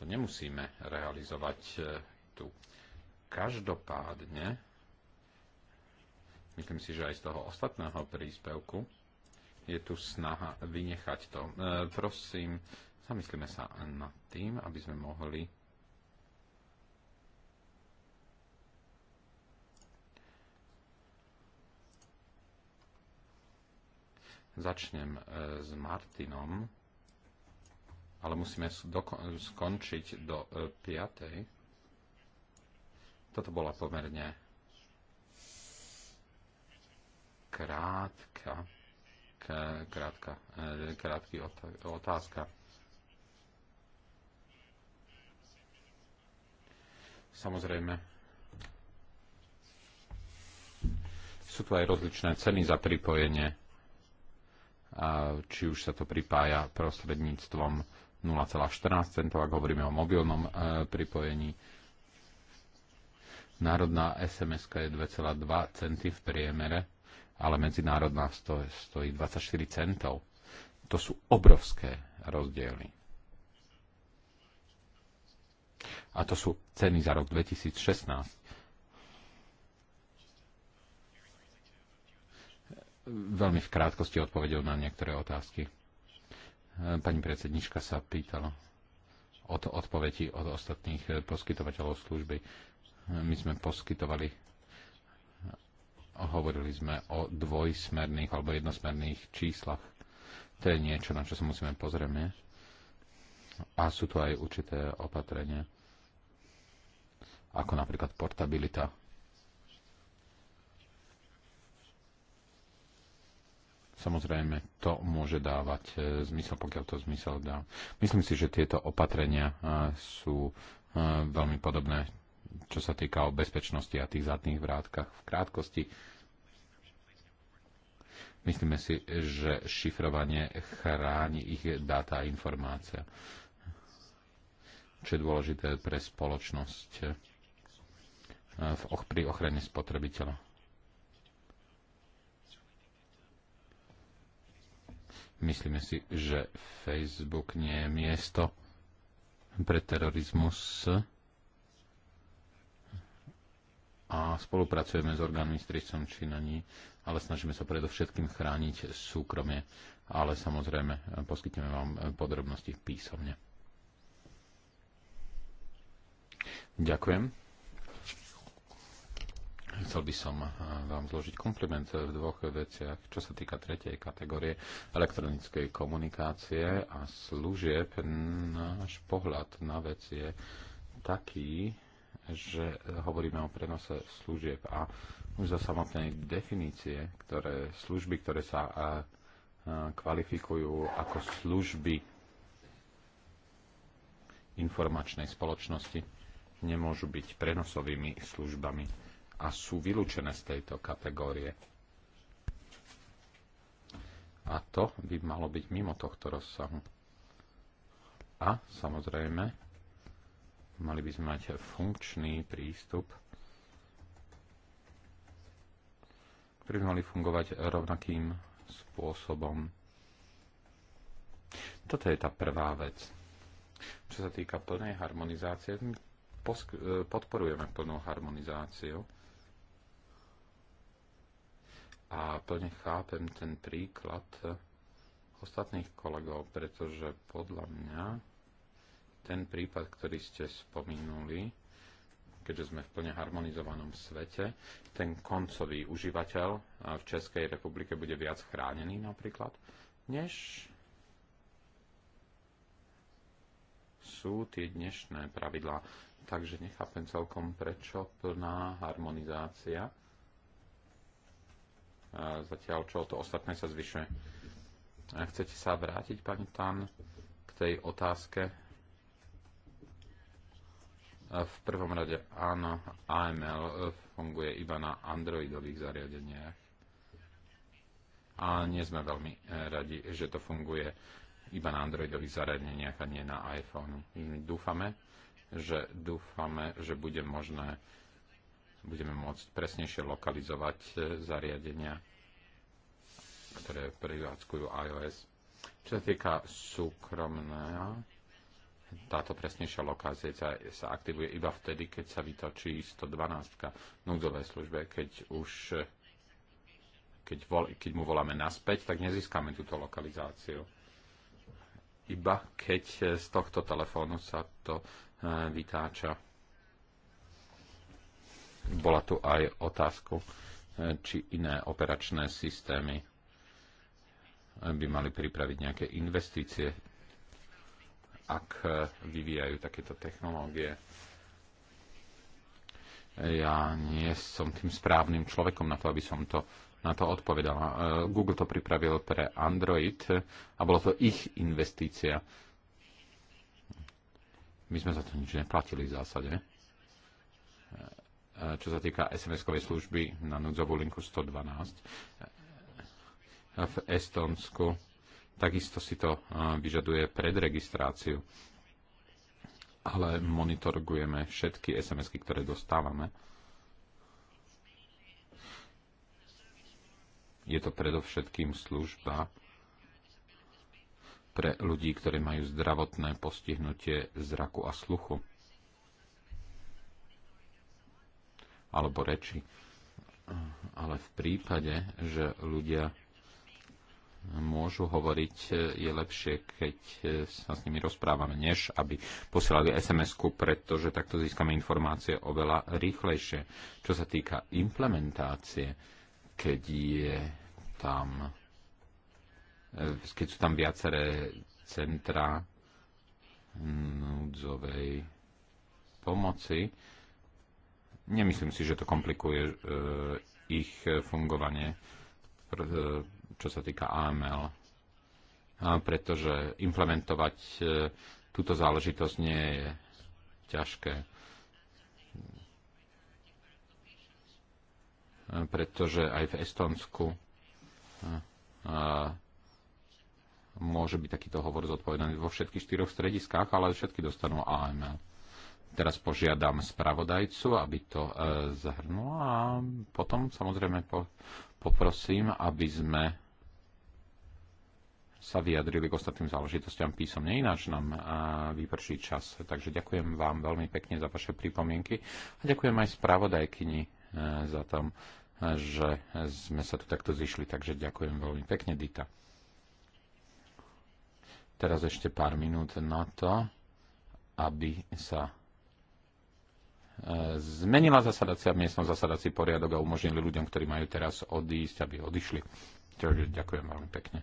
to nemusíme realizovať e, tu. Každopádne, myslím si, že aj z toho ostatného príspevku, je tu snaha vynechať to. Prosím, Zamyslíme sa nad tým, aby sme mohli začnem e, s Martinom, ale musíme skončiť do 5. E, Toto bola pomerne krátka, krátka, e, krátka otázka. Samozrejme, sú tu aj rozličné ceny za pripojenie, či už sa to pripája prostredníctvom 0,14 centov, ak hovoríme o mobilnom e, pripojení. Národná sms je 2,2 centy v priemere, ale medzinárodná stojí 24 centov. To sú obrovské rozdiely. A to sú ceny za rok 2016. Veľmi v krátkosti odpovedel na niektoré otázky. Pani predsednička sa pýtala to odpovedi od ostatných poskytovateľov služby. My sme poskytovali hovorili sme o dvojsmerných alebo jednosmerných číslach. To je niečo, na čo sa musíme pozrieť a sú tu aj určité opatrenia, ako napríklad portabilita. Samozrejme, to môže dávať e, zmysel, pokiaľ to zmysel dá. Myslím si, že tieto opatrenia e, sú e, veľmi podobné, čo sa týka o bezpečnosti a tých zadných vrátkach. V krátkosti, myslíme si, že šifrovanie chráni ich dáta a informácia čo je dôležité pre spoločnosť eh, v, pri ochrane spotrebiteľa. Myslíme si, že Facebook nie je miesto pre terorizmus a spolupracujeme s orgánmi s trestnom činaní, ale snažíme sa predovšetkým chrániť súkromie, ale samozrejme poskytneme vám eh, podrobnosti písomne. Ďakujem. Chcel by som eh, vám zložiť kompliment eh, v dvoch veciach, čo sa týka tretej kategórie elektronickej komunikácie a služieb. Náš pohľad na vec je taký, že hovoríme o prenose služieb a už za samotnej definície, ktoré služby, ktoré sa eh, kvalifikujú ako služby informačnej spoločnosti nemôžu byť prenosovými službami a sú vylúčené z tejto kategórie. A to by malo byť mimo tohto rozsahu. A samozrejme, mali by sme mať funkčný prístup, ktorý by mali fungovať rovnakým spôsobom. Toto je tá prvá vec. Čo sa týka plnej harmonizácie, E, podporujeme plnú harmonizáciu a plne chápem ten príklad ostatných kolegov, pretože podľa mňa ten prípad, ktorý ste spomínuli, keďže sme v plne harmonizovanom svete, ten koncový užívateľ e, v Českej republike bude viac chránený napríklad, než sú tie dnešné pravidlá, Takže nechápem celkom, prečo plná harmonizácia. Zatiaľ, čo to ostatné sa zvyšuje. Chcete sa vrátiť, pani Tan, k tej otázke? V prvom rade áno, AML funguje iba na androidových zariadeniach. A nie sme veľmi e, radi, že to funguje iba na androidových zariadeniach a nie na iPhone. Dúfame, že dúfame, že bude možné, budeme môcť presnejšie lokalizovať e, zariadenia, ktoré prevádzkujú iOS. Čo sa týka súkromného, táto presnejšia lokácia sa aktivuje iba vtedy, keď sa vytočí 112 v núdzovej službe, keď už e, keď, vol, keď mu voláme naspäť, tak nezískame túto lokalizáciu. Iba keď e, z tohto telefónu sa to vytáča. Bola tu aj otázka, e, či iné operačné systémy e, by mali pripraviť nejaké investície, ak e, vyvíjajú takéto technológie. Ja nie som tým správnym človekom na to, aby som to na to odpovedala. Google to pripravil pre Android a bolo to ich investícia my sme za to nič neplatili v zásade. E, čo sa týka SMS-kovej služby na núdzovú linku 112 e, v Estonsku, takisto si to e, vyžaduje pred registráciu. Ale monitorujeme všetky SMS-ky, ktoré dostávame. Je to predovšetkým služba, pre ľudí, ktorí majú zdravotné postihnutie zraku a sluchu alebo reči. Ale v prípade, že ľudia môžu hovoriť, je lepšie, keď sa s nimi rozprávame, než aby posielali SMS-ku, pretože takto získame informácie oveľa rýchlejšie. Čo sa týka implementácie, keď je tam E, keď sú tam viaceré centra mm, núdzovej pomoci. Nemyslím si, že to komplikuje e, ich fungovanie, e, čo sa týka AML, pretože implementovať túto záležitosť nie je ťažké. pretože aj v Estonsku môže byť takýto hovor zodpovedaný vo všetkých štyroch strediskách, ale všetky dostanú AML. Teraz požiadam spravodajcu, aby to e, zahrnul a potom samozrejme po, poprosím, aby sme sa vyjadrili k ostatným záležitostiam písomne, ináč nám e, vyprší čas. Takže ďakujem vám veľmi pekne za vaše pripomienky a ďakujem aj spravodajkyni e, za tom, e, že sme sa tu takto zišli. Takže ďakujem veľmi pekne, Dita. Teraz ešte pár minút na to, aby sa e, zmenila zasadacia miestnosť, zasadací poriadok a umožnili ľuďom, ktorí majú teraz odísť, aby odišli. ďakujem veľmi pekne.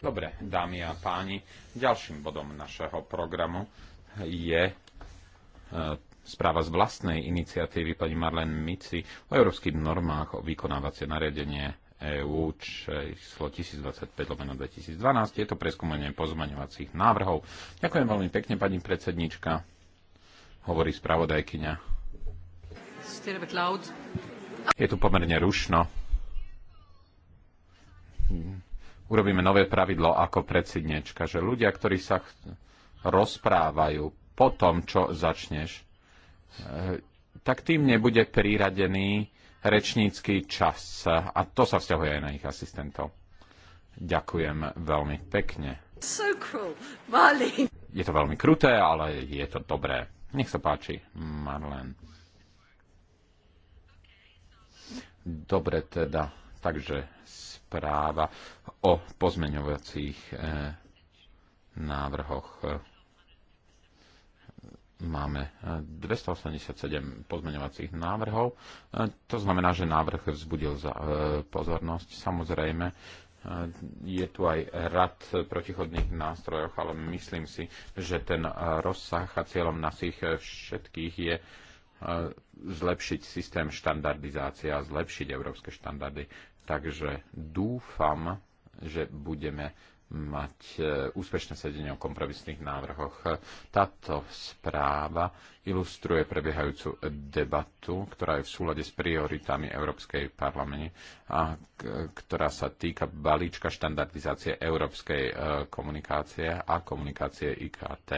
Dobre, dámy a páni, ďalším bodom našeho programu je e, správa z vlastnej iniciatívy pani Marlene Mici o európskych normách o vykonávacie nariadenie EÚ číslo 1025 2012. Je to preskúmanie pozmaňovacích návrhov. Ďakujem veľmi pekne, pani predsednička, hovorí spravodajkyňa. Je tu pomerne rušno urobíme nové pravidlo ako predsedniečka, že ľudia, ktorí sa rozprávajú po tom, čo začneš, e, tak tým nebude priradený rečnícky čas. A to sa vzťahuje aj na ich asistentov. Ďakujem veľmi pekne. So cruel, Je to veľmi kruté, ale je to dobré. Nech sa páči, Marlen. Dobre teda, takže správa o pozmeňovacích e, návrhoch. Máme 287 e, pozmeňovacích návrhov. E, to znamená, že návrh vzbudil za pozornosť. Samozrejme, je tu aj rad protichodných nástrojov, ale myslím si, že ten rozsah a cieľom nás ich všetkých je zlepšiť systém štandardizácie a zlepšiť európske štandardy Takže dúfam, že budeme mať e, úspešné sedenie o kompromisných návrhoch. Táto správa ilustruje prebiehajúcu debatu, ktorá je v súlade s prioritami Európskej parlamenty a ktorá sa týka balíčka štandardizácie európskej e, komunikácie a komunikácie IKT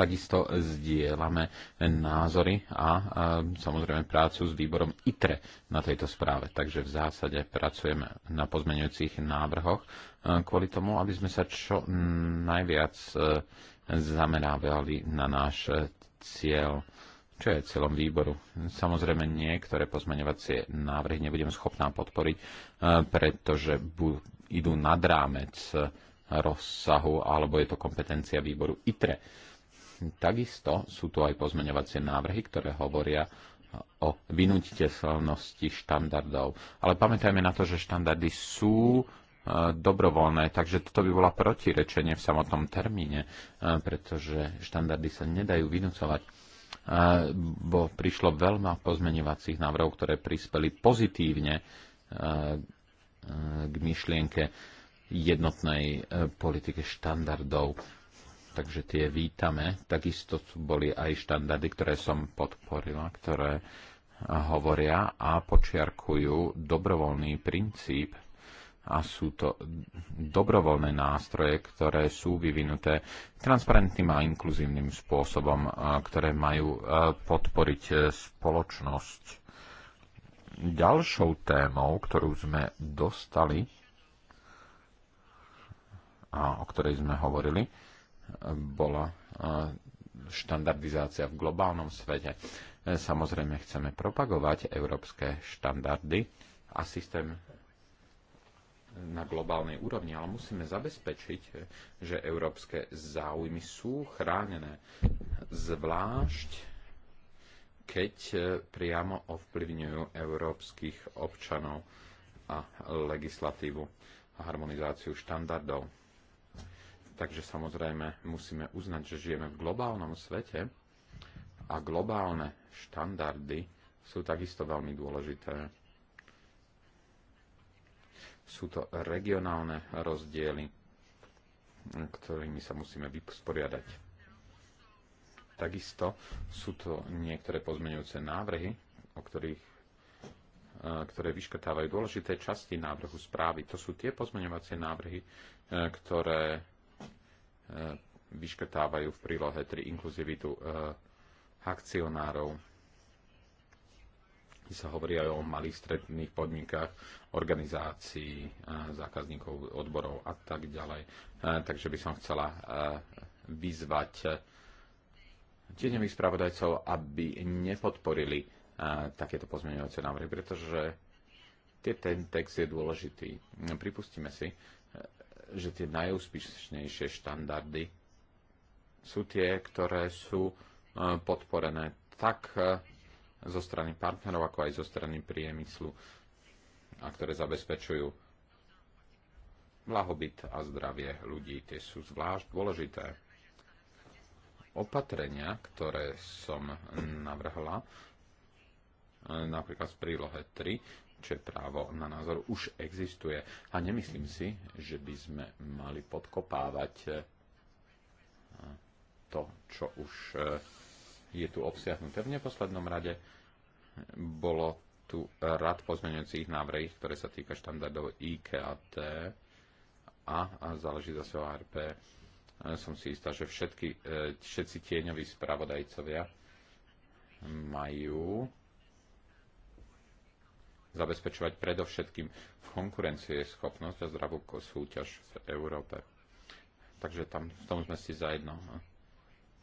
takisto zdieľame názory a samozrejme prácu s výborom ITRE na tejto správe. Takže v zásade pracujeme na pozmeňujúcich návrhoch e, kvôli tomu, aby sme sa čo najviac e, zamerávali na náš cieľ čo je cieľom výboru. Samozrejme niektoré pozmeňovacie návrhy nebudem schopná podporiť, e, pretože idú nad rámec rozsahu, alebo je to kompetencia výboru ITRE Takisto sú tu aj pozmeňovacie návrhy, ktoré hovoria o vynutiteľnosti štandardov. Ale pamätajme na to, že štandardy sú e, dobrovoľné, takže toto by bola protirečenie v samotnom termíne, e, pretože štandardy sa nedajú vynúcovať. E, bo prišlo veľma pozmeňovacích návrhov, ktoré prispeli pozitívne k myšlienke jednotnej politike štandardov takže tie vítame. Takisto boli aj štandardy, ktoré som podporila, ktoré hovoria a počiarkujú dobrovoľný princíp a sú to dobrovoľné nástroje, ktoré sú vyvinuté transparentným a inkluzívnym spôsobom, ktoré majú e, podporiť e, spoločnosť. Ďalšou témou, ktorú sme dostali a o ktorej sme hovorili, bola štandardizácia v globálnom svete. E, samozrejme chceme propagovať európske štandardy a systém na globálnej úrovni, ale musíme zabezpečiť, že európske záujmy sú chránené, zvlášť keď e, priamo ovplyvňujú európskych občanov a legislatívu a harmonizáciu štandardov Takže samozrejme musíme uznať, že žijeme v globálnom svete a globálne štandardy sú takisto veľmi dôležité. Sú to regionálne rozdiely, ktorými sa musíme vysporiadať. Takisto sú to niektoré pozmeňujúce návrhy, o ktorých e, ktoré vyškrtávajú dôležité časti návrhu správy. To sú tie pozmeňovacie návrhy, e, ktoré vyškrtávajú v prílohe 3 inkluzivitu eh, akcionárov. Kde sa hovorí aj o malých stredných podnikách, organizácií, eh, zákazníkov, odborov a tak ďalej. Eh, takže by som chcela vyzvať tieňových spravodajcov, aby nepodporili takéto pozmeňujúce návrhy, pretože ten text je dôležitý. Pripustíme si, že tie najúspešnejšie štandardy sú tie, ktoré sú e, podporené tak e, zo strany partnerov, ako aj zo strany priemyslu a ktoré zabezpečujú blahobyt a zdravie ľudí. Tie sú zvlášť dôležité. Opatrenia, ktoré som navrhla, e, napríklad v prílohe 3, čo je právo na názor, už existuje. A nemyslím si, že by sme mali podkopávať eh, to, čo už eh, je tu obsiahnuté. V neposlednom rade eh, bolo tu rad pozmeňujúcich návrhy, ktoré sa týka štandardov IKAT a, a záleží zase o ARP. Som si istá, že všetky, všetci tieňoví spravodajcovia majú zabezpečovať predovšetkým konkurencieschopnosť a zdravú súťaž v Európe. Takže tam v tom sme si zajedno.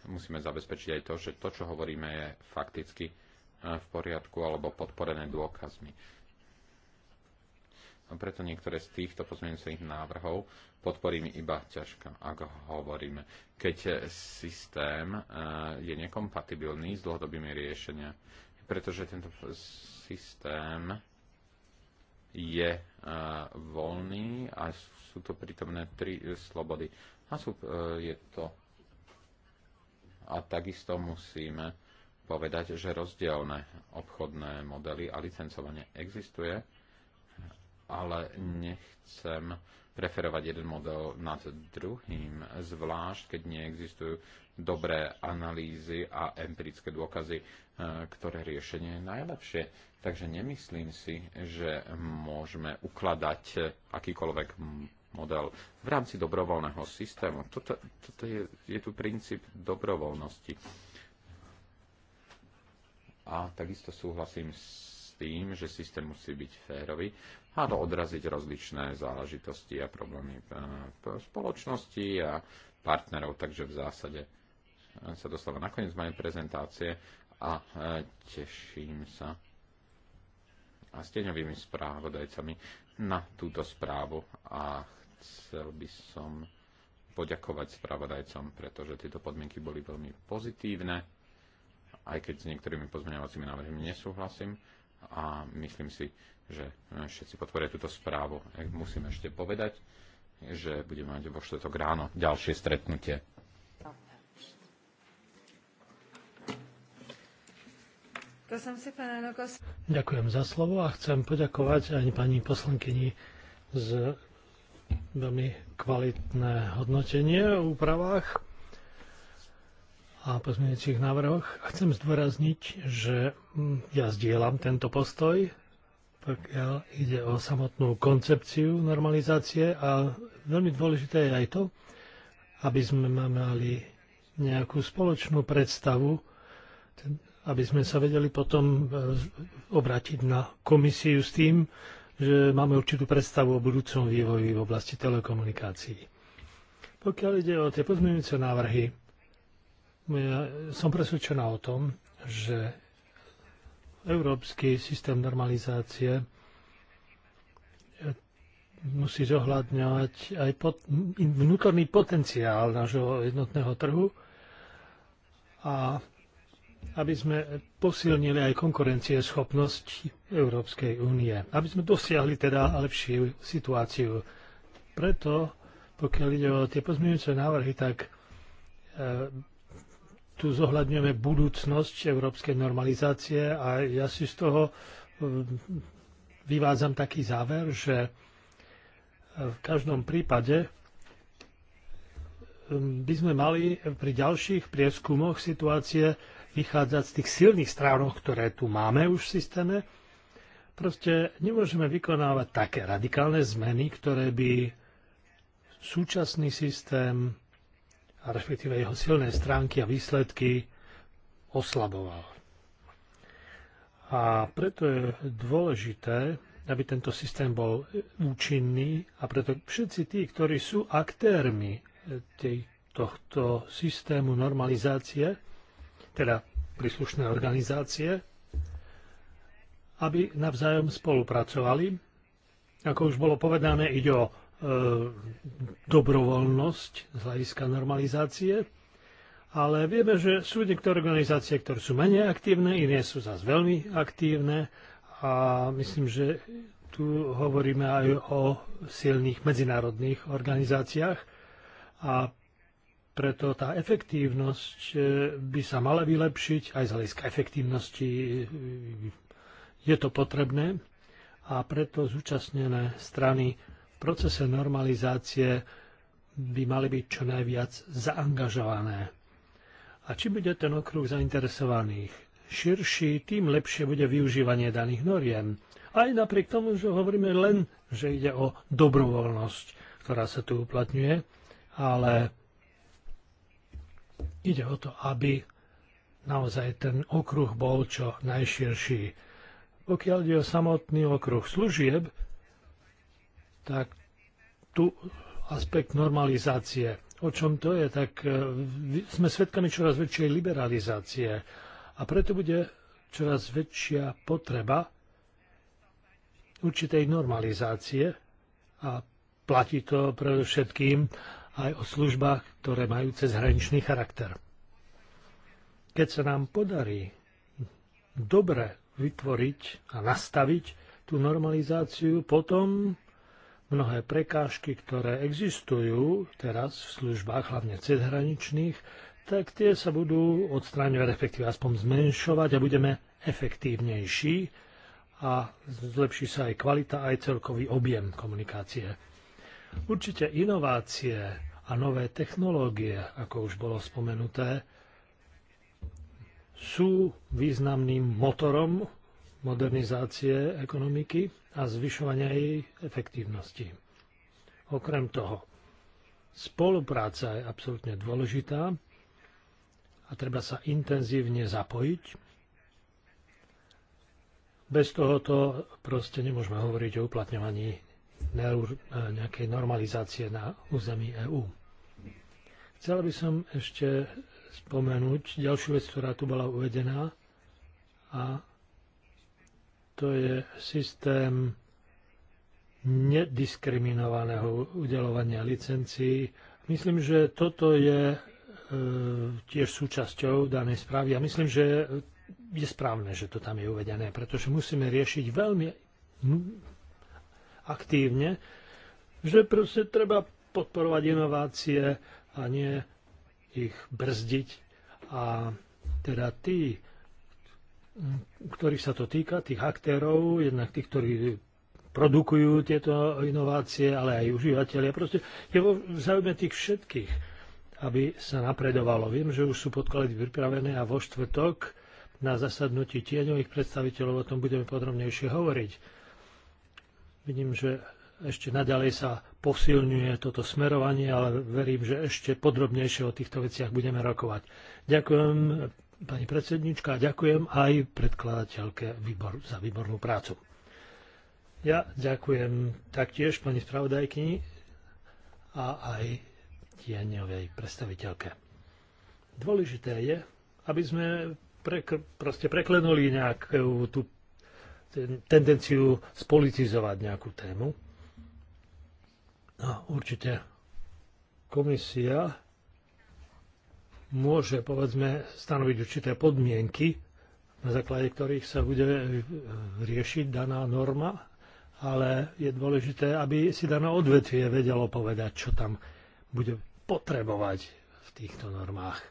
Musíme zabezpečiť aj to, že to, čo hovoríme, je fakticky e, v poriadku alebo podporené dôkazmi. A preto niektoré z týchto pozmeňujúcich návrhov podporím iba ťažko, ako hovoríme. Keď systém e, je nekompatibilný s dlhodobými riešenia, pretože tento systém je eh, voľný a sú to prítomné tri eh, slobody. A sú, eh, je to a takisto musíme povedať, že rozdielne obchodné modely a licencovanie existuje, ale nechcem preferovať jeden model nad druhým, zvlášť keď neexistujú dobré analýzy a empirické dôkazy, e, ktoré riešenie je najlepšie. Takže nemyslím si, že môžeme ukladať akýkoľvek model v rámci dobrovoľného systému. Toto, toto je, je tu princíp dobrovoľnosti. A takisto súhlasím s tým, že systém musí byť férový a to odraziť rozličné záležitosti a problémy e, spoločnosti a partnerov. Takže v zásade sa dostala na koniec mojej prezentácie a e, teším sa a s teňovými správodajcami na túto správu a chcel by som poďakovať správodajcom, pretože tieto podmienky boli veľmi pozitívne, aj keď s niektorými pozmeňovacími návrhmi nesúhlasím a myslím si, že e, všetci podporia túto správu. E, musím ešte povedať, že budeme mať vo štvrtok ráno ďalšie stretnutie. Ďakujem za slovo a chcem poďakovať aj pani poslankyni z veľmi kvalitné hodnotenie o úpravách a pozmeňujúcich návrhoch. A chcem zdôrazniť, že ja zdieľam tento postoj, pokiaľ ide o samotnú koncepciu normalizácie a veľmi dôležité je aj to, aby sme mali nejakú spoločnú predstavu aby sme sa vedeli potom eh, obrátiť na komisiu s tým, že máme určitú predstavu o budúcom vývoji v oblasti telekomunikácií. Pokiaľ ide o tie pozmeňujúce návrhy, ja som presvedčená o tom, že európsky systém normalizácie eh, musí zohľadňovať aj pot- vnútorný potenciál nášho jednotného trhu a aby sme posilnili aj konkurencieschopnosť Európskej únie. Aby sme dosiahli teda lepšiu situáciu. Preto, pokiaľ ide o tie pozmeňujúce návrhy, tak e, tu zohľadňujeme budúcnosť európskej normalizácie a ja si z toho e, vyvádzam taký záver, že e, v každom prípade e, by sme mali pri ďalších prieskumoch situácie vychádzať z tých silných stránok, ktoré tu máme už v systéme. Proste nemôžeme vykonávať také radikálne zmeny, ktoré by súčasný systém a respektíve jeho silné stránky a výsledky oslaboval. A preto je dôležité, aby tento systém bol účinný a preto všetci tí, ktorí sú aktérmi tej, tohto systému normalizácie, teda príslušné organizácie, aby navzájom spolupracovali. Ako už bolo povedané, ide o e, dobrovoľnosť z hľadiska normalizácie, ale vieme, že sú niektoré organizácie, ktoré sú menej aktívne, iné sú zase veľmi aktívne a myslím, že tu hovoríme aj o silných medzinárodných organizáciách a preto tá efektívnosť e, by sa mala vylepšiť aj z hľadiska efektívnosti je to potrebné a preto zúčastnené strany v procese normalizácie by mali byť čo najviac zaangažované. A čím bude ten okruh zainteresovaných širší, tým lepšie bude využívanie daných noriem. Aj napriek tomu, že hovoríme len, že ide o dobrovoľnosť, ktorá sa tu uplatňuje, ale Ide o to, aby naozaj ten okruh bol čo najširší. Pokiaľ ide o samotný okruh služieb, tak tu aspekt normalizácie. O čom to je? Tak e, sme svedkami čoraz väčšej liberalizácie a preto bude čoraz väčšia potreba určitej normalizácie a platí to predovšetkým aj o službách, ktoré majú cezhraničný charakter. Keď sa nám podarí dobre vytvoriť a nastaviť tú normalizáciu, potom mnohé prekážky, ktoré existujú teraz v službách, hlavne cezhraničných, tak tie sa budú odstráňovať, efektíve aspoň zmenšovať a budeme efektívnejší a zlepší sa aj kvalita, aj celkový objem komunikácie. Určite inovácie a nové technológie, ako už bolo spomenuté, sú významným motorom modernizácie ekonomiky a zvyšovania jej efektívnosti. Okrem toho, spolupráca je absolútne dôležitá a treba sa intenzívne zapojiť. Bez tohoto proste nemôžeme hovoriť o uplatňovaní nejakej normalizácie na území EÚ. Chcela by som ešte spomenúť ďalšiu vec, ktorá tu bola uvedená a to je systém nediskriminovaného udelovania licencií. Myslím, že toto je e, tiež súčasťou danej správy a myslím, že je správne, že to tam je uvedené, pretože musíme riešiť veľmi aktívne, že proste treba podporovať inovácie a nie ich brzdiť. A teda tí, ktorých sa to týka, tých aktérov, jednak tých, ktorí produkujú tieto inovácie, ale aj užívateľia. Proste je vo záujme tých všetkých, aby sa napredovalo. Viem, že už sú podklady pripravené a vo štvrtok na zasadnutí tieňových predstaviteľov o tom budeme podrobnejšie hovoriť. Vidím, že ešte naďalej sa posilňuje toto smerovanie, ale verím, že ešte podrobnejšie o týchto veciach budeme rokovať. Ďakujem pani predsednička a ďakujem aj predkladateľke výbor, za výbornú prácu. Ja ďakujem taktiež pani spravodajkyni a aj tieňovej predstaviteľke. Dôležité je, aby sme prekr- proste preklenuli nejakú tú tendenciu spolitizovať nejakú tému. No určite komisia môže, povedzme, stanoviť určité podmienky, na základe ktorých sa bude e, riešiť daná norma, ale je dôležité, aby si dané odvetvie vedelo povedať, čo tam bude potrebovať v týchto normách.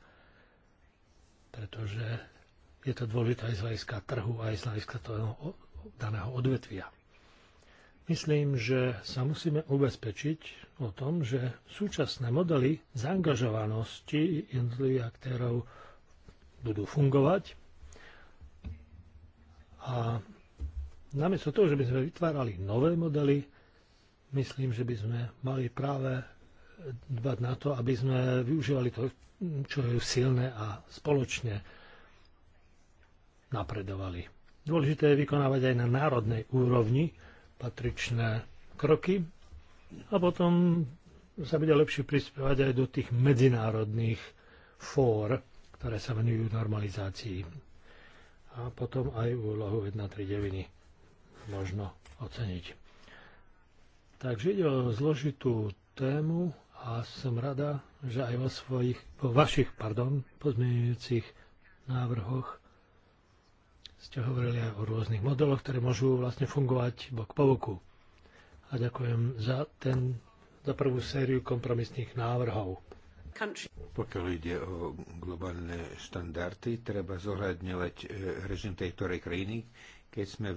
Pretože je to dôležité aj z hľadiska trhu, aj z hľadiska toho daného odvetvia. Myslím, že sa musíme ubezpečiť o tom, že súčasné modely zaangažovanosti jednotlivých aktérov budú fungovať a namiesto toho, že by sme vytvárali nové modely, myslím, že by sme mali práve dbať na to, aby sme využívali to, čo je silné a spoločne napredovali. Dôležité je vykonávať aj na národnej úrovni patričné kroky a potom sa bude lepšie prispievať aj do tých medzinárodných fór, ktoré sa venujú normalizácii. A potom aj úlohu 139 možno oceniť. Takže ide o zložitú tému a som rada, že aj vo, svojich, vo vašich pardon, pozmeňujúcich návrhoch ste hovorili aj o rôznych modeloch, ktoré môžu vlastne fungovať bok po boku. A ďakujem za, ten, za prvú sériu kompromisných návrhov. Pokiaľ ide o globálne štandardy, treba zohľadňovať e, režim tej ktorej krajiny. Keď sme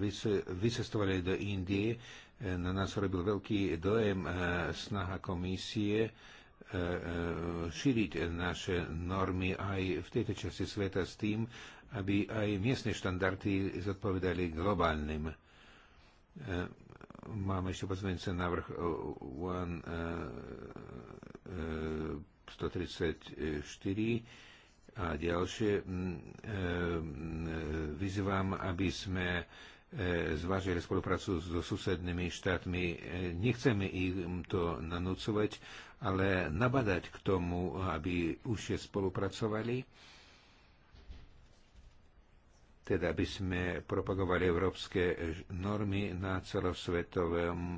vysestovali do Indie, e, na nás robil veľký dojem e, snaha komisie šíriť naše normy aj v tejto časti sveta s tým, aby aj miestne štandardy zodpovedali globálnym. E, máme ešte sa návrh 134 e, e, a ďalšie. Vyzývam, aby sme zvážili spoluprácu so susednými štátmi. Nechceme im to nanúcovať, ale nabadať k tomu, aby už spolupracovali teda aby sme propagovali európske normy na celosvetovom eh, eh,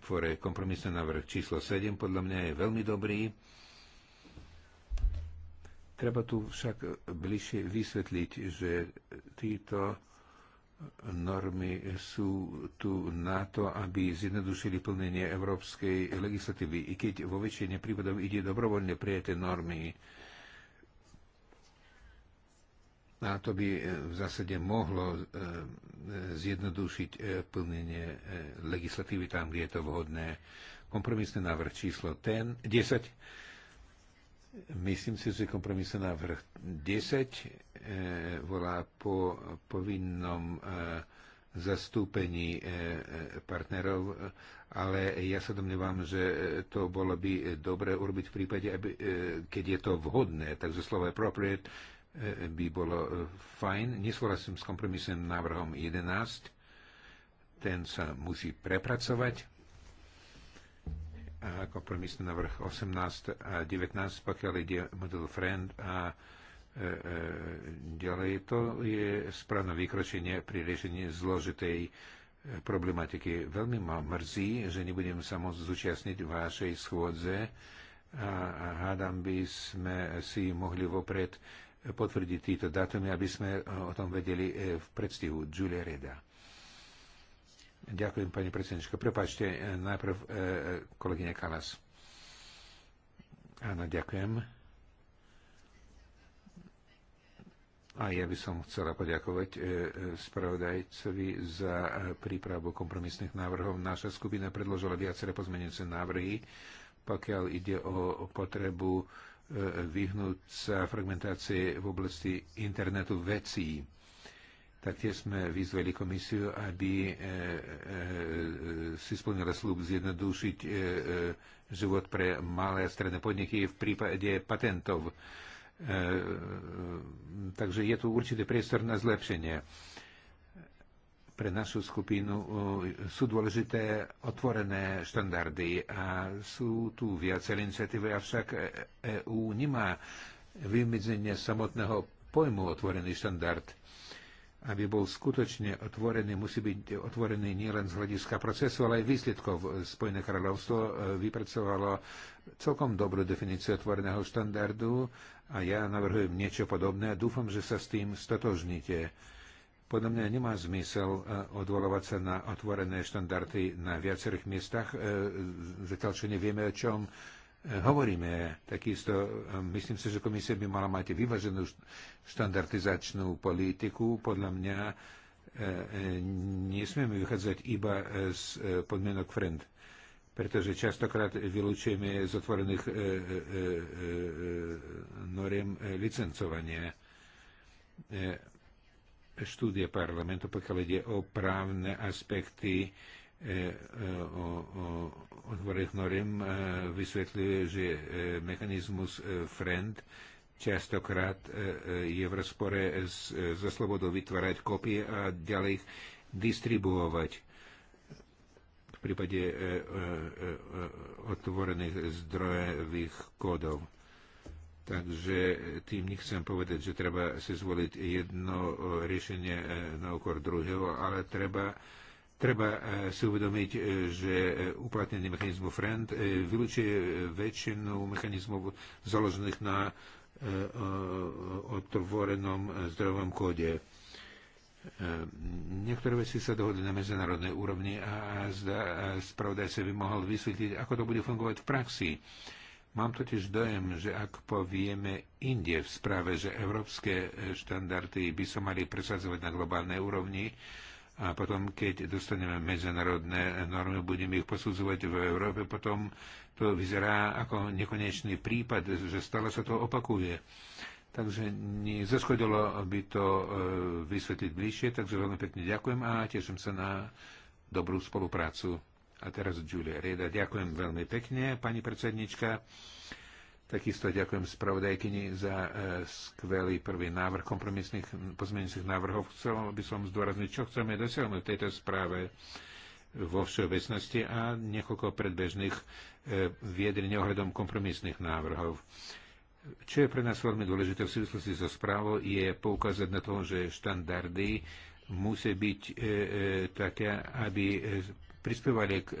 fore kompromisný návrh číslo 7 podľa mňa je veľmi dobrý. Treba tu však bližšie vysvetliť, že títo normy sú tu na to, aby zjednodušili plnenie európskej legislatívy, i keď vo väčšine prípadov ide dobrovoľne prijaté normy. A to by e, v zásade mohlo e, zjednodušiť e, plnenie legislatívy tam, kde je to vhodné. Kompromisný návrh číslo 10. Myslím si, že kompromisný návrh 10 E, volá po povinnom e, zastúpení e, partnerov, ale ja sa domnievam, že to bolo by dobre urobiť v prípade, aby, keď je to vhodné. Takže slovo appropriate by bolo fajn. Nesúhlasím s kompromisným návrhom 11. Ten sa musí prepracovať. A kompromisný návrh 18 a 19, pokiaľ ide model friend a E, e, ďalej. To je správne vykročenie pri riešení zložitej e, problematiky. Veľmi ma mrzí, že nebudem sa môcť zúčastniť vašej schôdze a hádam by sme si mohli vopred potvrdiť títo dátumy, aby sme o tom vedeli v predstihu. Julia Reda. Ďakujem, pani predsednička. Prepačte, najprv kolegyne Kalas. Áno, ďakujem A ja by som chcela poďakovať e, e, spravodajcovi za e, prípravu kompromisných návrhov. Naša skupina predložila viaceré pozmenujúce návrhy, pokiaľ ide o potrebu vyhnúť sa fragmentácie v oblasti internetu vecí. tie sme vyzveli komisiu, aby si splnila slúb zjednodušiť život pre malé a stredné podniky v prípade patentov. E, takže je tu určitý priestor na zlepšenie. Pre našu skupinu e, sú dôležité otvorené štandardy a sú tu viacej iniciatívy, avšak EU e nemá vymedzenie samotného pojmu otvorený štandard. Aby bol skutočne otvorený, musí byť otvorený nielen z hľadiska procesu, ale aj výsledkov. Spojené kráľovstvo vypracovalo celkom dobrú definíciu otvoreného štandardu a ja navrhujem niečo podobné a dúfam, že sa s tým stotožnite. Podľa mňa nemá zmysel e, odvolovať sa na otvorené štandardy na viacerých miestach, e, zatiaľ čo nevieme, o čom e, hovoríme. Takisto myslím si, že komisia by mala mať vyvaženú štandardizačnú politiku. Podľa mňa nesmieme vychádzať iba z podmienok FRIEND pretože častokrát vylúčujeme z otvorených e, e, e, e noriem e, licencovania. E, Štúdie parlamentu, pokiaľ ide o právne aspekty o, o otvorených noriem, vysvetľuje, že mechanizmus FRIEND častokrát je v rozpore so slobodou vytvárať kopie a ďalej ich distribuovať prípade e, e, e, otvorených zdrojových kódov. Takže tým nechcem povedať, že treba si zvoliť jedno e, riešenie e, na okor druhého, ale treba, treba e, si uvedomiť, že uplatnenie mechanizmu FRIEND vylúčuje väčšinu mechanizmov založených na otvorenom zdrojovom kóde Ehm, niektoré veci sa dohodli na medzinárodnej úrovni a zda sa by mohol vysvetliť, ako to bude fungovať v praxi. Mám totiž dojem, že ak povieme Indie v správe, že európske štandardy by sa mali presadzovať na globálnej úrovni, a potom, keď dostaneme medzinárodné normy, budeme ich posudzovať v Európe, potom to vyzerá ako nekonečný prípad, že stále sa to opakuje. Takže nezaschodilo by to e, vysvetliť bližšie, takže veľmi pekne ďakujem a teším sa na dobrú spoluprácu. A teraz Julia Rieda, ďakujem veľmi pekne, pani predsednička. Takisto ďakujem spravodajkyni za e, skvelý prvý návrh kompromisných pozmeňujúcich návrhov. Chcel by som zdôrazniť, čo chceme dosiahnuť v tejto správe vo všeobecnosti a niekoľko predbežných e, vyjadrení ohľadom kompromisných návrhov. Čo je pre nás veľmi dôležité v súvislosti so správou, je poukázať na to, že štandardy musia byť e, e, také, aby e, prispievali k e,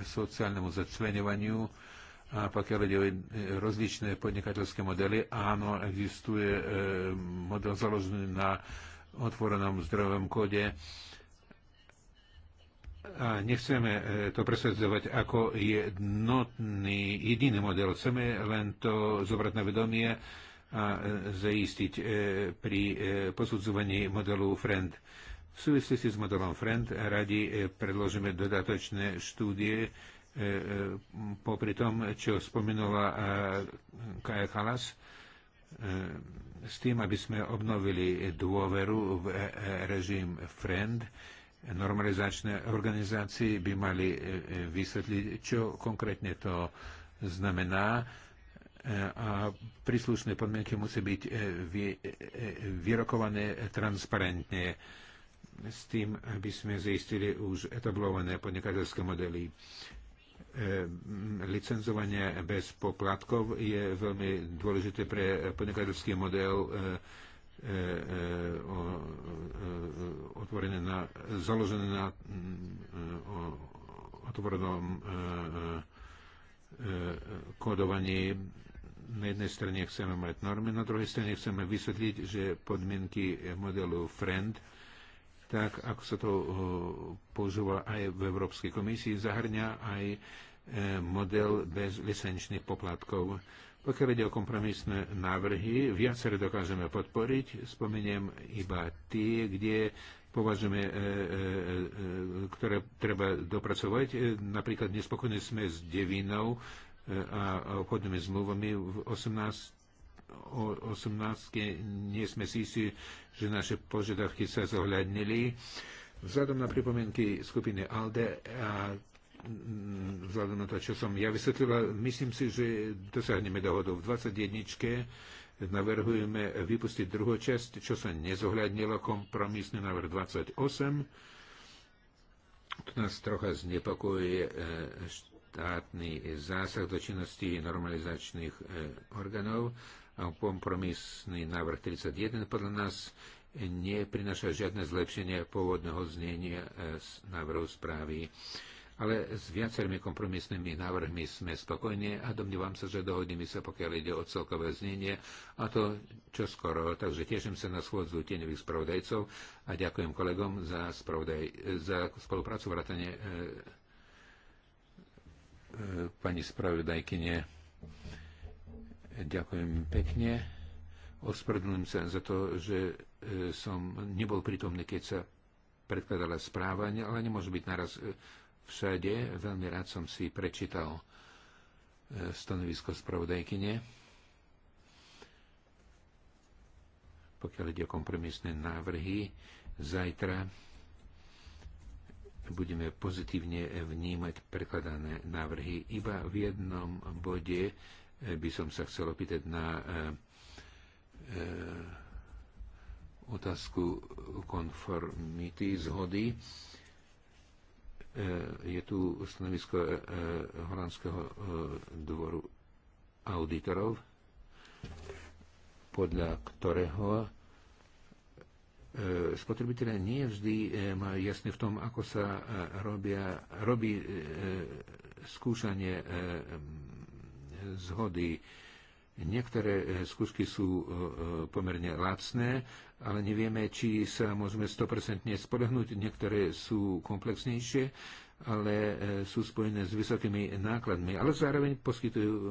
sociálnemu zacveňovaniu a pokiaľ ide o e, rozličné podnikateľské modely, áno, existuje e, model založený na otvorenom zdrojovom kode. E, a nechceme e, to presvedzovať ako jednotný, jediný model. Chceme len to zobrať na vedomie a e, zaistiť e, pri posudzovaní modelu FRIEND. V súvislosti s modelom FRIEND radi predložíme dodatočné štúdie popri tom, čo spomenula Kaja Kalas, s tým, aby sme obnovili dôveru v režim FRIEND normalizačné organizácie by mali e, e, vysvetliť, čo konkrétne to znamená e, a príslušné podmienky musí byť vyrokované transparentne s tým, aby sme zistili už etablované podnikateľské modely. Licenzovanie bez poplatkov je veľmi dôležité pre podnikateľský model E, e, e, otvorené na, založené na mm, otvorenom kodovaní. Na jednej strane chceme mať normy, na druhej strane chceme vysvetliť, že podmienky modelu FRIEND, tak ako sa to používa aj v Európskej komisii, zahrňa aj model bez licenčných poplatkov. Pokiaľ ide o kompromisné návrhy, viacere dokážeme podporiť. Spomeniem iba tie, kde považujeme, e, e, e, ktoré treba dopracovať. Napríklad nespokojní sme s devinou a obchodnými zmluvami v 18 o 18. nie sme si istí, že naše požiadavky sa zohľadnili. Vzhľadom na pripomienky skupiny ALDE a Mm, vzhľadom na to, čo som ja vysvetlila, myslím si, že dosiahneme dohodu. V 21. navrhujeme vypustiť druhú časť, čo sa nezohľadnilo, kompromisný návrh 28. Tu nás trocha znepokojuje e, štátny zásah do činnosti normalizačných e, orgánov a kompromisný návrh 31 podľa nás neprináša žiadne zlepšenie pôvodného znenia z e, návrhu správy ale s viacerými kompromisnými návrhmi sme spokojní a domnívam sa, že dohodneme sa, pokiaľ ide o celkové znenie a to čo skoro. Takže teším sa na schôdzu tieňových spravodajcov a ďakujem kolegom za, spravodaj, za spoluprácu vrátane e, e, pani spravodajkyne. Ďakujem pekne. Ospravedlňujem sa za to, že e, som nebol prítomný, keď sa predkladala správa, ale nemôže byť naraz e, všade. Veľmi rád som si prečítal e, stanovisko spravodajkyne. Pokiaľ ide o kompromisné návrhy, zajtra budeme pozitívne vnímať prekladané návrhy. Iba v jednom bode e, by som sa chcel opýtať na e, otázku konformity, zhody. E, je tu stanovisko e, e, holandského dvoru auditorov, podľa ktorého spotrebitelia nie vždy majú jasne v tom, ako sa robia, robí skúšanie zhody. Niektoré skúšky sú pomerne lacné, ale nevieme, či sa môžeme 100% spolehnúť. Niektoré sú komplexnejšie, ale e, sú spojené s vysokými nákladmi, ale zároveň poskytujú e, e,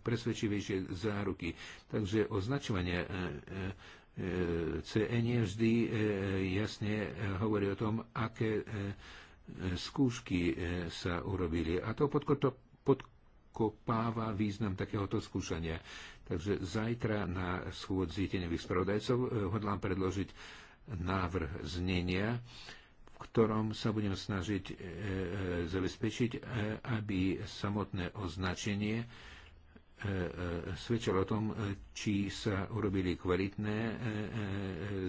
presvedčivejšie záruky. Takže označovanie CE nie vždy jasne hovorí o tom, aké skúšky sa urobili. A to podkopáva význam takéhoto skúšania. Takže zajtra na schôdzi tenových spravodajcov e, hodlám predložiť návrh znenia, v ktorom sa budem snažiť e, e, zabezpečiť, aby samotné označenie svedčilo o tom, či sa urobili kvalitné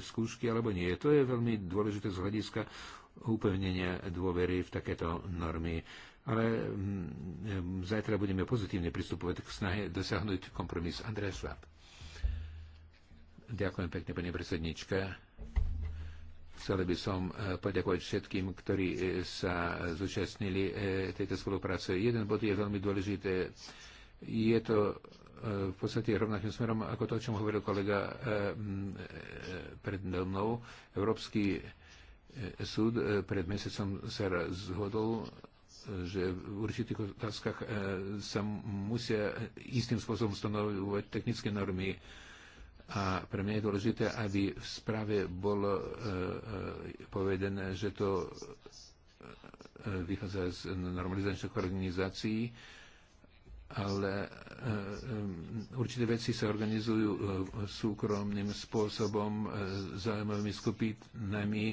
skúšky alebo nie. To je veľmi dôležité z hľadiska upevnenia dôvery v takéto normy. Ale mm, e, zajtra budeme pozitívne pristupovať k snahe dosiahnuť kompromis. Andrej Šváb. Ďakujem pekne, pani predsednička. Chcel by som e, poďakovať všetkým, ktorí e, sa zúčastnili tejto spolupráce. Jeden bod je veľmi dôležité. Je to v podstate rovnakým smerom ako to, o čom hovoril kolega pred mnou. Európsky E, súd e, pred mesiacom sa zhodol, e, že v určitých otázkach sa musia istým spôsobom stanovovať technické normy. A pre mňa je dôležité, aby v správe bolo povedené, že to vychádza z normalizačných organizácií, ale určité veci sa organizujú súkromným spôsobom, zaujímavými skupinami,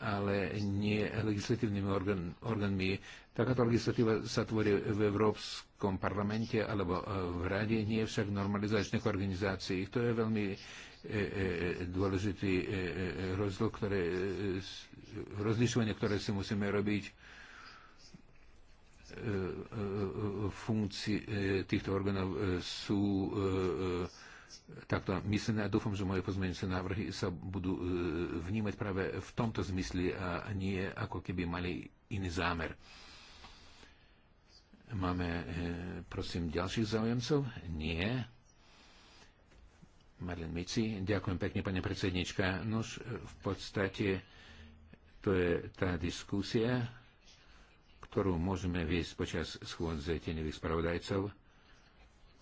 ale nie legislatívnymi orgán, orgánmi. Takáto legislatíva sa tvorí v Európskom parlamente alebo e, v Rade, nie však v normalizačných organizáciách. To je veľmi e, e, dôležitý e, e rozdiel, ktoré, e, rozlišovanie, ktoré si musíme robiť funkcie týchto orgánov sú uh, takto myslené a dúfam, že moje pozmeňujúce návrhy sa budú e, vnímať práve v tomto zmysli a nie ako keby mali iný zámer. Máme, e, prosím, ďalších záujemcov? Nie. Marlen Mici, ďakujem pekne, pani predsednička. Nož, e, v podstate to je tá diskusia, ktorú môžeme viesť počas schôdze tenových spravodajcov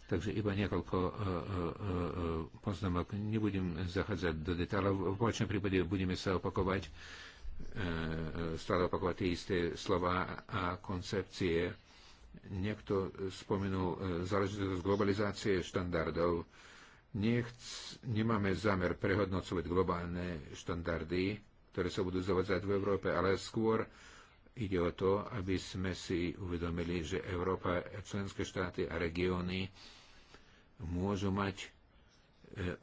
Takže iba niekoľko e, e, e, poznámok. Nebudem zachádzať do detálov. V opačnom prípade budeme sa opakovať, stále opakovať tie isté slova a koncepcie. Niekto spomenul záležitosť globalizácie štandardov. Nechc, nemáme zámer prehodnocovať globálne štandardy, ktoré sa budú zavádzať v Európe, ale skôr Ide o to, aby sme si uvedomili, že Európa, členské štáty a regióny môžu mať e,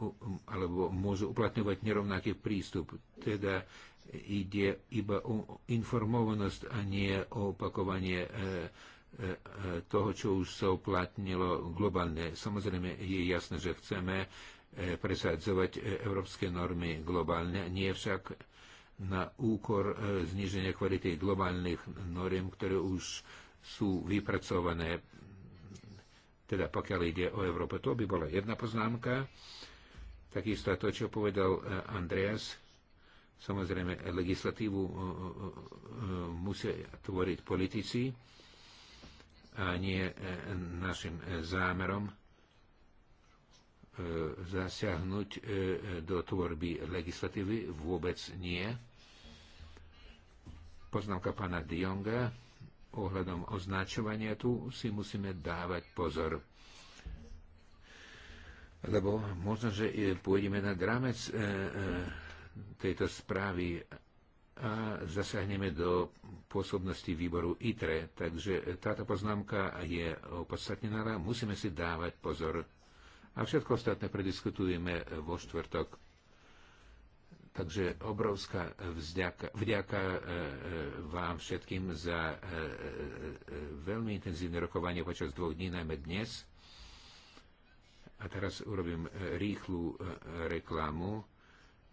alebo môžu uplatňovať nerovnaký prístup. Teda ide iba o informovanosť a nie o opakovanie e, e, toho, čo už sa uplatnilo globálne. Samozrejme je jasné, že chceme presadzovať európske normy globálne, nie však na úkor zniženia kvality globálnych norm, ktoré už sú vypracované teda pokiaľ ide o Európu, to by bola jedna poznámka. Takisto to, čo povedal e, Andreas, samozrejme legislatívu e, e, musia tvoriť politici a nie našim zámerom zasiahnuť do tvorby legislatívy vôbec nie. Poznámka pána Dionga ohľadom označovania, tu si musíme dávať pozor. Lebo možno, že pôjdeme na rámec e, e, tejto správy a zasahneme do pôsobnosti výboru ITRE. Takže táto poznámka je opodstatnená, musíme si dávať pozor. A všetko ostatné prediskutujeme vo štvrtok. Takže obrovská vzďaka, vďaka e, e, vám všetkým za e, veľmi intenzívne rokovanie počas dvoch dní, najmä dnes. A teraz urobím rýchlu reklamu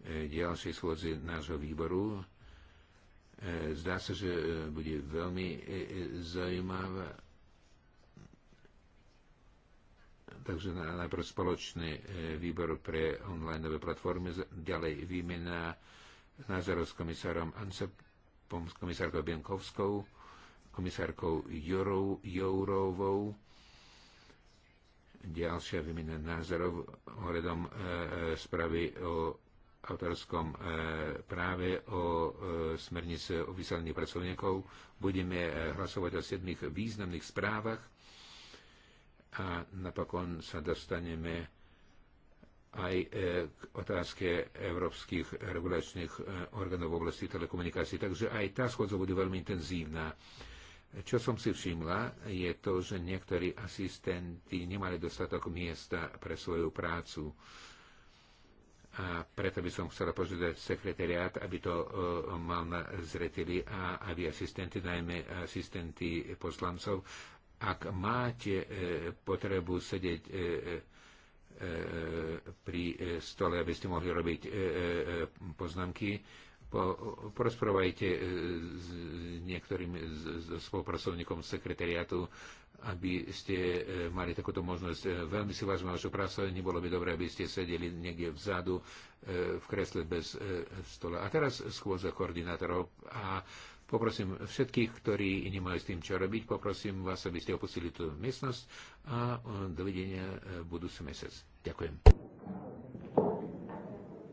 ďalšej schôdze nášho výboru. Zdá sa, že bude veľmi zaujímavá takže najprv spoločný e, výbor pre onlineové platformy, ďalej výmena názorov s komisárom Ansepom, s komisárkou Bienkovskou, komisárkou Jourov, Jourovou, ďalšia výmena názorov ohľadom e, e, správy o autorskom e, práve o e, smernice o vyselení pracovníkov. Budeme e, hlasovať o siedmých významných správach a napokon sa dostaneme aj e, k otázke európskych regulačných e, orgánov v oblasti telekomunikácií. Takže aj tá schodza bude veľmi intenzívna. Čo som si všimla, je to, že niektorí asistenti nemali dostatok miesta pre svoju prácu. A preto by som chcela požiadať sekretariát, aby to e, mal na zreteli a aby asistenti, najmä asistenti poslancov, ak máte e, potrebu sedieť e, e, pri stole, aby ste mohli robiť poznámky, porozprávajte s niektorým spolupracovníkom sekretariátu, aby ste mali takúto možnosť. Veľmi si vážim vašu prácu, nebolo by dobré, aby ste sedeli niekde vzadu v kresle bez stola. A teraz schôdza koordinátorov a Poprosím všetkých, ktorí nemajú s tým čo robiť, poprosím vás, aby ste opustili tú miestnosť a eh, dovidenia eh, budúci mesiac. Ďakujem.